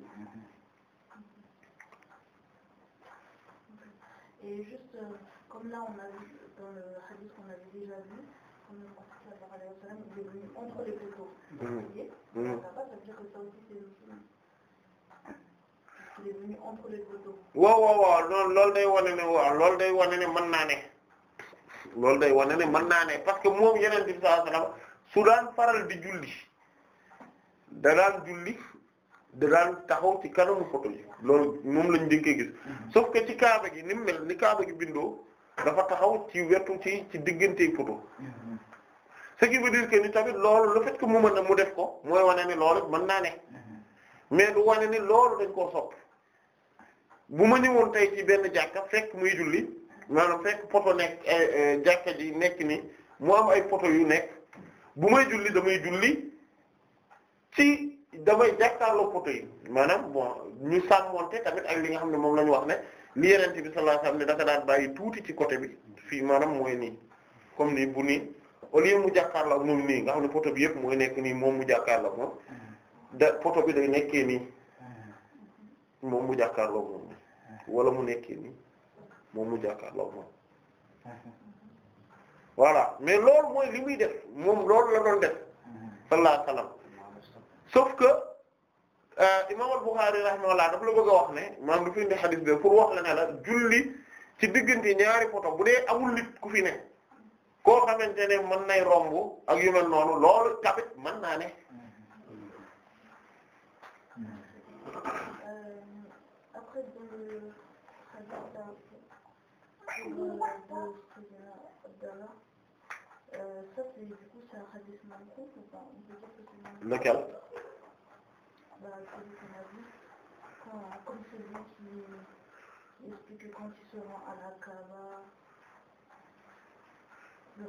même entre les poteaux. Mmh. Vous day wane ne waaw loolu day wane ne mën naa ne loolu day wane ne mën naa ne parce que moom yeneen bi sallallahu alayhi wasallam su daan faral di julli da daan julli da daan taxaw ci kanamu poteau yi loolu moom lañ njëkkee gis mmh. sauf que ci kaaba gi ni mu mel ni kaaba gi bindoo dafa taxaw ci wetu ci ci diggante poteau mmh. ce qui veut dire que ni tamit loolu la fait que mu mën na mu def ko mooy wane ni loolu mën naa ne mais lu wane ni loolu dañ koo sopp bu ma ñëwoon tey ci benn jàkka fekk muy julli maanaam fekk poto nekk eh, eh, jàkka ji nekk ni mu am ay poto yu nekk bu may julli damay julli ci damay jàkkaarloo poto yi maanaam bon ñu sàmmonte tamit ak li nga xam ne moom la ñu wax ne li yenente bi sallallahu alayhi wasallam ne dafa daan bàyyi tuuti ci côté bi fii maanaam mooy nii comme nii au lieu mu jàkkaarloo ak moom nii nga xam ne poto bi yëpp mooy nekk nii moom mu jàkkaarloo moom da bi day nekkee nii moom mu mu nekkee nii moom mu jàkkaarloo ak moom voilà mais loolu mooy li muy def moom loolu la doon def sallallahu alayhi wasallam sauf que euh, imam al-Bukhari rahimahullah daf la bëgg a wax ne maanaam du fi indi hadith bi pour wax la ne la julli ci diggante ñaari poto bu dee amul nit ku fi ne koo xamante ne mën nay romb ak yu mel noonu loolu tamit mën naa ne Euh,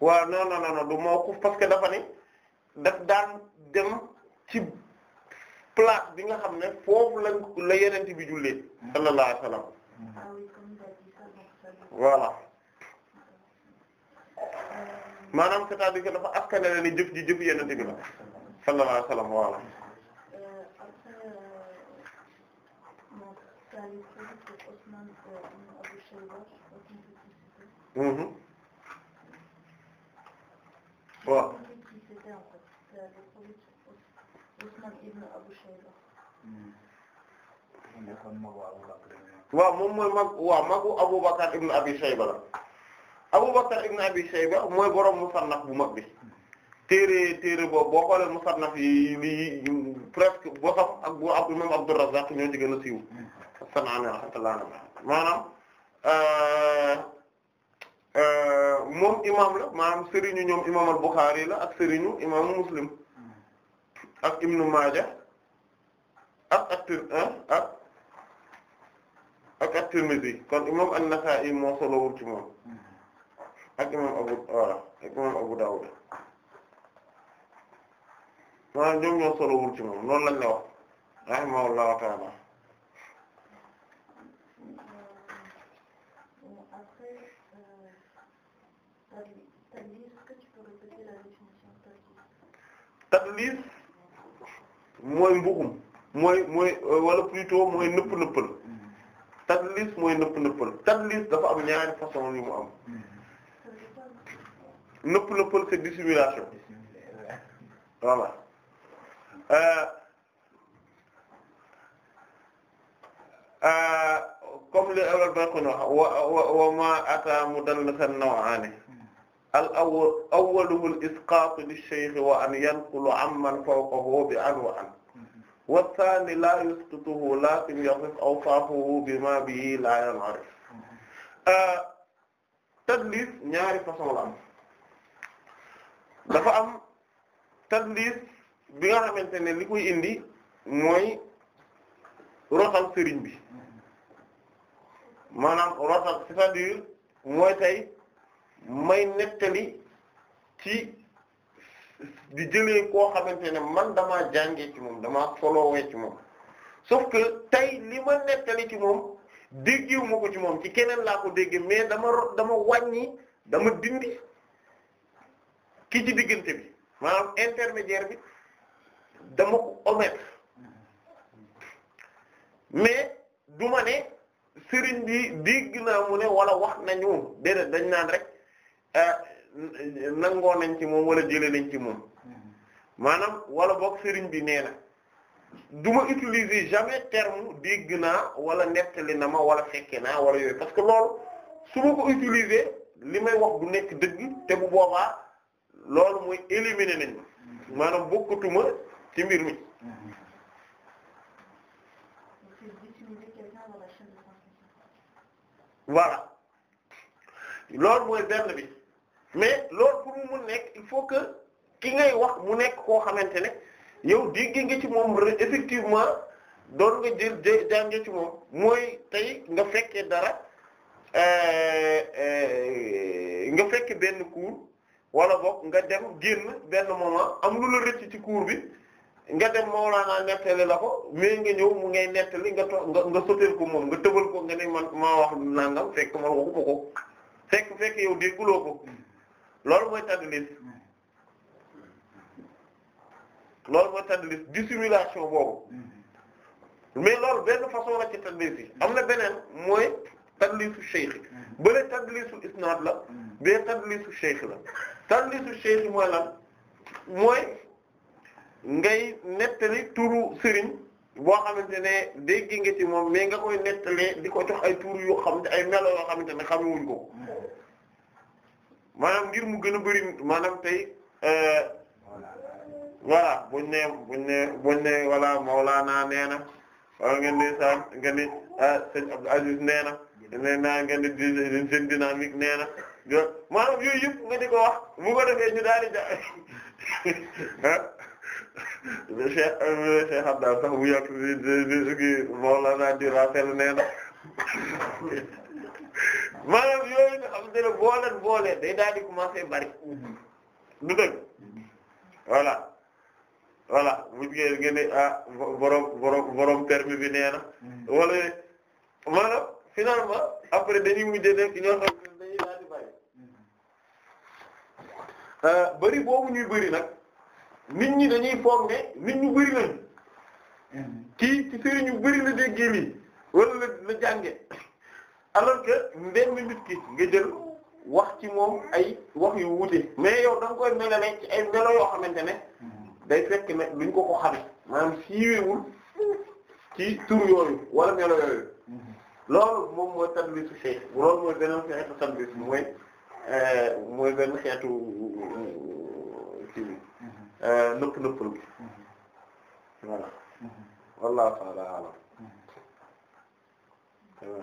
waaw non non non du mawquf parce que dafa ne daf daan dem ci place bi nga xam ne foofu lañ la yeneen bi jullee sallallahu alayhi wa sallam ah euh, maanaam c'est-à-dire que dafa askanale ni jëf jëf yeneen bi la sallallahu alayhi wa sallam euh, waaw. waaw moom mooy mag waaw magu Aboubacar ibn Abi Shayba la Aboubacar ibn Abi Shayba mooy borom musannaf bu mag bi téere téere boobu boo xoolee musannaf yi lii presque imam Abdur Razzaq ñoo ci gën a siiw. Hmm. sën Euh, moom imaam la maanaam sëriñu ñoom imaam al-Bukhari la ak sëriñu imaamu Muslim ak Ibnu Maaja ak ak ak ak at-Tirmidhi kon imaam an-Nasa'i moo solowul ci moom ak imaam Abu voilà ak ñoom ñoo solowul ci moom loolu lañ la wax rahimahullahu ta'ala tadlis mooy mbuxum mooy mooy euh, wala plutôt mooy nëpp nëppal tadlis mooy nëpp nëppal tadlis dafa am ñaari façon yu am nëpp nëppal c'est dissimulation euh, euh, comme li alal bako no wa ata mu dal na al awwal awwaluhu al isqaatu li shaykh wa an yanqulu amman fawqahu bi an wa an wa thani la yusqituhu lakin yaqif awsaafuhu bima bihi la yanarif euh, tadlis ñaari façon la am dafa am tadlis bi nga xamante ne li koy indi mooy rotal sëriñ bi maanaam rotal c'est-à-dire mooy tey may nettali ci di jële koo xamante ne man dama jànge ci moom dama solowee ci moom sauf que tey li ma nettali ci moom déggiwu ma ko ci moom ci keneen laa ko dégg mais dama dama wàññi dama dindi ki ci diggante bi maanaam intermédiaire bi dama ko omettre mais du ma ne sëriñ bi dégg naa mu ne wala wax nañu déedéet dañ naan rek Ah, nangoo nañ ci moom wala jëlee nañ ci moom maanaam wala boog sëriñ bi nee na du ma utiliser jamais terme dégg naa wala nettali na ma wala fekke naa wala yooyu parce que loolu su ma ko utiliser li may wax du nekk dëgg te bu boobaa loolu mooy éliminer nañ ma maanaam bokkatuma ci mbir mi. voilà loolu mooy benn bi. mais loolu pour mu mun nekk il faut que ki ngay wax mu nekk koo xamante ne yow dégg nga ci moom effectivement doon nga jël jànge ci moom mooy tey nga fekkee dara euh, euh, nga fekke benn cours wala boog nga dem génn benn moment am lu la rëcc ci kuur bi nga dem Mawlaana nettali la ko mais nga ñëw mu ngay nettali nga nga nga soteel ko moom nga tëbal ko nga ne man maa wax nangam fekk man waxuma ko fekk fekk yow dégguloo ko loolu mooy tadlis loolu mooy tadlis dissimulation boobu mais loolu benn façon la ci tadlis yi am na beneen mooy tadlisu cheikh bële tadlisu isnaad la bee tadlisu cheikh la tadlisu cheikh mooy lan mooy ngay nettali turu sëriñ boo xamante ne dégg nga ci moom mais nga koy nettalee di ko jox ay turu yu xam te ay melo yoo xamante ne xamuwuñ ko maanaam ngir mu gën a bëri maanaam tey voilà buñ ne buñ ne buñ ne voilà Mawlana nee na ngeen di saan ngeen di ah sëñ Abdou Aziz nee na nee naa ngeen di di seen dynamique nee na maanaam yooyu yëpp nga di ko wax bu ko defee ñu daal sax mu yàgg di di di Mawlana di maanaam yooyu nga boole te ne boo leen boolee day daal di bari du mm-hmm. dëgg mm-hmm. voilà voilà mu ngeen ngeen ne ah borom borom borom bi nee na mm-hmm. wala maanaam finalement après dañuy mujj ki ñoo xam ne dañuy daal di bari euh, bari boobu ñuy bari nag nit ñi dañuy foog ne nit ñu bari lañ kii ci sëriñ ñu bari la déggee lii wala la la alors que mbenn nit ki nga jël wax ci moom ay wax yu wuute mais yow da ko koy melale ci ay melo yoo xamante ne day fekk ne luñ ko ko xame maanaam siiwewul ci tur yooyu wala melo yooyu loolu moom mooy tadlisu shay loolu mooy beneen xeetu tadlis mooy euh, mooy benn xeetu euh, kii euh, nëpp nëppal bi voilà mm-hmm. wallahu ta'ala a'lam mm-hmm.